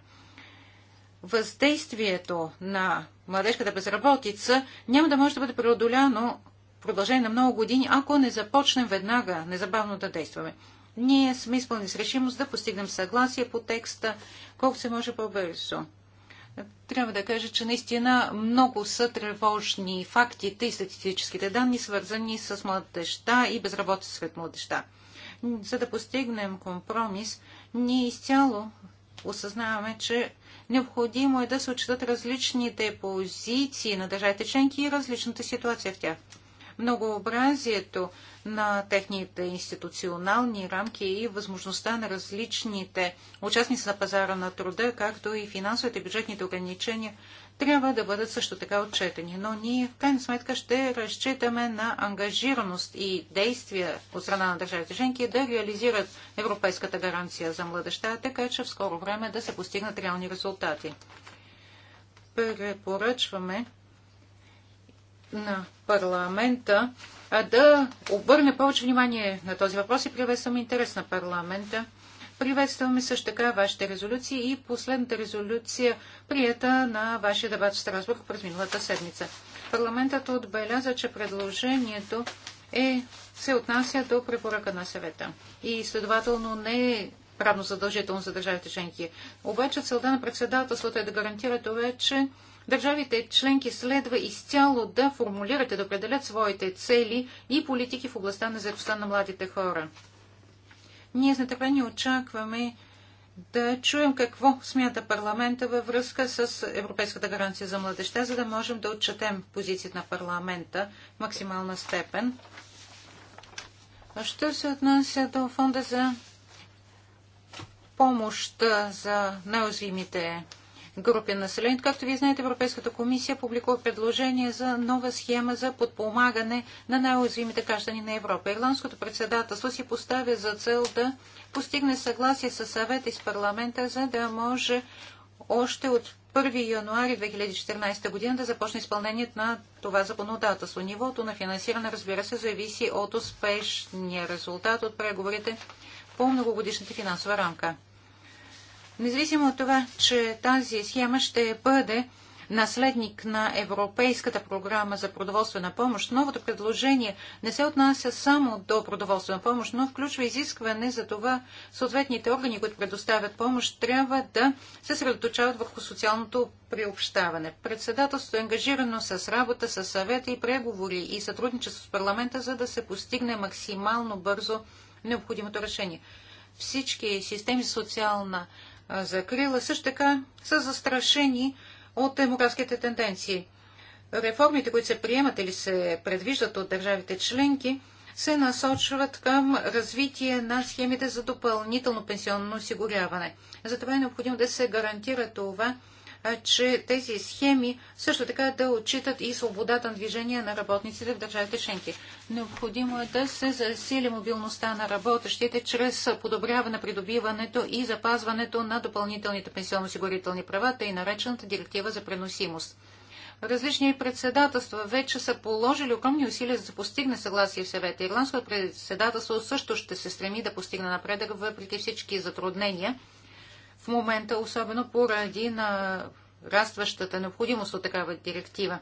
[SPEAKER 1] Въздействието на младежката безработица няма да може да бъде преодоляно в продължение на много години, ако не започнем веднага незабавно да действаме. Ние сме изпълни с решимост да постигнем съгласие по текста колко се може по-бързо трябва да кажа, че наистина много са тревожни фактите и статистическите данни, свързани с младеща и безработица сред младеща. За да постигнем компромис, ние изцяло осъзнаваме, че необходимо е да се отчитат различните позиции на държавите членки и различната ситуация в тях многообразието на техните институционални рамки и възможността на различните участници на пазара на труда, както и финансовите и бюджетните ограничения, трябва да бъдат също така отчетени. Но ние в крайна сметка ще разчитаме на ангажираност и действия от страна на държавите членки да реализират Европейската гаранция за младеща, така че в скоро време да се постигнат реални резултати. Препоръчваме на парламента да обърне повече внимание на този въпрос и приветствам интерес на парламента. Приветстваме също така вашите резолюции и последната резолюция, прията на вашия дебат в Страсбург през миналата седмица. Парламентът отбеляза, че предложението е, се отнася до препоръка на съвета и следователно не е правно задължително за държавите членки. Обаче целта на председателството е да гарантира това, че държавите членки следва изцяло да формулират и да определят своите цели и политики в областта на заедостта на младите хора. Ние с нетърпение очакваме да чуем какво смята парламента във връзка с Европейската гаранция за младеща, за да можем да отчетем позицията на парламента в максимална степен. А що се отнася до фонда за помощ за неуязвимите групи населението. Както вие знаете, Европейската комисия публикува предложение за нова схема за подпомагане на най-уязвимите граждани на Европа. Ирландското председателство си поставя за цел да постигне съгласие с съвета и с парламента, за да може още от 1 януари 2014 година да започне изпълнението на това законодателство. Нивото на финансиране, разбира се, зависи от успешния резултат от преговорите по многогодишната финансова рамка. Независимо от това, че тази схема ще бъде наследник на Европейската програма за продоволствена помощ, новото предложение не се отнася само до продоволствена помощ, но включва изискване за това съответните органи, които предоставят помощ, трябва да се средоточават върху социалното приобщаване. Председателството е ангажирано с работа, с съвета и преговори и сътрудничество с парламента, за да се постигне максимално бързо необходимото решение. Всички системи социална закрила, също така са застрашени от демографските тенденции. Реформите, които се приемат или се предвиждат от държавите членки, се насочват към развитие на схемите за допълнително пенсионно осигуряване. Затова е необходимо да се гарантира това, че тези схеми също така да отчитат и свободата на движение на работниците в държавите членки. Необходимо е да се засили мобилността на работещите чрез подобряване придобиването и запазването на допълнителните пенсионно-осигурителни права, и наречената директива за преносимост. Различни председателства вече са положили огромни усилия за да постигне съгласие в съвета. Ирландското председателство също ще се стреми да постигне напредък въпреки всички затруднения – в момента, особено поради на растващата необходимост от такава директива.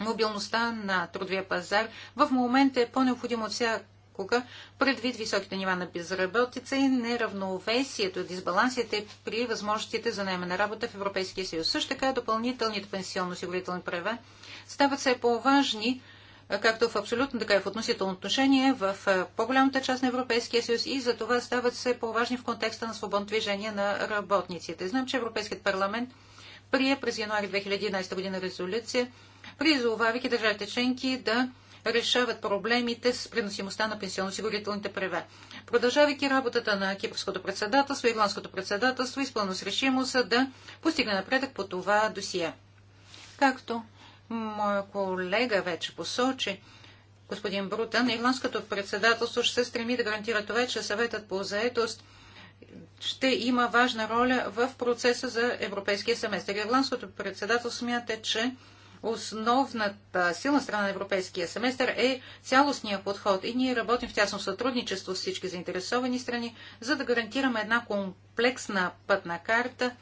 [SPEAKER 1] Мобилността на трудовия пазар в момента е по-необходима от всякога, предвид високите нива на безработица и неравновесието, дисбалансите при възможностите за найема на работа в Европейския съюз. Също така допълнителните пенсионно-осигурителни права стават все по-важни, както в абсолютно, така и в относително отношение в по-голямата част на Европейския съюз и за това стават все по-важни в контекста на свободно движение на работниците. Знам, че Европейският парламент прие през януари 2011 година резолюция, призовавайки държавите членки да решават проблемите с приносимостта на пенсионно-осигурителните права. Продължавайки работата на Кипърското председателство и Ирландското председателство, изпълно с решимост да постигне напредък по това досие. Както Моя колега вече посочи, господин Брутан, ирландското председателство ще се стреми да гарантира това, че съветът по заетост ще има важна роля в процеса за европейския семестър. Ирландското председателство смята, че основната силна страна на европейския семестър е цялостния подход и ние работим в тясно сътрудничество с всички заинтересовани страни, за да гарантираме една комплексна пътна карта –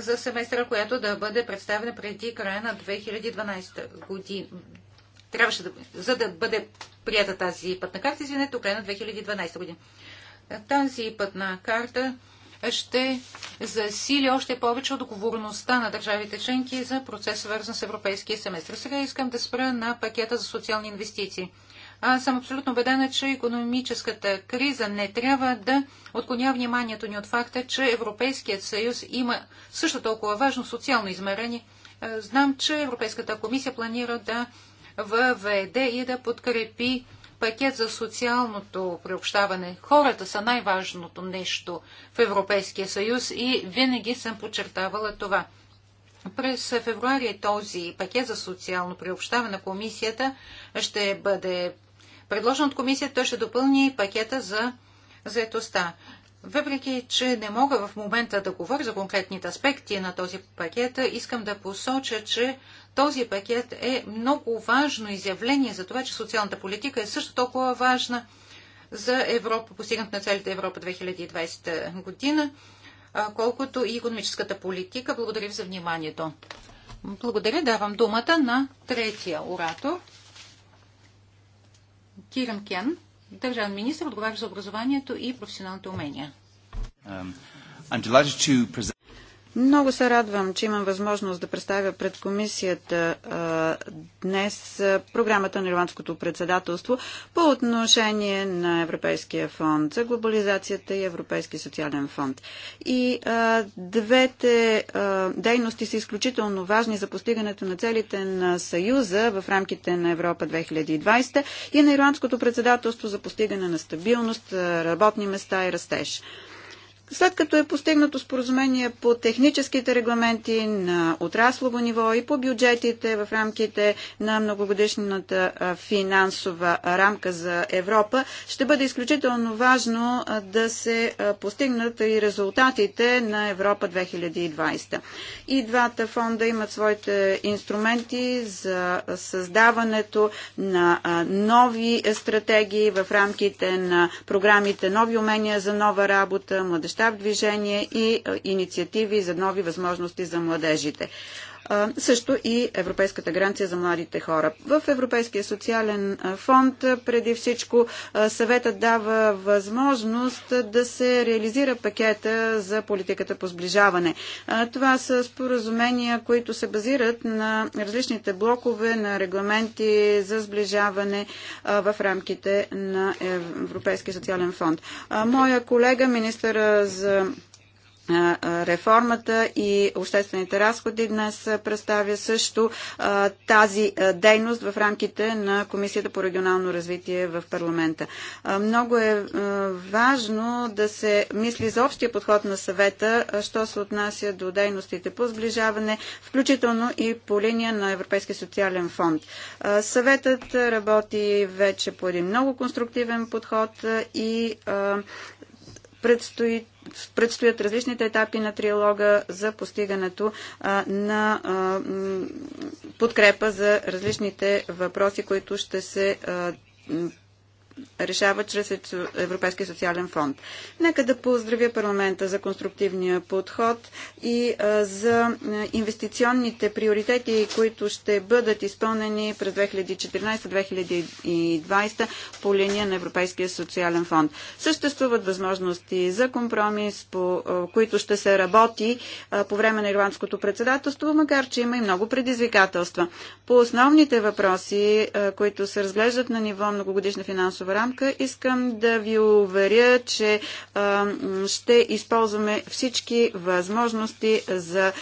[SPEAKER 1] за семестра, която да бъде представена преди края на 2012 година. Трябваше да, за да бъде прията тази пътна карта, извинете, до края на 2012 година. Тази пътна карта ще засили още повече отговорността на държавите членки за процес, свързан с европейския семестър. Сега искам да спра на пакета за социални инвестиции. Аз съм абсолютно убедена, че економическата криза не трябва да отклоня вниманието ни от факта, че Европейският съюз има също толкова важно социално измерение. Е, знам, че Европейската комисия планира да въведе и да подкрепи пакет за социалното приобщаване. Хората са най-важното нещо в Европейския съюз и винаги съм подчертавала това. През февруари този пакет за социално приобщаване на комисията ще бъде предложен от комисията, той ще допълни пакета за заетостта. Въпреки, че не мога в момента да говоря за конкретните аспекти на този пакет, искам да посоча, че този пакет е много важно изявление за това, че социалната политика е също толкова важна за Европа, постигнат на целите Европа 2020 година, колкото и економическата политика. Благодаря ви за вниманието. Благодаря. Давам думата на третия оратор. Киран Кен, държавен министр, отговарящ за образованието и професионалните умения.
[SPEAKER 3] Um, много се радвам, че имам възможност да представя пред комисията а, днес програмата на Ирландското председателство по отношение на Европейския фонд за глобализацията и Европейски социален фонд. И а, двете а, дейности са изключително важни за постигането на целите на Съюза в рамките на Европа 2020 и на Ирландското председателство за постигане на стабилност, работни места и растеж. След като е постигнато споразумение по техническите регламенти на отраслово ниво и по бюджетите в рамките на многогодишната финансова рамка за Европа, ще бъде изключително важно да се постигнат и резултатите на Европа 2020. И двата фонда имат своите инструменти за създаването на нови стратегии в рамките на програмите Нови умения за нова работа, младеща мащаб движение и инициативи за нови възможности за младежите също и Европейската гаранция за младите хора. В Европейския социален фонд преди всичко съветът дава възможност да се реализира пакета за политиката по сближаване. Това са споразумения, които се базират на различните блокове на регламенти за сближаване в рамките на Европейския социален фонд. Моя колега, министъра за реформата и обществените разходи. Днес представя също тази дейност в рамките на Комисията по регионално развитие в парламента. много е важно да се мисли за общия подход на съвета, що се отнася до дейностите по сближаване, включително и по линия на Европейския социален фонд. Съветът работи вече по един много конструктивен подход и предстои предстоят различните етапи на триалога за постигането на подкрепа за различните въпроси, които ще се решава чрез Европейския социален фонд. Нека да поздравя парламента за конструктивния подход и за инвестиционните приоритети, които ще бъдат изпълнени през 2014-2020 по линия на Европейския социален фонд. Съществуват възможности за компромис, по които ще се работи по време на ирландското председателство, макар че има и много предизвикателства. По основните въпроси, които се разглеждат на ниво многогодишна финансова финансова рамка. Искам да ви уверя, че ще използваме всички възможности, за,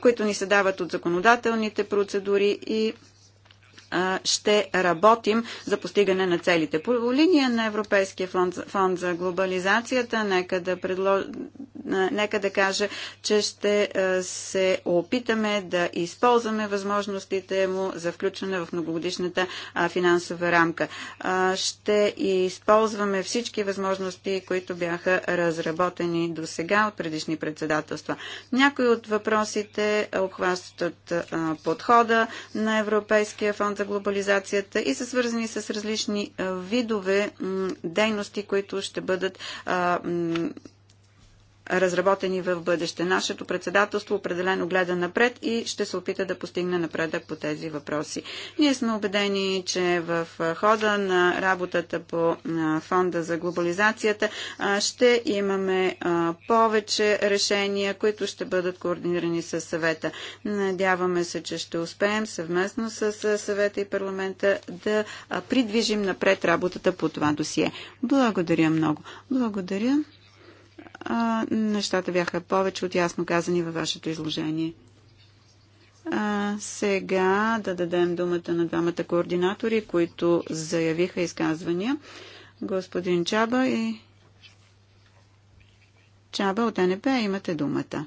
[SPEAKER 3] които ни се дават от законодателните процедури и ще работим за постигане на целите. По линия на Европейския фонд, фонд за глобализацията, нека да, предло... нека да кажа, че ще се опитаме да използваме възможностите му за включване в многогодишната финансова рамка. Ще използваме всички възможности, които бяха разработени до сега от предишни председателства. Някои от въпросите обхващат подхода на Европейския фонд за глобализацията и са свързани с различни видове дейности, които ще бъдат разработени в бъдеще. Нашето председателство определено гледа напред и ще се опита да постигне напредък по тези въпроси. Ние сме убедени, че в хода на работата по фонда за глобализацията ще имаме повече решения, които ще бъдат координирани с съвета. Надяваме се, че ще успеем съвместно с съвета и парламента да придвижим напред работата по това досие. Благодаря много. Благодаря а, нещата бяха повече от ясно казани във вашето изложение. А, сега да дадем думата на двамата координатори, които заявиха изказвания. Господин Чаба и Чаба от НП, имате думата.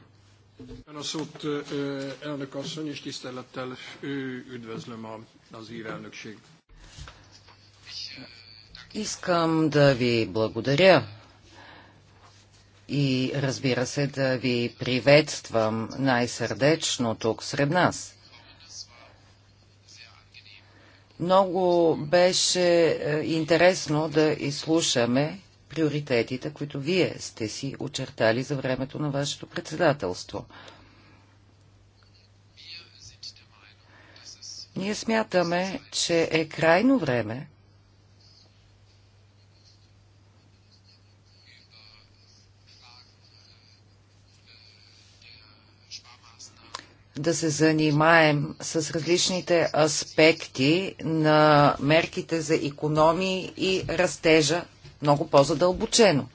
[SPEAKER 3] Е,
[SPEAKER 2] Искам да ви благодаря, и разбира се да ви приветствам най-сърдечно тук сред нас. Много беше е, интересно да изслушаме приоритетите, които вие сте си очертали за времето на вашето председателство. Ние смятаме, че е крайно време да се занимаем с различните аспекти на мерките за економии и растежа много по-задълбочено.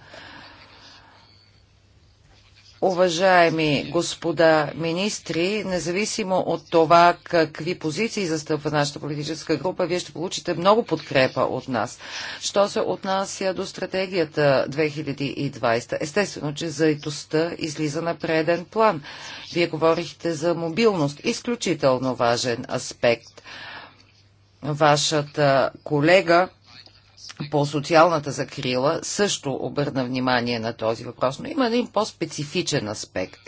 [SPEAKER 2] Уважаеми господа министри, независимо от това какви позиции застъпва нашата политическа група, вие ще получите много подкрепа от нас. Що се отнася до стратегията 2020? Естествено, че заедостта излиза на преден план. Вие говорихте за мобилност. Изключително важен аспект. Вашата колега по социалната закрила също обърна внимание на този въпрос, но има един по-специфичен аспект.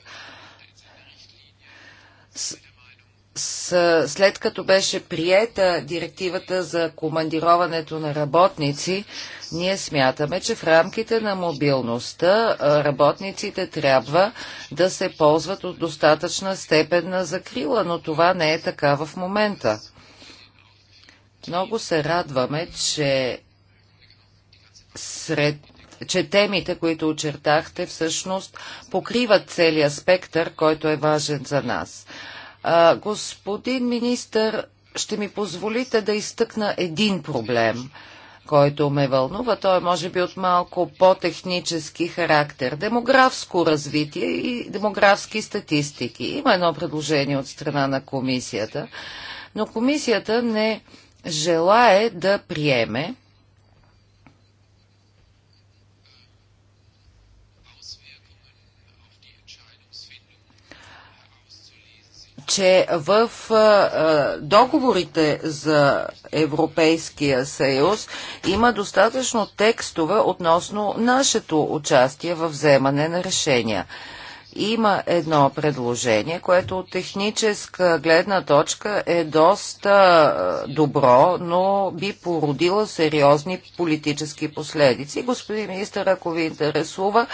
[SPEAKER 2] С, с, след като беше приета директивата за командироването на работници, ние смятаме, че в рамките на мобилността работниците трябва да се ползват от достатъчна степен на закрила, но това не е така в момента. Много се радваме, че сред че темите, които очертахте, всъщност покриват целия спектър, който е важен за нас. А, господин министър, ще ми позволите да изтъкна един проблем, който ме вълнува. Той е, може би, от малко по-технически характер. Демографско развитие и демографски статистики. Има едно предложение от страна на комисията, но комисията не желае да приеме че в договорите за Европейския съюз има достатъчно текстове относно нашето участие в вземане на решения. Има едно предложение, което от техническа гледна точка е доста е, добро, но би породило сериозни политически последици. Господин министър, ако ви интересува,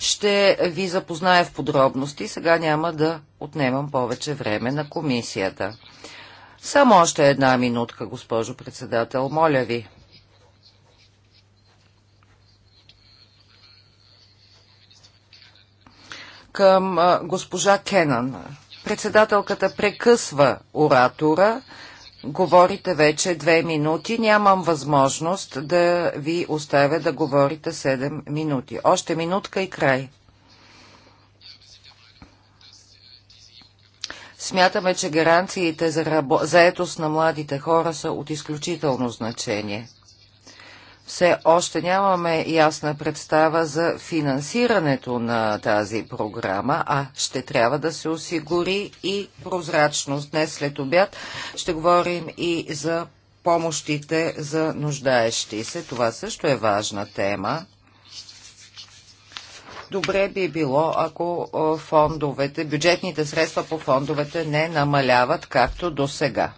[SPEAKER 2] ще ви запозная в подробности. Сега няма да отнемам повече време на комисията. Само още една минутка, госпожо председател, моля ви. към госпожа Кенан. Председателката прекъсва оратора. Говорите вече две минути. Нямам възможност да ви оставя да говорите седем минути. Още минутка и край. Смятаме, че гаранциите за заетост на младите хора са от изключително значение все още нямаме ясна представа за финансирането на тази програма, а ще трябва да се осигури и прозрачност. Днес след обяд ще говорим и за помощите за нуждаещи се. Това също е важна тема. Добре би било, ако фондовете, бюджетните средства по фондовете не намаляват както до сега.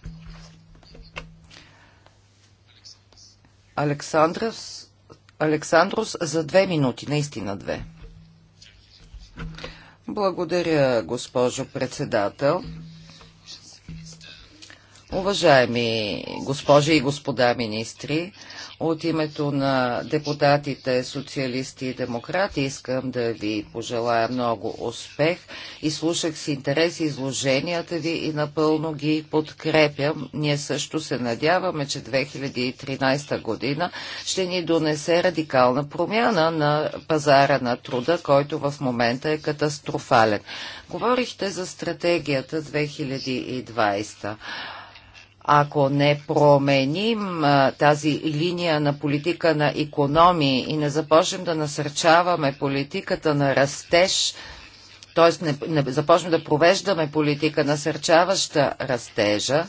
[SPEAKER 2] Александрос, Александрос за две минути, наистина две. Благодаря, госпожо председател. Уважаеми госпожи и господа министри, от името на депутатите, социалисти и демократи искам да ви пожелая много успех. И слушах с интерес изложенията ви и напълно ги подкрепям. Ние също се надяваме, че 2013 година ще ни донесе радикална промяна на пазара на труда, който в момента е катастрофален. Говорихте за стратегията 2020. Ако не променим тази линия на политика на економии и не започнем да насърчаваме политиката на растеж, т.е. Не, не започнем да провеждаме политика насърчаваща растежа,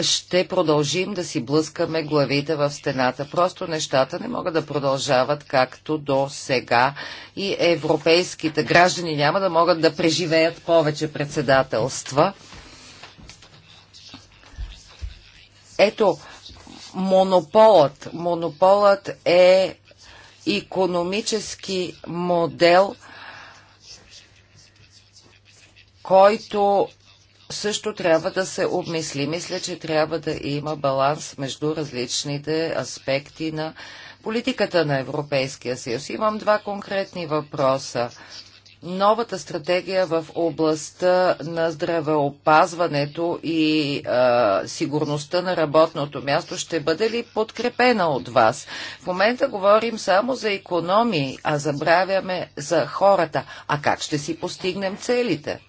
[SPEAKER 2] ще продължим да си блъскаме главите в стената. Просто нещата не могат да продължават както до сега и европейските граждани няма да могат да преживеят повече председателства. Ето, монополът. Монополът е економически модел, който също трябва да се обмисли. Мисля, че трябва да има баланс между различните аспекти на политиката на Европейския съюз. Имам два конкретни въпроса новата стратегия в областта на здравеопазването и а, сигурността на работното място ще бъде ли подкрепена от вас? В момента говорим само за економии, а забравяме за хората. А как ще си постигнем целите?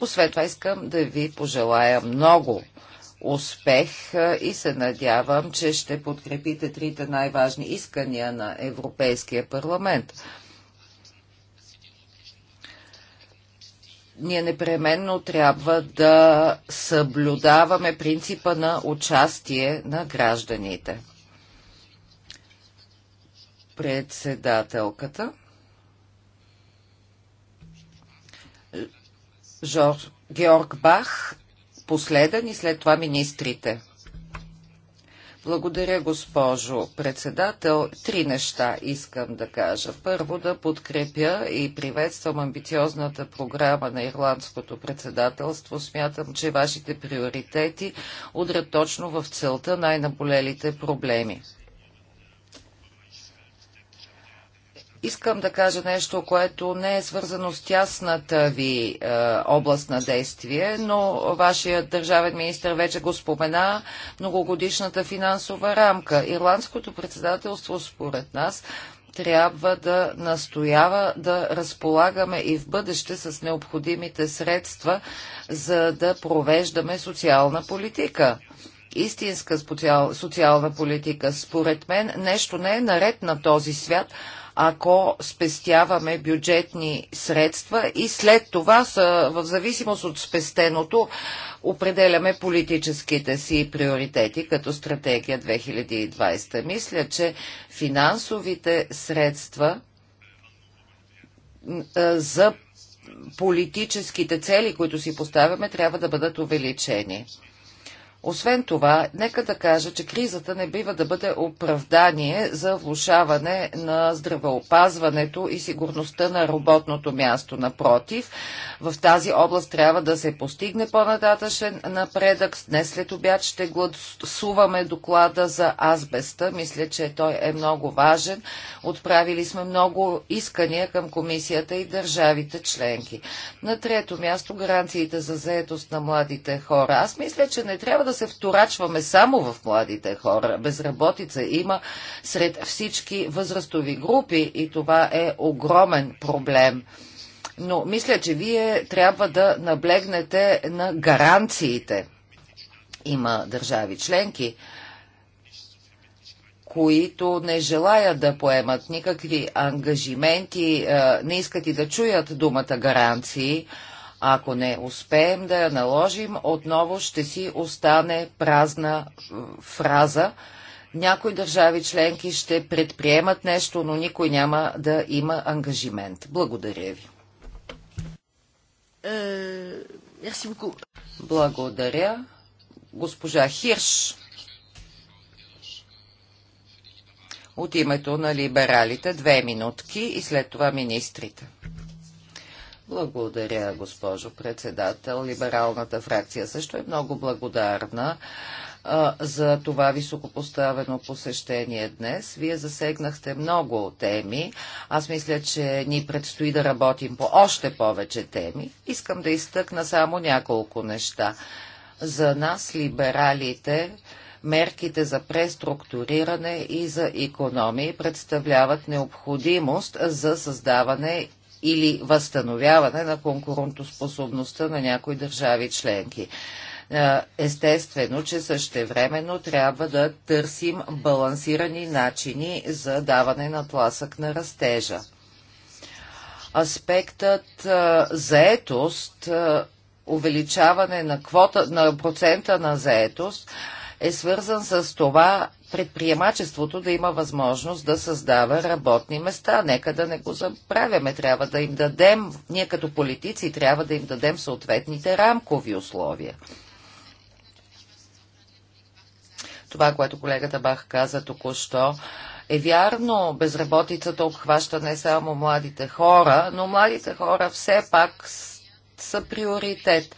[SPEAKER 2] Освен това искам да ви пожелая много успех и се надявам, че ще подкрепите трите най-важни искания на Европейския парламент. ние непременно трябва да съблюдаваме принципа на участие на гражданите. Председателката Жор, Георг Бах, последен и след това министрите. Благодаря, госпожо председател. Три неща искам да кажа. Първо да подкрепя и приветствам амбициозната програма на Ирландското председателство. Смятам, че вашите приоритети удрят точно в целта най-наболелите проблеми. Искам да кажа нещо, което не е свързано с тясната ви е, област на действие, но вашият държавен министр вече го спомена многогодишната финансова рамка. Ирландското председателство, според нас, трябва да настоява да разполагаме и в бъдеще с необходимите средства, за да провеждаме социална политика истинска социална политика. Според мен нещо не е наред на този свят, ако спестяваме бюджетни средства и след това, в зависимост от спестеното, определяме политическите си приоритети като стратегия 2020. Мисля, че финансовите средства за политическите цели, които си поставяме, трябва да бъдат увеличени. Освен това, нека да кажа, че кризата не бива да бъде оправдание за влушаване на здравеопазването и сигурността на работното място. Напротив, в тази област трябва да се постигне по-нататъчен напредък. Днес след обяд ще гласуваме доклада за азбеста. Мисля, че той е много важен. Отправили сме много искания към комисията и държавите членки. На трето място гаранциите за заетост на младите хора. Аз мисля, че не трябва да да се вторачваме само в младите хора. Безработица има сред всички възрастови групи и това е огромен проблем. Но мисля, че вие трябва да наблегнете на гаранциите. Има държави членки, които не желаят да поемат никакви ангажименти, е, не искат и да чуят думата гаранции, ако не успеем да я наложим, отново ще си остане празна фраза. Някои държави членки ще предприемат нещо, но никой няма да има ангажимент. Благодаря ви. Е, Благодаря. Госпожа Хирш. От името на либералите две минутки и след това министрите. Благодаря, госпожо председател. Либералната фракция също е много благодарна а, за това високопоставено посещение днес. Вие засегнахте много теми. Аз мисля, че ни предстои да работим по още повече теми. Искам да изтъкна само няколко неща. За нас, либералите, мерките за преструктуриране и за економии представляват необходимост за създаване или възстановяване на конкурентоспособността на някои държави членки. Естествено, че същевременно трябва да търсим балансирани начини за даване на тласък на растежа. Аспектът заетост, увеличаване на, квота, на процента на заетост – е свързан с това предприемачеството да има възможност да създава работни места. Нека да не го забравяме. Трябва да им дадем, ние като политици трябва да им дадем съответните рамкови условия. Това, което колегата Бах каза току-що, е вярно, безработицата обхваща не само младите хора, но младите хора все пак са приоритет.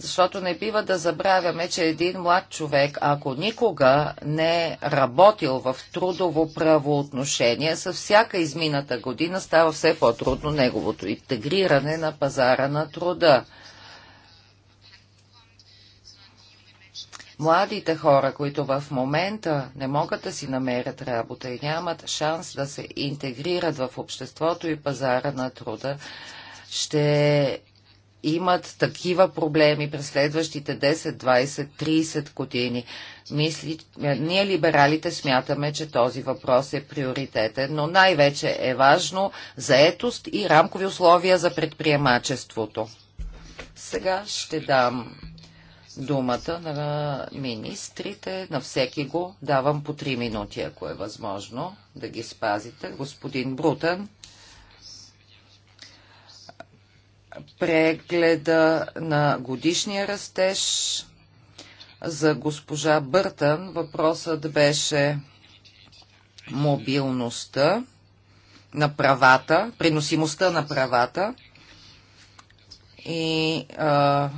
[SPEAKER 2] Защото не бива да забравяме, че един млад човек, ако никога не е работил в трудово правоотношение, с всяка измината година става все по-трудно неговото интегриране на пазара на труда. Младите хора, които в момента не могат да си намерят работа и нямат шанс да се интегрират в обществото и пазара на труда, ще имат такива проблеми през следващите 10, 20, 30 години. Мисли, е, ние либералите смятаме, че този въпрос е приоритетен, но най-вече е важно заетост и рамкови условия за предприемачеството. Сега ще дам думата на министрите. На всеки го давам по 3 минути, ако е възможно да ги спазите. Господин Брутан. прегледа на годишния растеж. За госпожа Бъртън въпросът беше мобилността на правата, приносимостта на правата и а,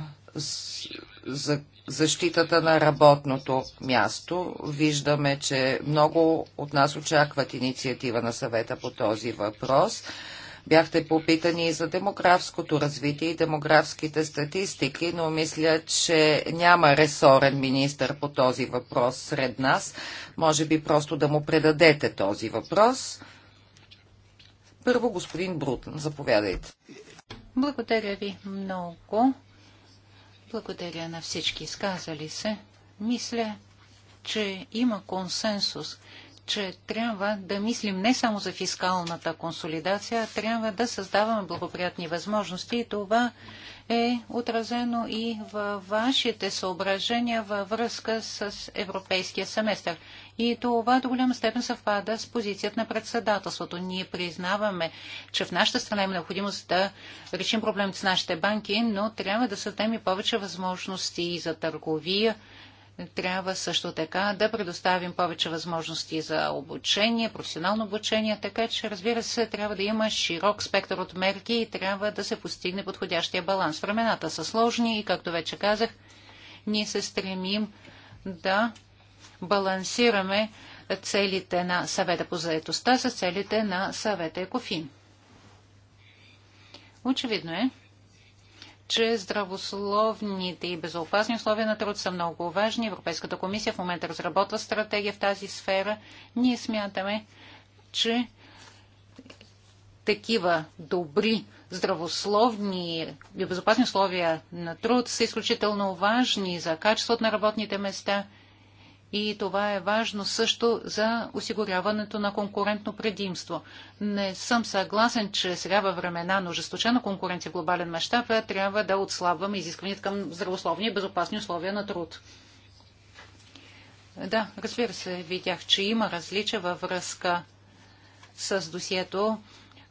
[SPEAKER 2] за защитата на работното място. Виждаме, че много от нас очакват инициатива на съвета по този въпрос. Бяхте попитани и за демографското развитие и демографските статистики, но мисля, че няма ресорен министр по този въпрос сред нас. Може би просто да му предадете този въпрос. Първо господин Брутен, заповядайте.
[SPEAKER 1] Благодаря ви много. Благодаря на всички изказали се. Мисля, че има консенсус, че трябва да мислим не само за фискалната консолидация, а трябва да създаваме благоприятни възможности и това е отразено и във вашите съображения във връзка с европейския семестър. И това до голяма степен съвпада с позицията на председателството. Ние признаваме, че в нашата страна има необходимост да решим проблемите с нашите банки, но трябва да създадем и повече възможности и за търговия, трябва също така да предоставим повече възможности за обучение, професионално обучение, така че, разбира се, трябва да има широк спектър от мерки и трябва да се постигне подходящия баланс. Времената са сложни и, както вече казах, ние се стремим да балансираме целите на съвета по заедостта с целите на съвета Екофин. Очевидно е, че здравословните и безопасни условия на труд са много важни. Европейската комисия в момента разработва стратегия в тази сфера. Ние смятаме, че такива добри, здравословни и безопасни условия на труд са изключително важни за качеството на работните места – и това е важно също за осигуряването на конкурентно предимство. Не съм съгласен, че сега във времена на ожесточена конкуренция в глобален мащаб е, трябва да отслабваме изискванията към здравословни и безопасни условия на труд. Да, разбира се, видях, че има различия във връзка с досието,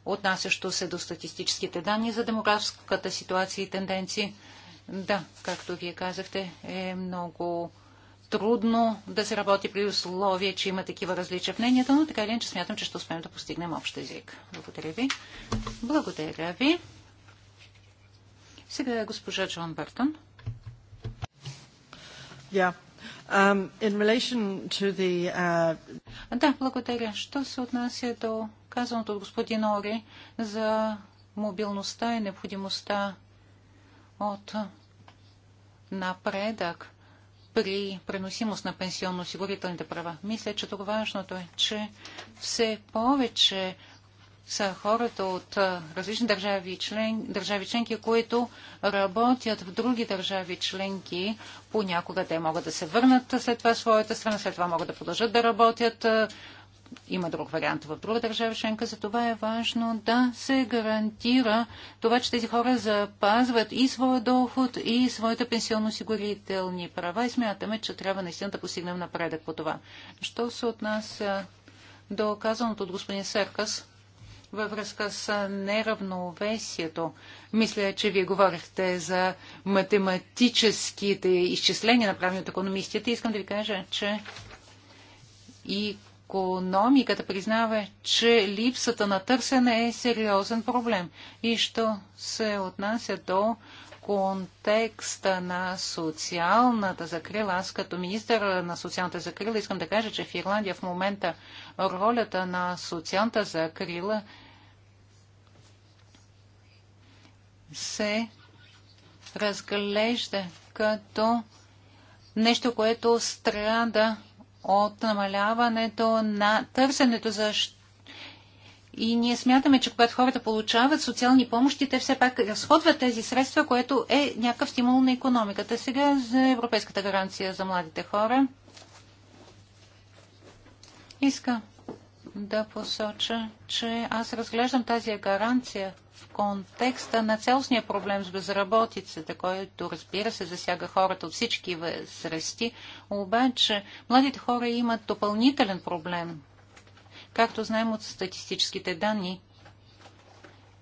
[SPEAKER 1] отнасящо се до статистическите данни за демографската ситуация и тенденции. Да, както вие казахте, е много трудно да се работи при условие, че има такива различия в мнението, но така или иначе смятам, че ще успеем да постигнем общ език. Благодаря ви. Благодаря ви. Сега е госпожа Джон Бъртън. Yeah. Um, the, uh... Да, благодаря. Що се отнася до казаното от господин Ори за мобилността и необходимостта от напредък при преносимост на пенсионно-осигурителните права. Мисля, че тук важното е, че все повече са хората от различни държави, член, държави членки, които работят в други държави членки. Понякога те могат да се върнат след това в своята страна, след това могат да продължат да работят има друг вариант в друга държава шенка, за това е важно да се гарантира това, че тези хора запазват и своя доход, и своите пенсионно-осигурителни права и смятаме, че трябва наистина да постигнем напредък по това. Що се отнася до казаното от господин Серкас във връзка с неравновесието, мисля, че вие говорихте за математическите изчисления, направени от економистите. Искам да ви кажа, че и економиката признава, че липсата на търсене е сериозен проблем. И що се отнася до контекста на социалната закрила, аз като министър на социалната закрила искам да кажа, че в Ирландия в момента ролята на социалната закрила се разглежда като нещо, което страда от намаляването на търсенето, за. и ние смятаме, че когато хората получават социални помощи, те все пак разходват тези средства, което е някакъв стимул на економиката. Сега за Европейската гаранция за младите хора. Иска да посоча, че аз разглеждам тази гаранция в контекста на цялостния проблем с безработицата, който разбира се засяга хората от всички възрасти, обаче младите хора имат допълнителен проблем. Както знаем от статистическите данни,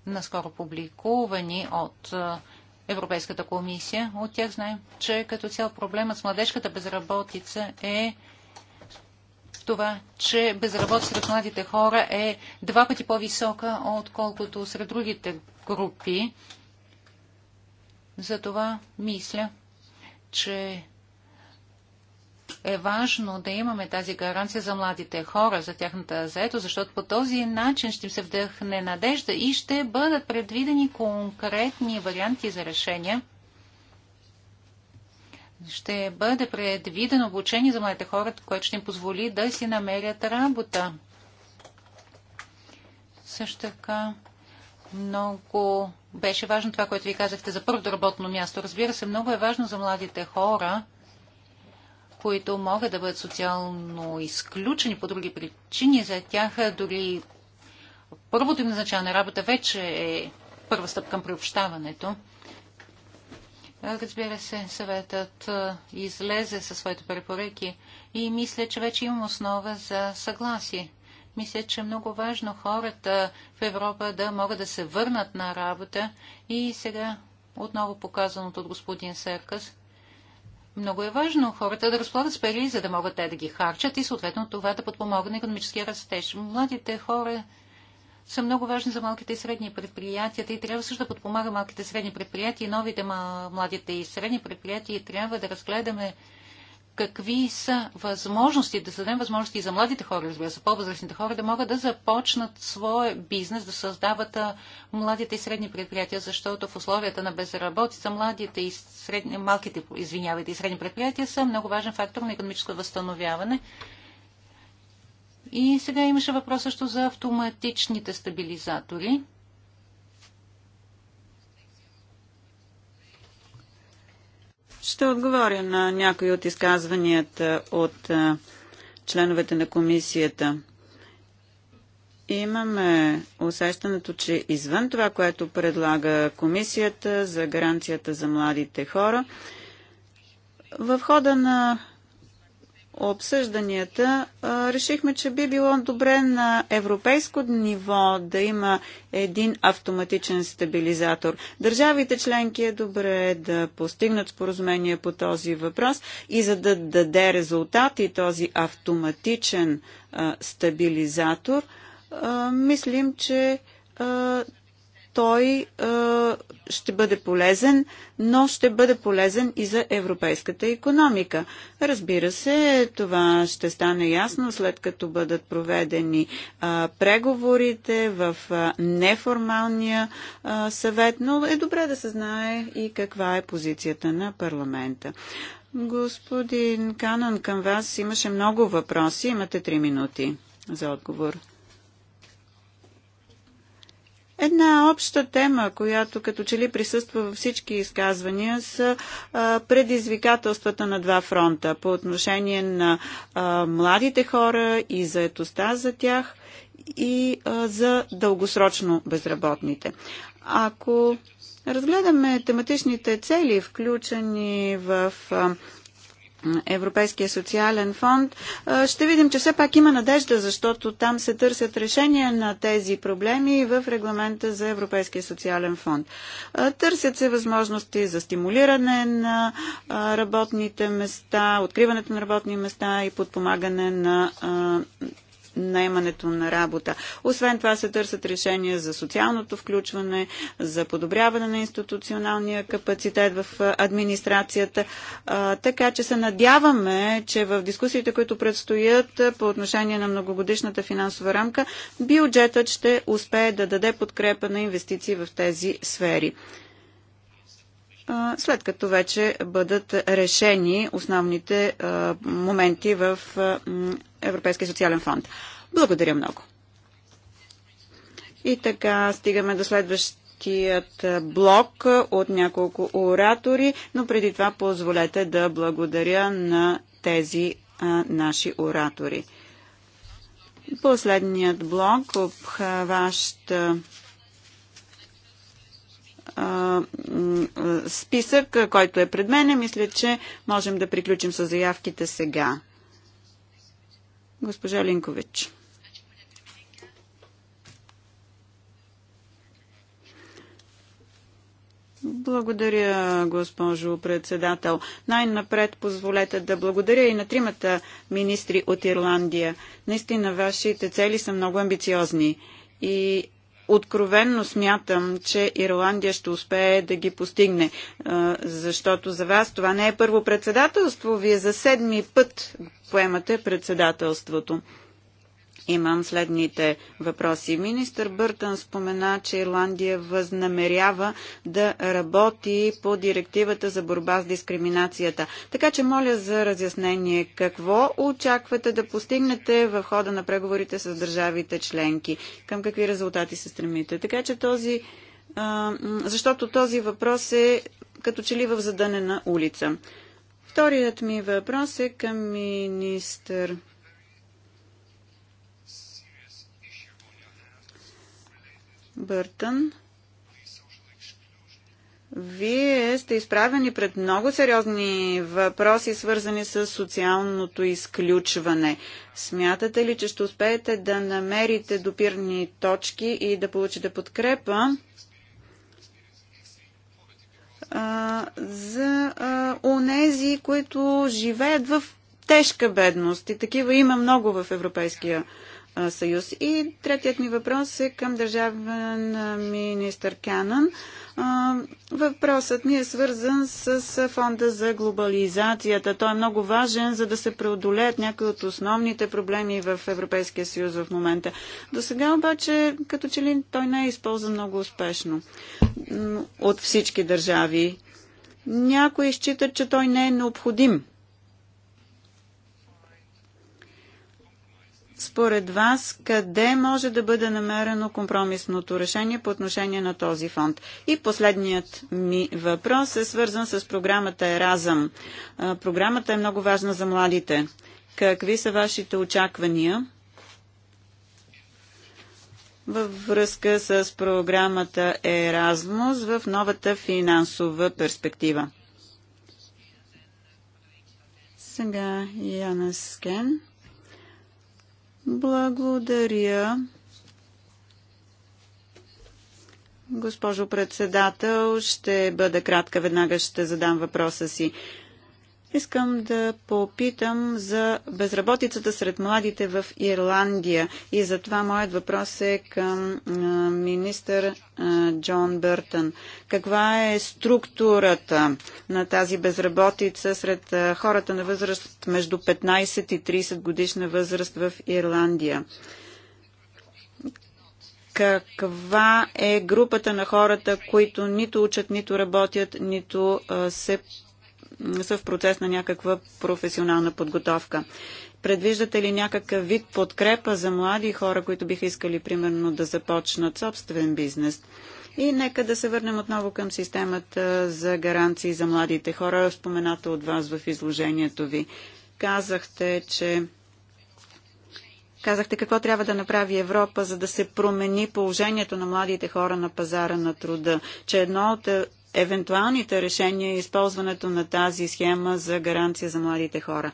[SPEAKER 1] наскоро публикувани от Европейската комисия, от тях знаем, че като цял проблемът с младежката безработица е в това, че безработицата сред младите хора е два пъти по-висока, отколкото сред другите групи. Затова мисля, че е важно да имаме тази гаранция за младите хора, за тяхната заето, защото по този начин ще им се вдъхне надежда и ще бъдат предвидени конкретни варианти за решения – ще бъде предвидено обучение за младите хора, което ще им позволи да си намерят работа. Също така много беше важно това, което ви казахте за първото работно място. Разбира се, много е важно за младите хора, които могат да бъдат социално изключени по други причини. За тях дори първото им назначаване работа вече е първа стъп към приобщаването. Разбира се, съветът излезе със своите препоръки и мисля, че вече имам основа за съгласие. Мисля, че е много важно хората в Европа да могат да се върнат на работа и сега отново показаното от господин Серкас. Много е важно хората да разполагат с пари, за да могат те да ги харчат и съответно това да подпомогне економическия растеж. Младите хора са много важни за малките и средни предприятия. И трябва също да подпомага малките и средни предприятия и новите младите и средни предприятия. И трябва да разгледаме какви са възможности, да създадем възможности и за младите хора, разбира се, по-възрастните хора, да могат да започнат своя бизнес, да създават младите и средни предприятия, защото в условията на безработица младите и средни, малките, извинявайте, и средни предприятия са много важен фактор на економическо възстановяване. И сега имаше въпрос също за автоматичните стабилизатори.
[SPEAKER 3] Ще отговоря на някои от изказванията от членовете на комисията. Имаме усещането, че извън това, което предлага комисията за гаранцията за младите хора, в хода на обсъжданията, решихме, че би било добре на европейско ниво да има един автоматичен стабилизатор. Държавите членки е добре да постигнат споразумение по този въпрос и за да даде резултати този автоматичен стабилизатор, мислим, че той е, ще бъде полезен, но ще бъде полезен и за европейската економика. Разбира се, това ще стане ясно след като бъдат проведени е, преговорите в е, неформалния е, съвет, но е добре да се знае и каква е позицията на парламента. Господин Канан, към вас имаше много въпроси. Имате три минути за отговор. Една обща тема, която като че ли присъства във всички изказвания, са предизвикателствата на два фронта по отношение на младите хора и заетостта за тях и за дългосрочно безработните. Ако разгледаме тематичните цели, включени в Европейския социален фонд, ще видим, че все пак има надежда, защото там се търсят решения на тези проблеми в регламента за Европейския социален фонд. Търсят се възможности за стимулиране на работните места, откриването на работни места и подпомагане на наемането на работа. Освен това се търсят решения за социалното включване, за подобряване на институционалния капацитет в администрацията. Така че се надяваме, че в дискусиите, които предстоят по отношение на многогодишната финансова рамка, бюджетът ще успее да даде подкрепа на инвестиции в тези сфери след като вече бъдат решени основните моменти в Европейския социален фонд. Благодаря много. И така стигаме до следващият блок от няколко оратори, но преди това позволете да благодаря на тези а, наши оратори. Последният блок обхваща списък, който е пред мене. Мисля, че можем да приключим с заявките сега. Госпожа Линкович. Благодаря, госпожо председател. Най-напред позволете да благодаря и на тримата министри от Ирландия. Наистина, вашите цели са много амбициозни и откровенно смятам, че Ирландия ще успее да ги постигне, защото за вас това не е първо председателство, вие за седми път поемате председателството. Имам следните въпроси. Министър Бъртън спомена, че Ирландия възнамерява да работи по директивата за борба с дискриминацията. Така че моля за разяснение какво очаквате да постигнете в хода на преговорите с държавите членки, към какви резултати се стремите. Така че този, защото този въпрос е като че ли в задънена улица. Вторият ми въпрос е към министър Бъртън, вие сте изправени пред много сериозни въпроси, свързани с социалното изключване. Смятате ли, че ще успеете да намерите допирни точки и да получите подкрепа а, за онези, които живеят в тежка бедност? И такива има много в Европейския съюз съюз. И третият ми въпрос е към държавен министр Канан. Въпросът ми е свързан с фонда за глобализацията. Той е много важен, за да се преодолеят някои от основните проблеми в Европейския съюз в момента. До сега обаче, като че ли той не е използван много успешно от всички държави. Някои считат, че той не е необходим според вас къде може да бъде намерено компромисното решение по отношение на този фонд? И последният ми въпрос е свързан с програмата Еразъм. Програмата е много важна за младите. Какви са вашите очаквания във връзка с програмата Еразмус в новата финансова перспектива? Сега Яна Скен. Благодаря. Госпожо председател, ще бъда кратка. Веднага ще задам въпроса си. Искам да попитам за безработицата сред младите в Ирландия и затова моят въпрос е към министър Джон Бъртън. Каква е структурата на тази безработица сред хората на възраст между 15 и 30 годишна възраст в Ирландия? каква е групата на хората, които нито учат, нито работят, нито се са в процес на някаква професионална подготовка. Предвиждате ли някакъв вид подкрепа за млади хора, които биха искали примерно да започнат собствен бизнес? И нека да се върнем отново към системата за гаранции за младите хора, спомената от вас в изложението ви. Казахте, че Казахте какво трябва да направи Европа, за да се промени положението на младите хора на пазара на труда, че едно от е, евентуалните решения и използването на тази схема за гаранция за младите хора.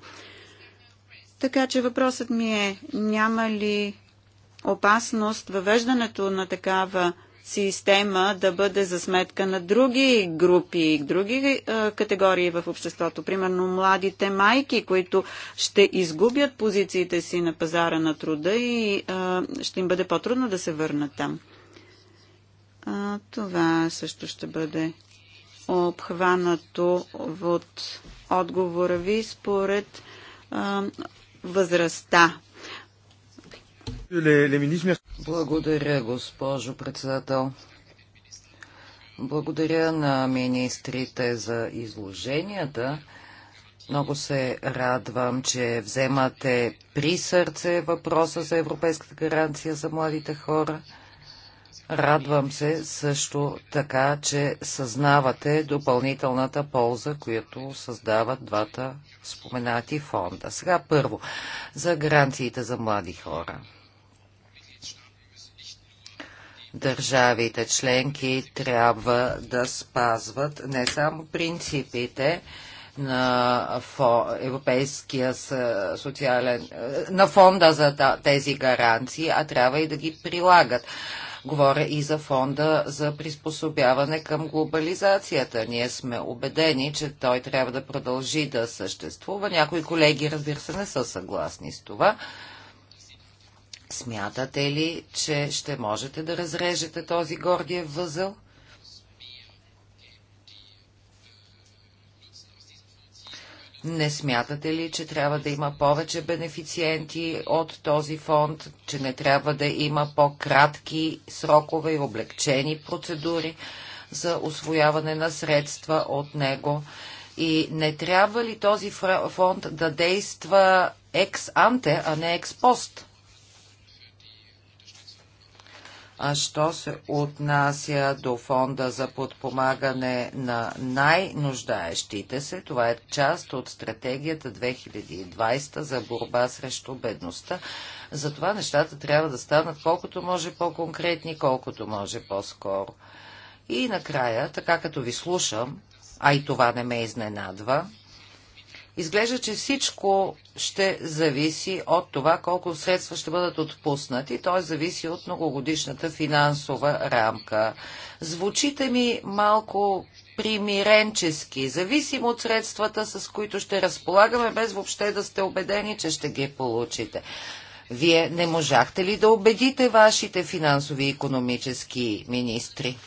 [SPEAKER 3] Така че въпросът ми е, няма ли опасност въвеждането на такава система да бъде за сметка на други групи, други е, категории в обществото. Примерно младите майки, които ще изгубят позициите си на пазара на труда и е, ще им бъде по-трудно да се върнат там. А, това също ще бъде обхванато от отговора ви според а, възрастта.
[SPEAKER 2] Благодаря, госпожо председател. Благодаря на министрите за изложенията. Много се радвам, че вземате при сърце въпроса за европейската гаранция за младите хора – Радвам се също така, че съзнавате допълнителната полза, която създават двата споменати фонда. Сега първо, за гаранциите за млади хора. Държавите членки трябва да спазват не само принципите, на Европейския социален, на фонда за тези гаранции, а трябва и да ги прилагат. Говоря и за фонда за приспособяване към глобализацията. Ние сме убедени, че той трябва да продължи да съществува. Някои колеги, разбира се, не са съгласни с това. Смятате ли, че ще можете да разрежете този гордия възъл? Не смятате ли, че трябва да има повече бенефициенти от този фонд, че не трябва да има по-кратки срокове и облегчени процедури за освояване на средства от него? И не трябва ли този фонд да действа екс-анте, а не екс-пост? А що се отнася до фонда за подпомагане на най-нуждаещите се, това е част от стратегията 2020 за борба срещу бедността. Затова нещата трябва да станат колкото може по-конкретни, колкото може по-скоро. И накрая, така като ви слушам, а и това не ме изненадва, Изглежда, че всичко ще зависи от това колко средства ще бъдат отпуснати, т.е. зависи от многогодишната финансова рамка. Звучите ми малко примиренчески, зависимо от средствата, с които ще разполагаме, без въобще да сте убедени, че ще ги получите. Вие не можахте ли да убедите вашите финансови и економически министри?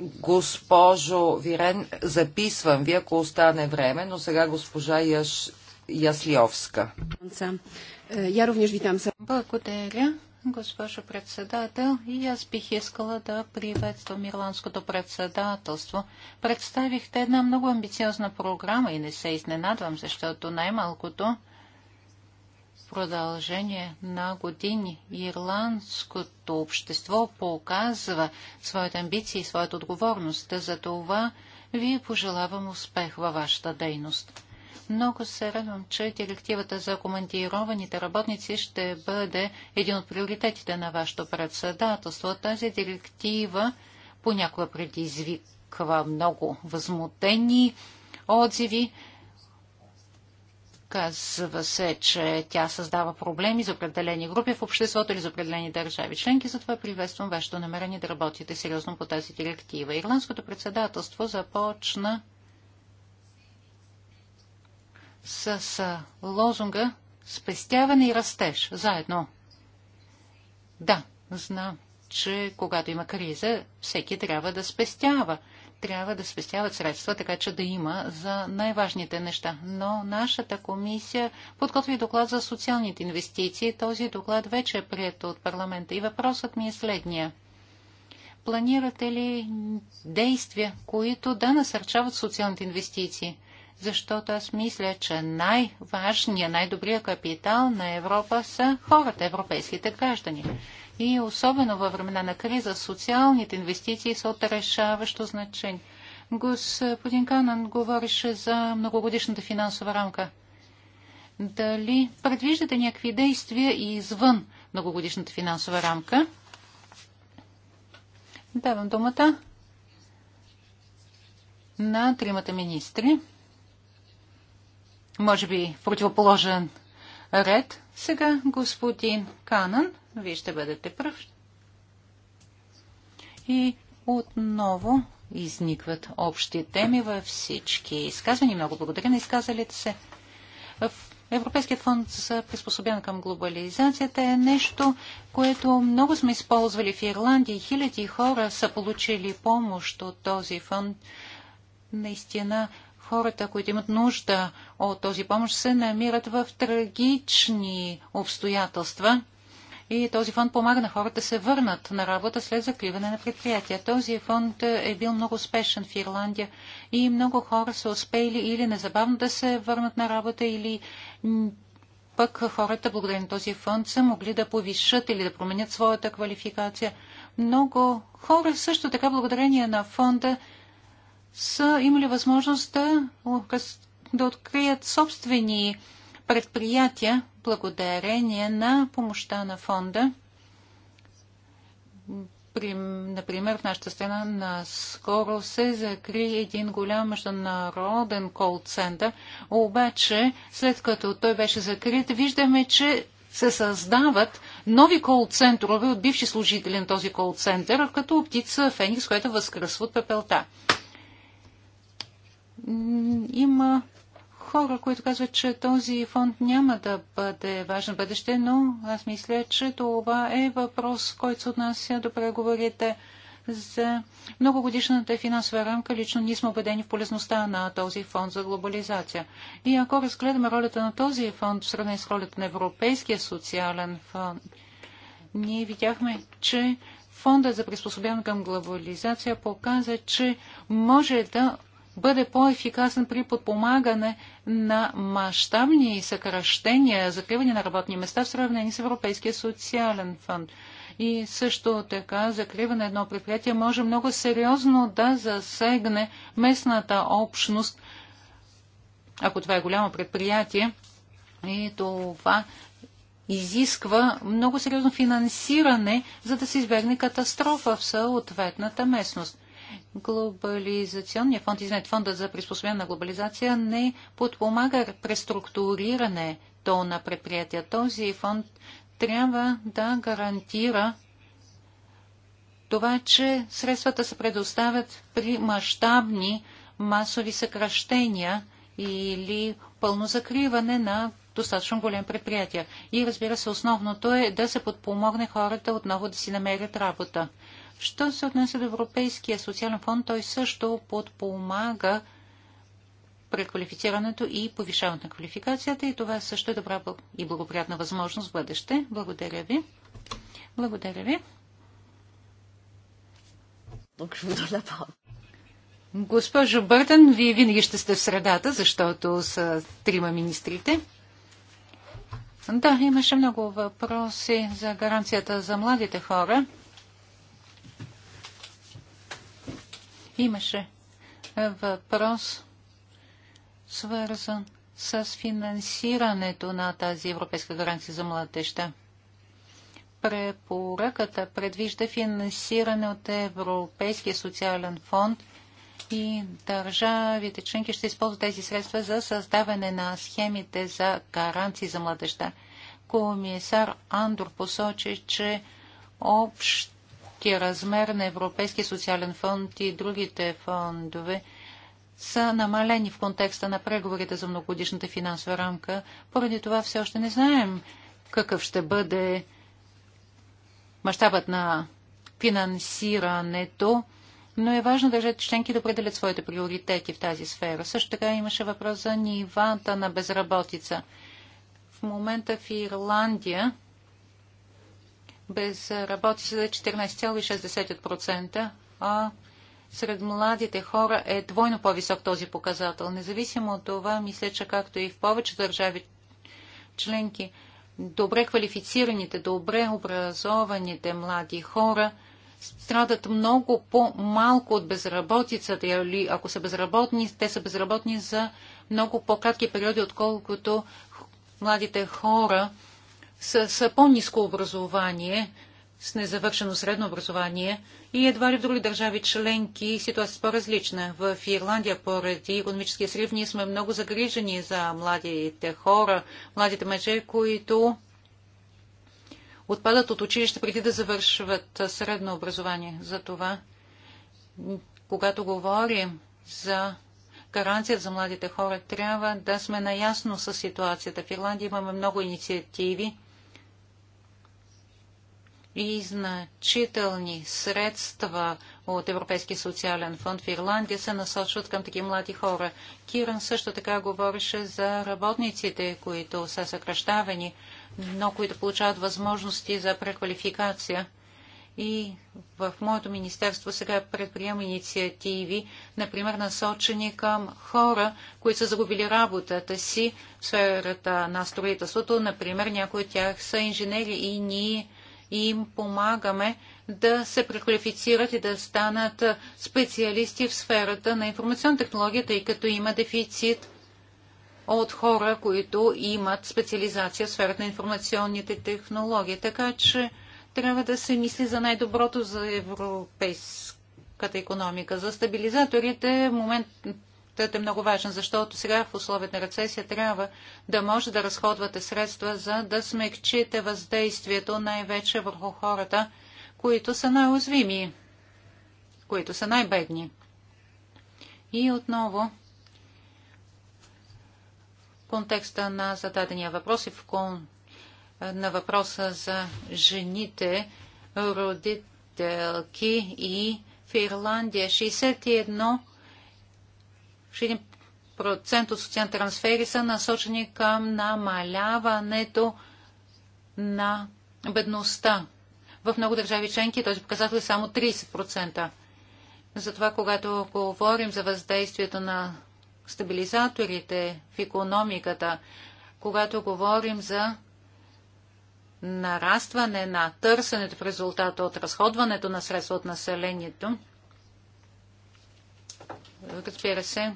[SPEAKER 2] Госпожо Вирен, записвам ви, ако остане време, но сега госпожа Яш... Яслиовска.
[SPEAKER 1] Я również witam. Благодаря, госпожо председател. И аз бих искала да приветствам ирландското председателство. Представихте една много амбициозна програма и не се изненадвам, защото най-малкото продължение на години ирландското общество показва своите амбиции и своята отговорност. За това ви пожелавам успех във вашата дейност. Много се радвам, че директивата за командированите работници ще бъде един от приоритетите на вашето председателство. Тази директива понякога предизвиква много възмутени отзиви, Казва се, че тя създава проблеми за определени групи в обществото или за определени държави членки, затова приветствам вашето намерение да работите сериозно по тази директива. Ирландското председателство започна с лозунга спестяване и растеж заедно. Да, знам, че когато има криза, всеки трябва да спестява трябва да спестяват средства, така че да има за най-важните неща. Но нашата комисия подготви доклад за социалните инвестиции. Този доклад вече е прият от парламента. И въпросът ми е следния. Планирате ли действия, които да насърчават социалните инвестиции? защото аз мисля, че най-важният, най-добрият капитал на Европа са хората, европейските граждани. И особено във времена на криза социалните инвестиции са от решаващо значение. Господин Канан говореше за многогодишната финансова рамка. Дали предвиждате някакви действия и извън многогодишната финансова рамка? Давам думата на тримата министри може би в противоположен ред. Сега господин Канан, вие ще бъдете пръв. И отново изникват общи теми във всички изказвани. Много благодаря на изказалите се. В Европейският фонд за приспособяване към глобализацията е нещо, което много сме използвали в Ирландия. Хиляди хора са получили помощ от този фонд. Наистина хората, които имат нужда от този помощ, се намират в трагични обстоятелства. И този фонд помага на хората да се върнат на работа след закриване на предприятия. Този фонд е бил много успешен в Ирландия и много хора са успели или незабавно да се върнат на работа, или пък хората, благодарение на този фонд, са могли да повишат или да променят своята квалификация. Много хора също така, благодарение на фонда, са имали възможност да, да открият собствени предприятия благодарение на помощта на фонда. При, например, в нашата страна наскоро се закри един голям международен кол-център, обаче след като той беше закрит, виждаме, че се създават нови кол-центрове от бивши служители на този кол-център, като птица Феникс, която възкръсва от пепелта. Има хора, които казват, че този фонд няма да бъде важен в бъдеще, но аз мисля, че това е въпрос, който се отнася до преговорите за многогодишната финансова рамка. Лично ние сме убедени в полезността на този фонд за глобализация. И ако разгледаме ролята на този фонд в сравнение с ролята на Европейския социален фонд, ние видяхме, че Фондът за приспособяване към глобализация показа, че може да бъде по-ефикасен при подпомагане на мащабни съкръщения, закриване на работни места в сравнение с Европейския социален фонд. И също така закриване едно предприятие може много сериозно да засегне местната общност, ако това е голямо предприятие. И това изисква много сериозно финансиране, за да се избегне катастрофа в съответната местност. Глобализационният фонд, извинете, фондът за приспособяване на глобализация не подпомага преструктурирането на предприятия. Този фонд трябва да гарантира това, че средствата се предоставят при мащабни масови съкръщения или пълно закриване на достатъчно голем предприятия. И разбира се, основното е да се подпомогне хората отново да си намерят работа. Що се отнася до Европейския социален фонд, той също подпомага преквалифицирането и повишаването на квалификацията и това също е добра и благоприятна възможност в бъдеще. Благодаря ви. Благодаря ви. Госпожо Бъртън, вие винаги ще сте в средата, защото са трима министрите. Да, имаше много въпроси за гаранцията за младите хора. Имаше е, въпрос, свързан с финансирането на тази Европейска гаранция за младежта. Препоръката предвижда финансиране от Европейския социален фонд и държавите членки ще използват тези средства за създаване на схемите за гаранции за младежта. Комисар Андор посочи, че общ общия размер на Европейския социален фонд и другите фондове са намалени в контекста на преговорите за многогодишната финансова рамка. Поради това все още не знаем какъв ще бъде мащабът на финансирането, но е важно държат членки да определят своите приоритети в тази сфера. Също така имаше въпрос за нивата на безработица. В момента в Ирландия безработица е 14,6%, а сред младите хора е двойно по-висок този показател. Независимо от това, мисля, че както и в повече държави членки, добре квалифицираните, добре образованите млади хора страдат много по-малко от безработицата или ако са безработни, те са безработни за много по-кратки периоди, отколкото младите хора, с, с по-низко образование, с незавършено средно образование и едва ли в други държави членки ситуация е по-различна. В Ирландия поради економическия срив ние сме много загрижени за младите хора, младите мъже, които отпадат от училище преди да завършват средно образование. Затова, когато говорим за гаранция за младите хора, трябва да сме наясно с ситуацията. В Ирландия имаме много инициативи и значителни средства от Европейския социален фонд в Ирландия се насочват към таки млади хора. Киран също така говореше за работниците, които са съкръщавани, но които получават възможности за преквалификация. И в моето министерство сега предприема инициативи, например, насочени към хора, които са загубили работата си в сферата на строителството. Например, някои от тях са инженери и ние и им помагаме да се преквалифицират и да станат специалисти в сферата на информационна технология, тъй като има дефицит от хора, които имат специализация в сферата на информационните технологии. Така че трябва да се мисли за най-доброто за европейската економика. За стабилизаторите момент, той е много важен, защото сега в условията на рецесия трябва да може да разходвате средства, за да смекчите въздействието най-вече върху хората, които са най-уязвими, които са най-бедни. И отново, в контекста на зададения въпрос и в кон... на въпроса за жените, родителки и в Ирландия 61 1% от социални трансфери са насочени към намаляването на бедността. В много държави членки този показател е само 30%. Затова, когато говорим за въздействието на стабилизаторите в економиката, когато говорим за нарастване на търсенето в резултата от разходването на средства от населението, разбира се,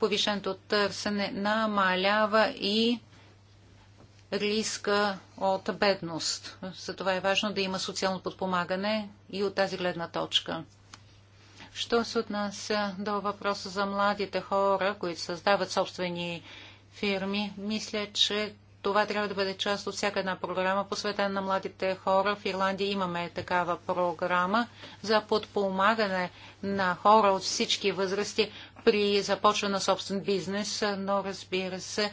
[SPEAKER 1] повишеното търсене намалява и риска от бедност. Затова е важно да има социално подпомагане и от тази гледна точка. Що се отнася до въпроса за младите хора, които създават собствени фирми, мисля, че това трябва да бъде част от всяка една програма, посветена на младите хора. В Ирландия имаме такава програма за подпомагане на хора от всички възрасти, при започва на собствен бизнес, но разбира се,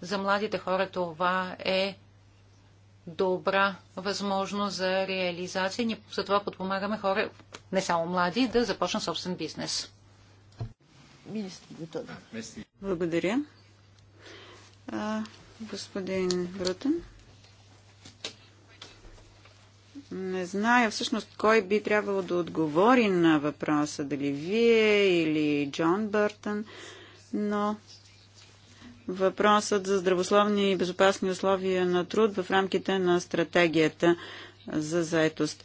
[SPEAKER 1] за младите хора това е добра възможност за реализация. Ние за това подпомагаме хора, не само млади, да започнат собствен бизнес. Благодаря. А, господин Брутен.
[SPEAKER 3] Не зная всъщност кой би трябвало да отговори на въпроса, дали вие или Джон Бъртън, но въпросът за здравословни и безопасни условия на труд в рамките на стратегията за заетост.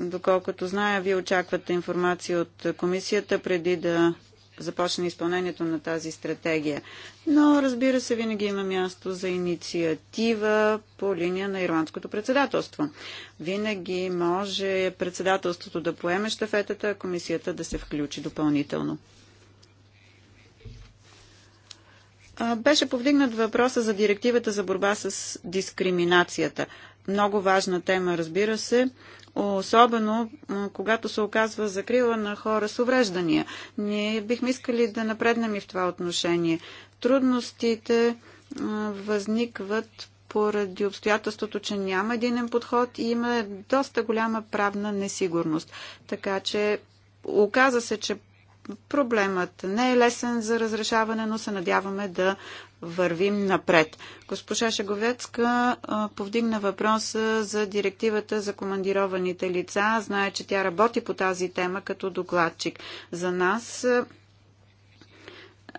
[SPEAKER 3] Доколкото зная, вие очаквате информация от комисията преди да започне изпълнението на тази стратегия. Но, разбира се, винаги има място за инициатива по линия на ирландското председателство. Винаги може председателството да поеме щафетата, а комисията да се включи допълнително. Беше повдигнат въпроса за директивата за борба с дискриминацията. Много важна тема, разбира се особено когато се оказва закрила на хора с увреждания. Ние бихме искали да напреднем и в това отношение. Трудностите възникват поради обстоятелството, че няма единен подход и има доста голяма правна несигурност. Така че оказа се, че проблемът не е лесен за разрешаване, но се надяваме да вървим напред. Госпожа Шаговецка повдигна въпроса за директивата за командированите лица. Знае, че тя работи по тази тема като докладчик. За нас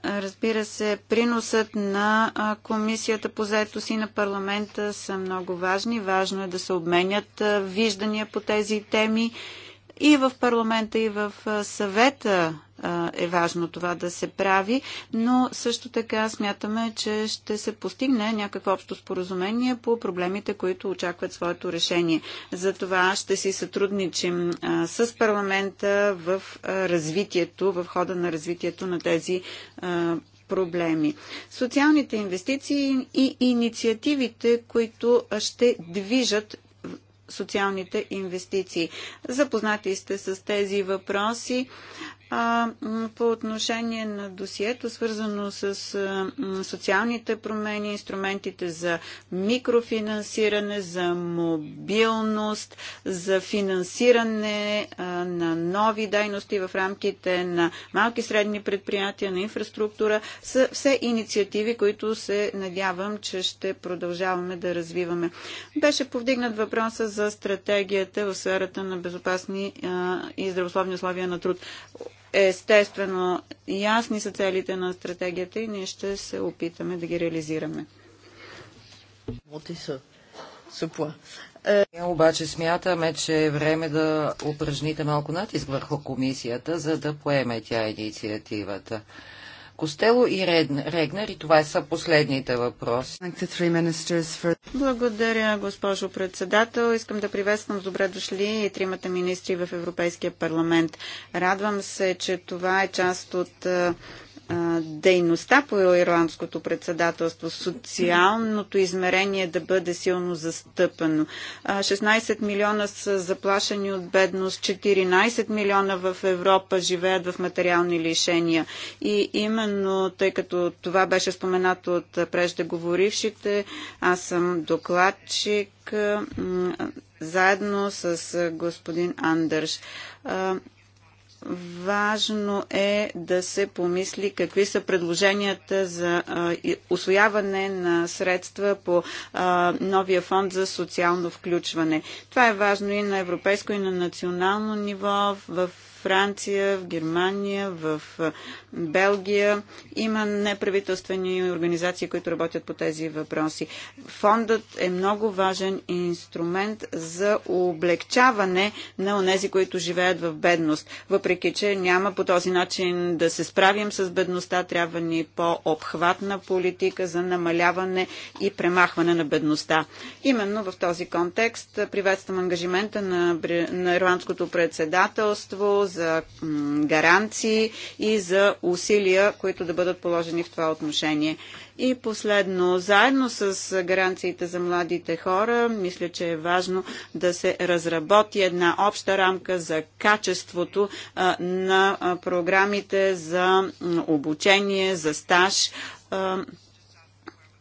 [SPEAKER 3] Разбира се, приносът на Комисията по заето и на парламента са много важни. Важно е да се обменят виждания по тези теми и в парламента, и в съвета е важно това да се прави, но също така смятаме, че ще се постигне някакво общо споразумение по проблемите, които очакват своето решение. За това ще си сътрудничим с парламента в развитието, в хода на развитието на тези проблеми. Социалните инвестиции и инициативите, които ще движат социалните инвестиции. Запознати сте с тези въпроси. А по отношение на досието, свързано с социалните промени, инструментите за микрофинансиране, за мобилност, за финансиране на нови дейности в рамките на малки и средни предприятия, на инфраструктура, са все инициативи, които се надявам, че ще продължаваме да развиваме. Беше повдигнат въпроса за стратегията в сферата на безопасни и здравословни условия на труд Естествено, ясни са целите на стратегията и ние ще се опитаме да ги реализираме.
[SPEAKER 2] Ние обаче смятаме, че е време да упражните малко натиск върху комисията, за да поеме тя инициативата. Костело и Регнер и това са последните въпроси. Благодаря, госпожо председател. Искам да приветствам добре дошли и
[SPEAKER 3] тримата министри в Европейския парламент. Радвам се, че това е част от е, дейността по ирландското председателство, социалното измерение да бъде силно застъпено. 16 милиона са заплашени от бедност, 14 милиона в Европа живеят в материални лишения. И именно тъй като това беше споменато от преждеговорившите, аз съм докладчик заедно с господин Андърш важно е да се помисли какви са предложенията за освояване на средства по новия фонд за социално включване. Това е важно и на европейско, и на национално ниво в Франция, в Германия, в Белгия. Има неправителствени организации, които работят по тези въпроси. Фондът е много важен инструмент за облегчаване на онези, които живеят в бедност. Въпреки, че няма по този начин да се справим с бедността, трябва ни по-обхватна политика за намаляване и премахване на бедността. Именно в този контекст приветствам ангажимента на, на ирландското председателство за гаранции и за усилия, които да бъдат положени в това отношение. И последно, заедно с гаранциите за младите хора, мисля, че е важно да се разработи една обща рамка за качеството на програмите за обучение, за стаж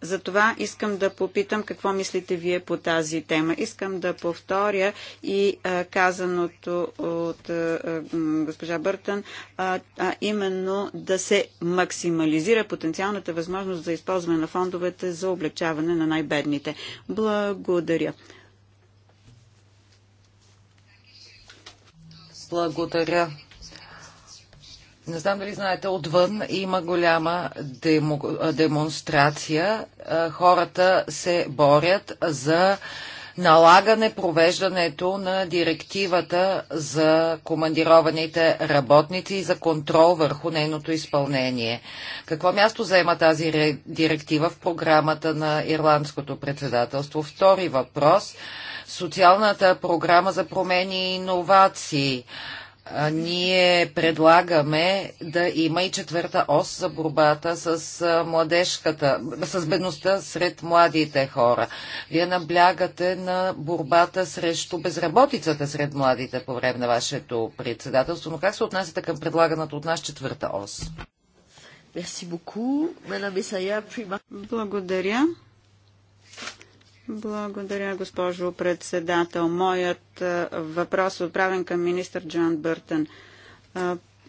[SPEAKER 3] затова искам да попитам какво мислите вие по тази тема. Искам да повторя и казаното от госпожа Бъртън, а именно да се максимализира потенциалната възможност за използване на фондовете за облегчаване на най-бедните. Благодаря.
[SPEAKER 2] Благодаря, не знам дали знаете, отвън има голяма демо, демонстрация. Хората се борят за налагане провеждането на директивата за командированите работници и за контрол върху нейното изпълнение. Какво място заема тази директива в програмата на Ирландското председателство? Втори въпрос. Социалната програма за промени и иновации ние предлагаме да има и четвърта ос за борбата с младежката, с бедността сред младите хора. Вие наблягате на борбата срещу безработицата сред младите по време на вашето председателство, но как се отнасяте към предлаганата от нас четвърта ос? Благодаря.
[SPEAKER 3] Благодаря, госпожо председател. Моят въпрос е отправен към министър Джон Бъртън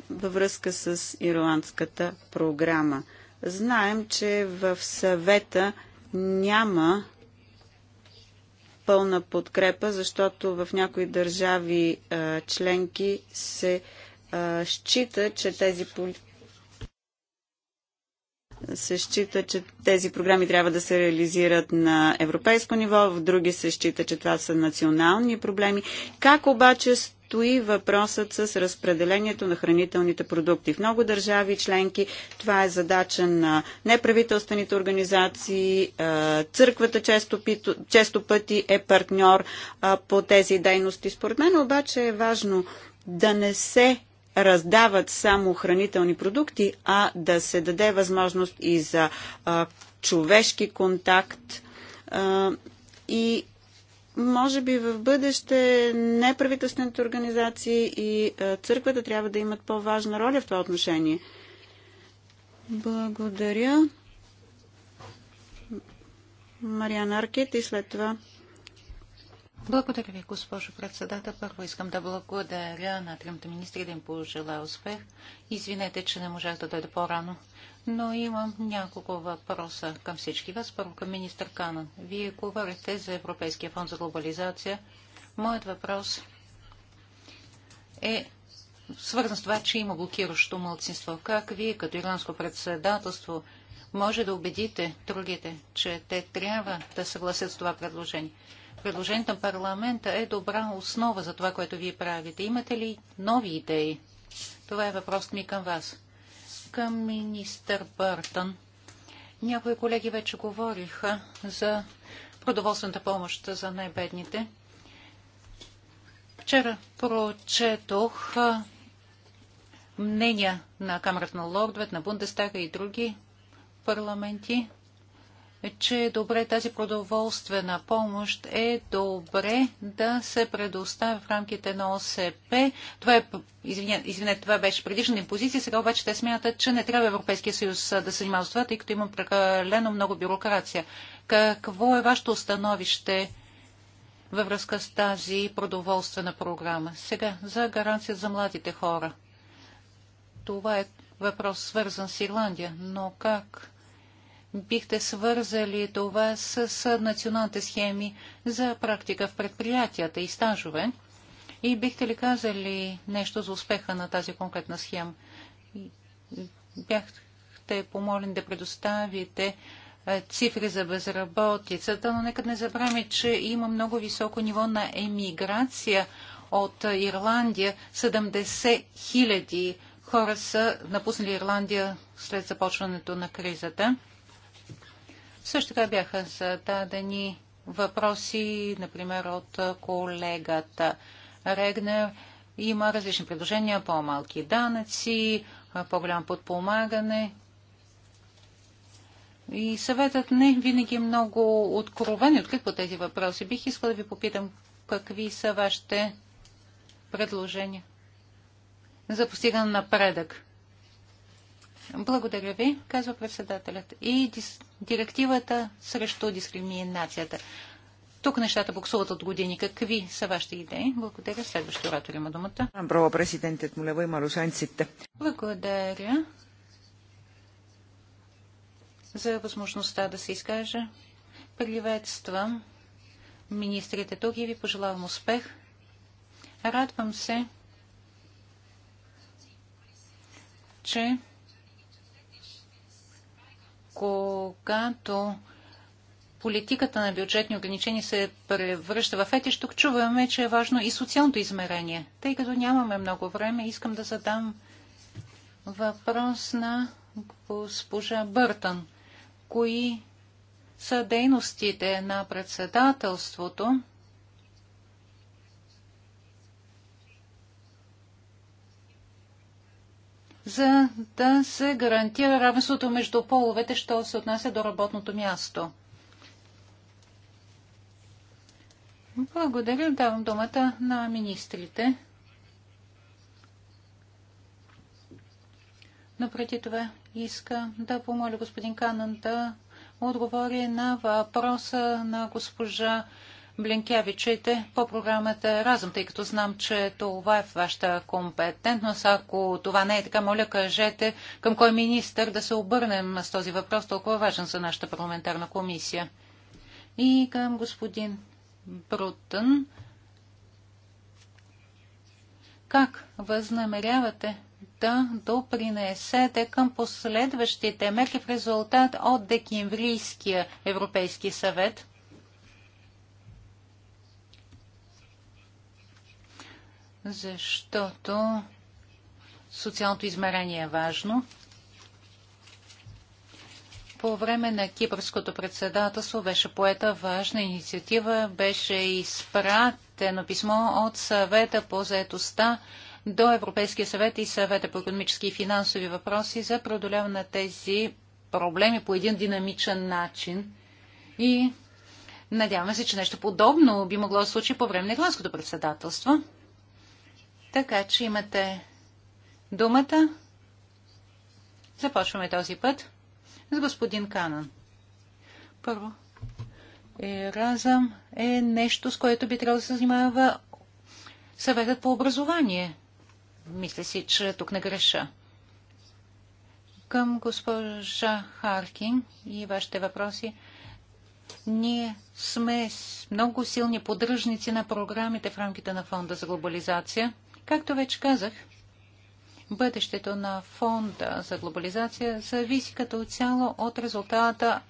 [SPEAKER 3] във връзка с ирландската програма. Знаем, че в съвета няма пълна подкрепа, защото в някои държави членки се счита, че тези се счита, че тези програми трябва да се реализират на европейско ниво, в други се счита, че това са национални проблеми. Как обаче стои въпросът с разпределението на хранителните продукти? В много държави членки това е задача на неправителствените организации, църквата често, пито, често пъти е партньор по тези дейности. Според мен обаче е важно да не се раздават само хранителни продукти, а да се даде възможност и за а, човешки контакт а, и може би в бъдеще неправителствените организации и а, църквата трябва да имат по-важна роля в това отношение. Благодаря. Мариан
[SPEAKER 1] Аркет и след това благодаря ви, госпожо председател. Първо искам да благодаря на тримата министри да им пожелая успех. Извинете, че не можах да дойда по-рано, но имам няколко въпроса към всички вас. Първо към министър Канан. Вие говорите за Европейския фонд за глобализация. Моят въпрос е свързан с това, че има блокиращо мълцинство. Как вие, като ирландско председателство, може да убедите другите, че те трябва да съгласят с това предложение? предложението на парламента е добра основа за това, което вие правите. Имате ли нови идеи? Това е въпросът ми към вас. Към министър Бъртън. Някои колеги вече говориха за продоволствената помощ за най-бедните. Вчера прочетох мнения на Камерата на лордовете, на Бундестага и други парламенти. Е, че е добре тази продоволствена помощ е добре да се предоставя в рамките на ОСП. Това е, извиня, извиня, това беше предишна им позиция, сега обаче те смятат, че не трябва Европейския съюз да се занимава с това, тъй като има прекалено много бюрокрация. Какво е вашето становище във връзка с тази продоволствена програма? Сега, за гаранция за младите хора. Това е въпрос свързан с Ирландия, но как бихте свързали това с националните схеми за практика в предприятията и стажове? И бихте ли казали нещо за успеха на тази конкретна схема? Бяхте помолен да предоставите е, цифри за безработицата, но нека не забравяме, че има много високо ниво на емиграция от Ирландия. 70 хиляди хора са напуснали Ирландия след започването на кризата. Също така бяха зададени въпроси, например, от колегата Регнер. Има различни предложения, по-малки данъци, по голям подпомагане. И съветът не винаги е много откровен и открит по тези въпроси. Бих искал да ви попитам какви са вашите предложения за постигане напредък благодаря ви, казва председателят. И дис... директивата срещу дискриминацията. Тук нещата буксуват от години. Какви са вашите идеи? Благодаря. Следващия оратор има думата.
[SPEAKER 2] Проua presidentет, mulle võimaluse andsite.
[SPEAKER 1] Благодаря за възможността да се изкажа. Приветствам министрите тук и ви пожелавам успех. Радвам се, че когато политиката на бюджетни ограничения се превръща в етиш, тук чуваме, че е важно и социалното измерение. Тъй като нямаме много време, искам да задам въпрос на госпожа Бъртън. Кои са дейностите на председателството за да се гарантира равенството между половете, що се отнася до работното място. Благодаря. Давам думата на министрите. Но преди това иска да помоля господин Канан да отговори на въпроса на госпожа Блинкевичите по програмата Разум, тъй като знам, че това е в вашата компетентност. Ако това не е така, моля кажете към кой министр да се обърнем с този въпрос, толкова важен за нашата парламентарна комисия. И към господин Брутън. Как възнамерявате да допринесете към последващите мерки в резултат от декемврийския Европейски съвет? защото социалното измерение е важно. По време на кипърското председателство беше поета важна инициатива, беше изпратено писмо от съвета по заетостта до Европейския съвет и съвета по економически и финансови въпроси за продоляване на тези проблеми по един динамичен начин. И надяваме се, че нещо подобно би могло да случи по време на Ирландското председателство. Така че имате думата. Започваме този път с господин Канан. Първо, разъм е нещо, с което би трябвало да се занимава съветът по образование. Мисля си, че тук не греша. Към госпожа Харкин и вашите въпроси. Ние сме много силни поддръжници на програмите в рамките на Фонда за глобализация – Както вече казах, бъдещето на фонда за глобализация зависи като цяло от резултата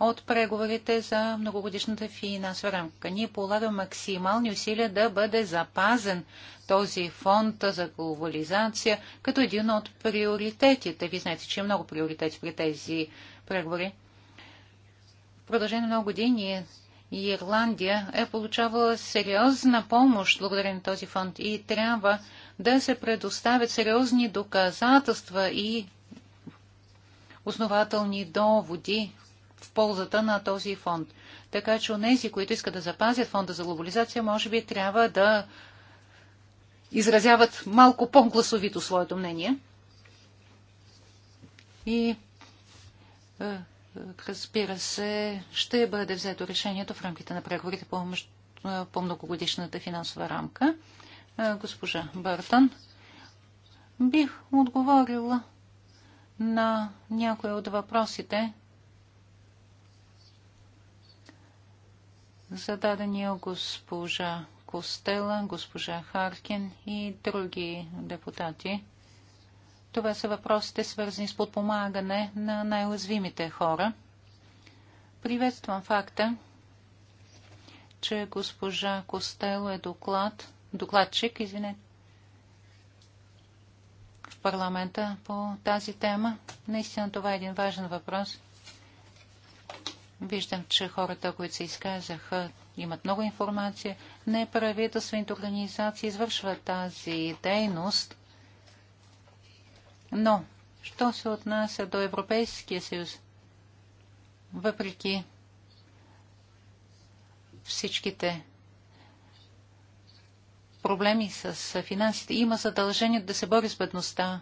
[SPEAKER 1] от преговорите за многогодишната финансова рамка. Ние полагаме максимални усилия да бъде запазен този фонд за глобализация като един от приоритетите. Вие знаете, че е много приоритети при тези преговори. В продължение на много години Ирландия е получавала сериозна помощ благодарение на този фонд и трябва да се предоставят сериозни доказателства и основателни доводи в ползата на този фонд. Така че онези, които искат да запазят фонда за глобализация, може би трябва да изразяват малко по-гласовито своето мнение. И е, разбира се, ще бъде взето решението в рамките на преговорите по, по многогодишната финансова рамка. Госпожа Бъртън, бих отговорила на някои от въпросите, зададени от госпожа Костела, госпожа Харкин и други депутати. Това са въпросите, свързани с подпомагане на най-уязвимите хора. Приветствам факта, че госпожа Костело е доклад, докладчик, извинете, в парламента по тази тема. Наистина това е един важен въпрос. Виждам, че хората, които се изказаха, имат много информация. Неправителствените организации извършват тази дейност – но, що се отнася до Европейския съюз, въпреки всичките проблеми с финансите, има задължение да се бори с бедността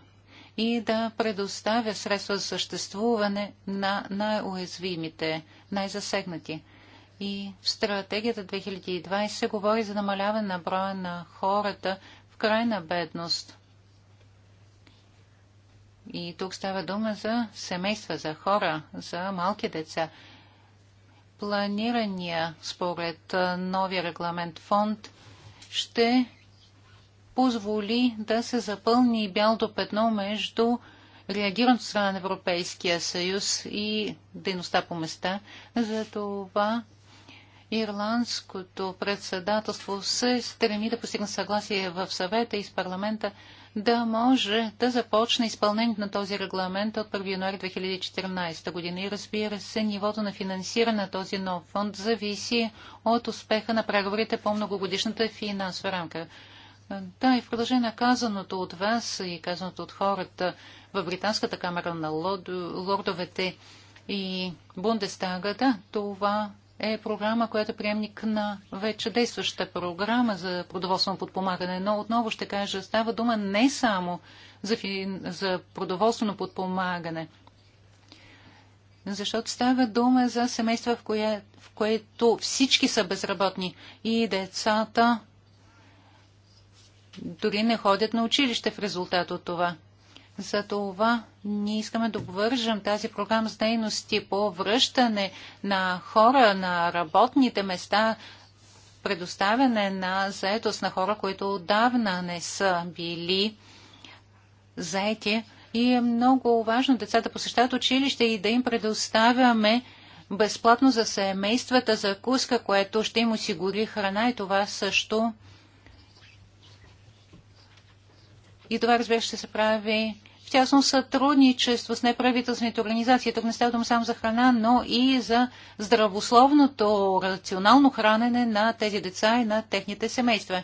[SPEAKER 1] и да предоставя средства за съществуване на най-уязвимите, най-засегнати. И в стратегията 2020 се говори за намаляване на броя на хората в крайна бедност. И тук става дума за семейства, за хора, за малки деца. Планирания според новия регламент фонд ще позволи да се запълни бялото петно между реагирането страна на Европейския съюз и дейността по места. За това ирландското председателство се стреми да постигне съгласие в съвета и с парламента да може да започне изпълнението на този регламент от 1 януари 2014 година. И разбира се, нивото на финансиране на този нов фонд зависи от успеха на преговорите по многогодишната финансова рамка. Да, и в продължение на казаното от вас и казаното от хората в Британската камера на лордовете и Бундестага, да, това е програма, която е приемник на вече действащата програма за продоволствено подпомагане. Но отново ще кажа, става дума не само за, фин... за продоволствено подпомагане, защото става дума за семейства, в, кое... в което всички са безработни и децата дори не ходят на училище в резултат от това. За това ние искаме да обвържем тази програма с дейности по връщане на хора на работните места, предоставяне на заетост на хора, които отдавна не са били заети. И е много важно децата посещават училище и да им предоставяме безплатно за семействата закуска, което ще им осигури храна и това също И това, разбира ще се прави в тясно сътрудничество с неправителствените организации. Тук не става дума само за храна, но и за здравословното, рационално хранене на тези деца и на техните семейства.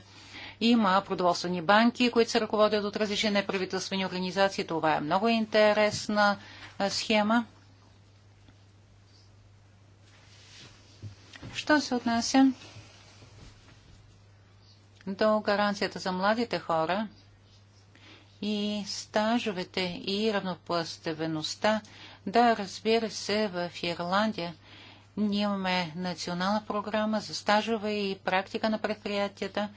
[SPEAKER 1] Има продоволствени банки, които се ръководят от различни неправителствени организации. Това е много интересна схема. Що се отнася до гаранцията за младите хора, и стажовете и равнопластевеността. Да, разбира се, в Ирландия ние имаме национална програма за стажове и практика на предприятията.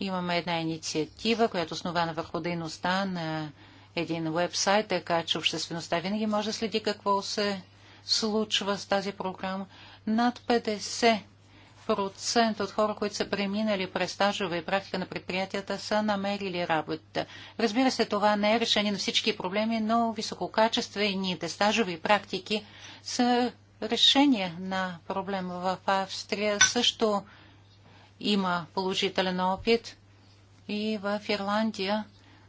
[SPEAKER 1] Имаме една инициатива, която е основана върху дейността на един вебсайт, така че обществеността винаги може да следи какво се случва с тази програма. Над 50 Процент от хора, които са преминали през стажове и практика на предприятията, са намерили работа. Разбира се, това не е решение на всички проблеми, но висококачествените стажови практики са решение на проблема в Австрия. Също има положителен опит и в Ирландия.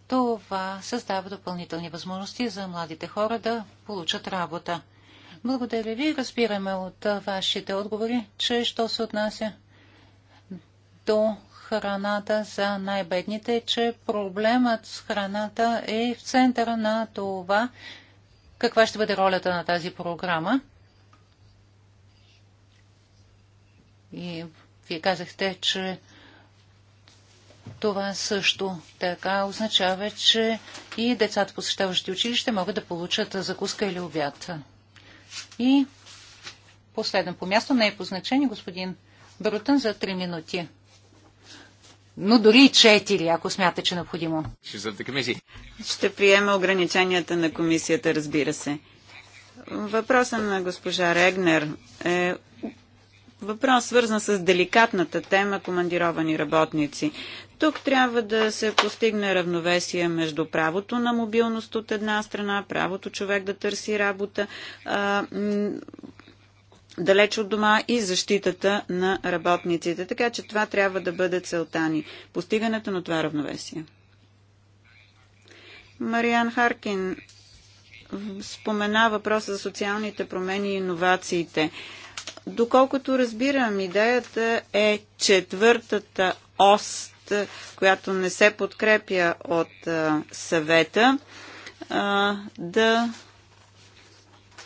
[SPEAKER 1] Това създава допълнителни възможности за младите хора да получат работа. Благодаря ви. Разбираме от вашите отговори, че що се отнася до храната за най-бедните, че проблемът с храната е в центъра на това, каква ще бъде ролята на тази програма. И вие казахте, че това също така означава, че и децата, посещаващи училище, могат да получат закуска или обяд. И последен по място, не е по значение, господин Брутен за 3 минути. Но дори и 4, ако смята, че е необходимо.
[SPEAKER 3] Ще приема ограниченията на комисията, разбира се. Въпросът на госпожа Регнер е въпрос, свързан с деликатната тема командировани работници. Тук трябва да се постигне равновесие между правото на мобилност от една страна, правото човек да търси работа а, далеч от дома и защитата на работниците. Така че това трябва да бъде целта ни. Постигането на това равновесие. Мариан Харкин спомена въпроса за социалните промени и иновациите. Доколкото разбирам, идеята е четвъртата ост, която не се подкрепя от съвета, да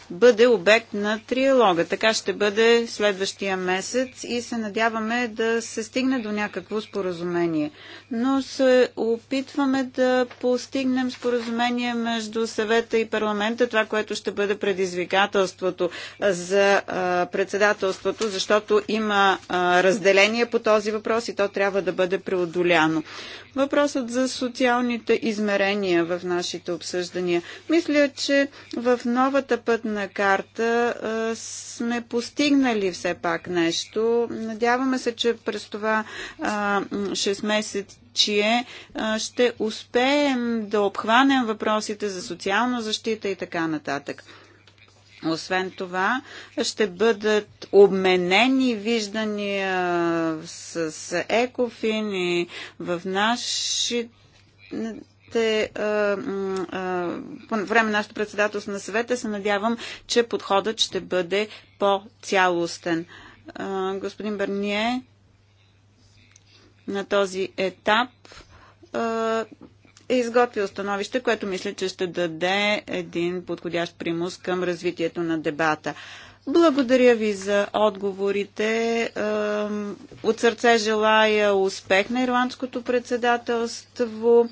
[SPEAKER 3] бъде обект на триалога. Така ще бъде следващия месец и се надяваме да се стигне до някакво споразумение. Но се опитваме да постигнем споразумение между съвета и парламента, това, което ще бъде предизвикателството за председателството, защото има разделение по този въпрос и то трябва да бъде преодоляно. Въпросът за социалните измерения в нашите обсъждания. Мисля, че в новата пътна съдебна карта сме постигнали все пак нещо. Надяваме се, че през това 6 месец чие ще успеем да обхванем въпросите за социална защита и така нататък. Освен това, ще бъдат обменени виждания с Екофин и в нашите нашите, по време на нашето председателство на съвета се надявам, че подходът ще бъде по-цялостен. Господин Бърние, на този етап е изготвил становище, което мисля, че ще даде един подходящ примус към развитието на дебата. Благодаря ви за отговорите. От сърце желая успех на ирландското председателство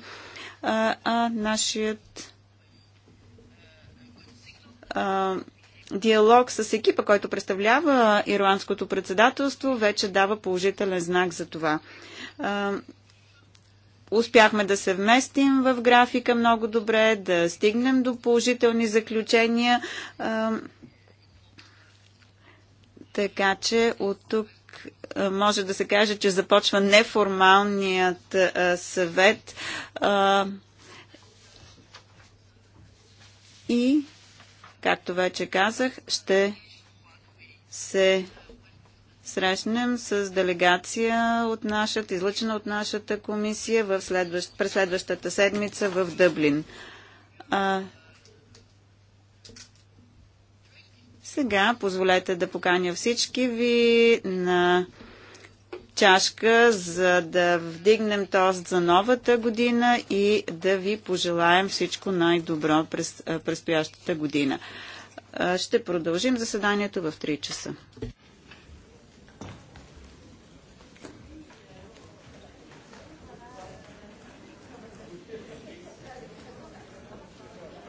[SPEAKER 3] а, нашият а, диалог с екипа, който представлява ирландското председателство, вече дава положителен знак за това. А, успяхме да се вместим в графика много добре, да стигнем до положителни заключения. А, така че от тук е, може да се каже, че започва неформалният е, съвет е, и, както вече казах, ще се срещнем с делегация от нашата, излъчена от нашата комисия в следващ, през следващата седмица в Дъблин. Сега позволете да поканя всички ви на чашка, за да вдигнем тост за новата година и да ви пожелаем всичко най-добро през предстоящата година. Ще продължим заседанието в 3 часа.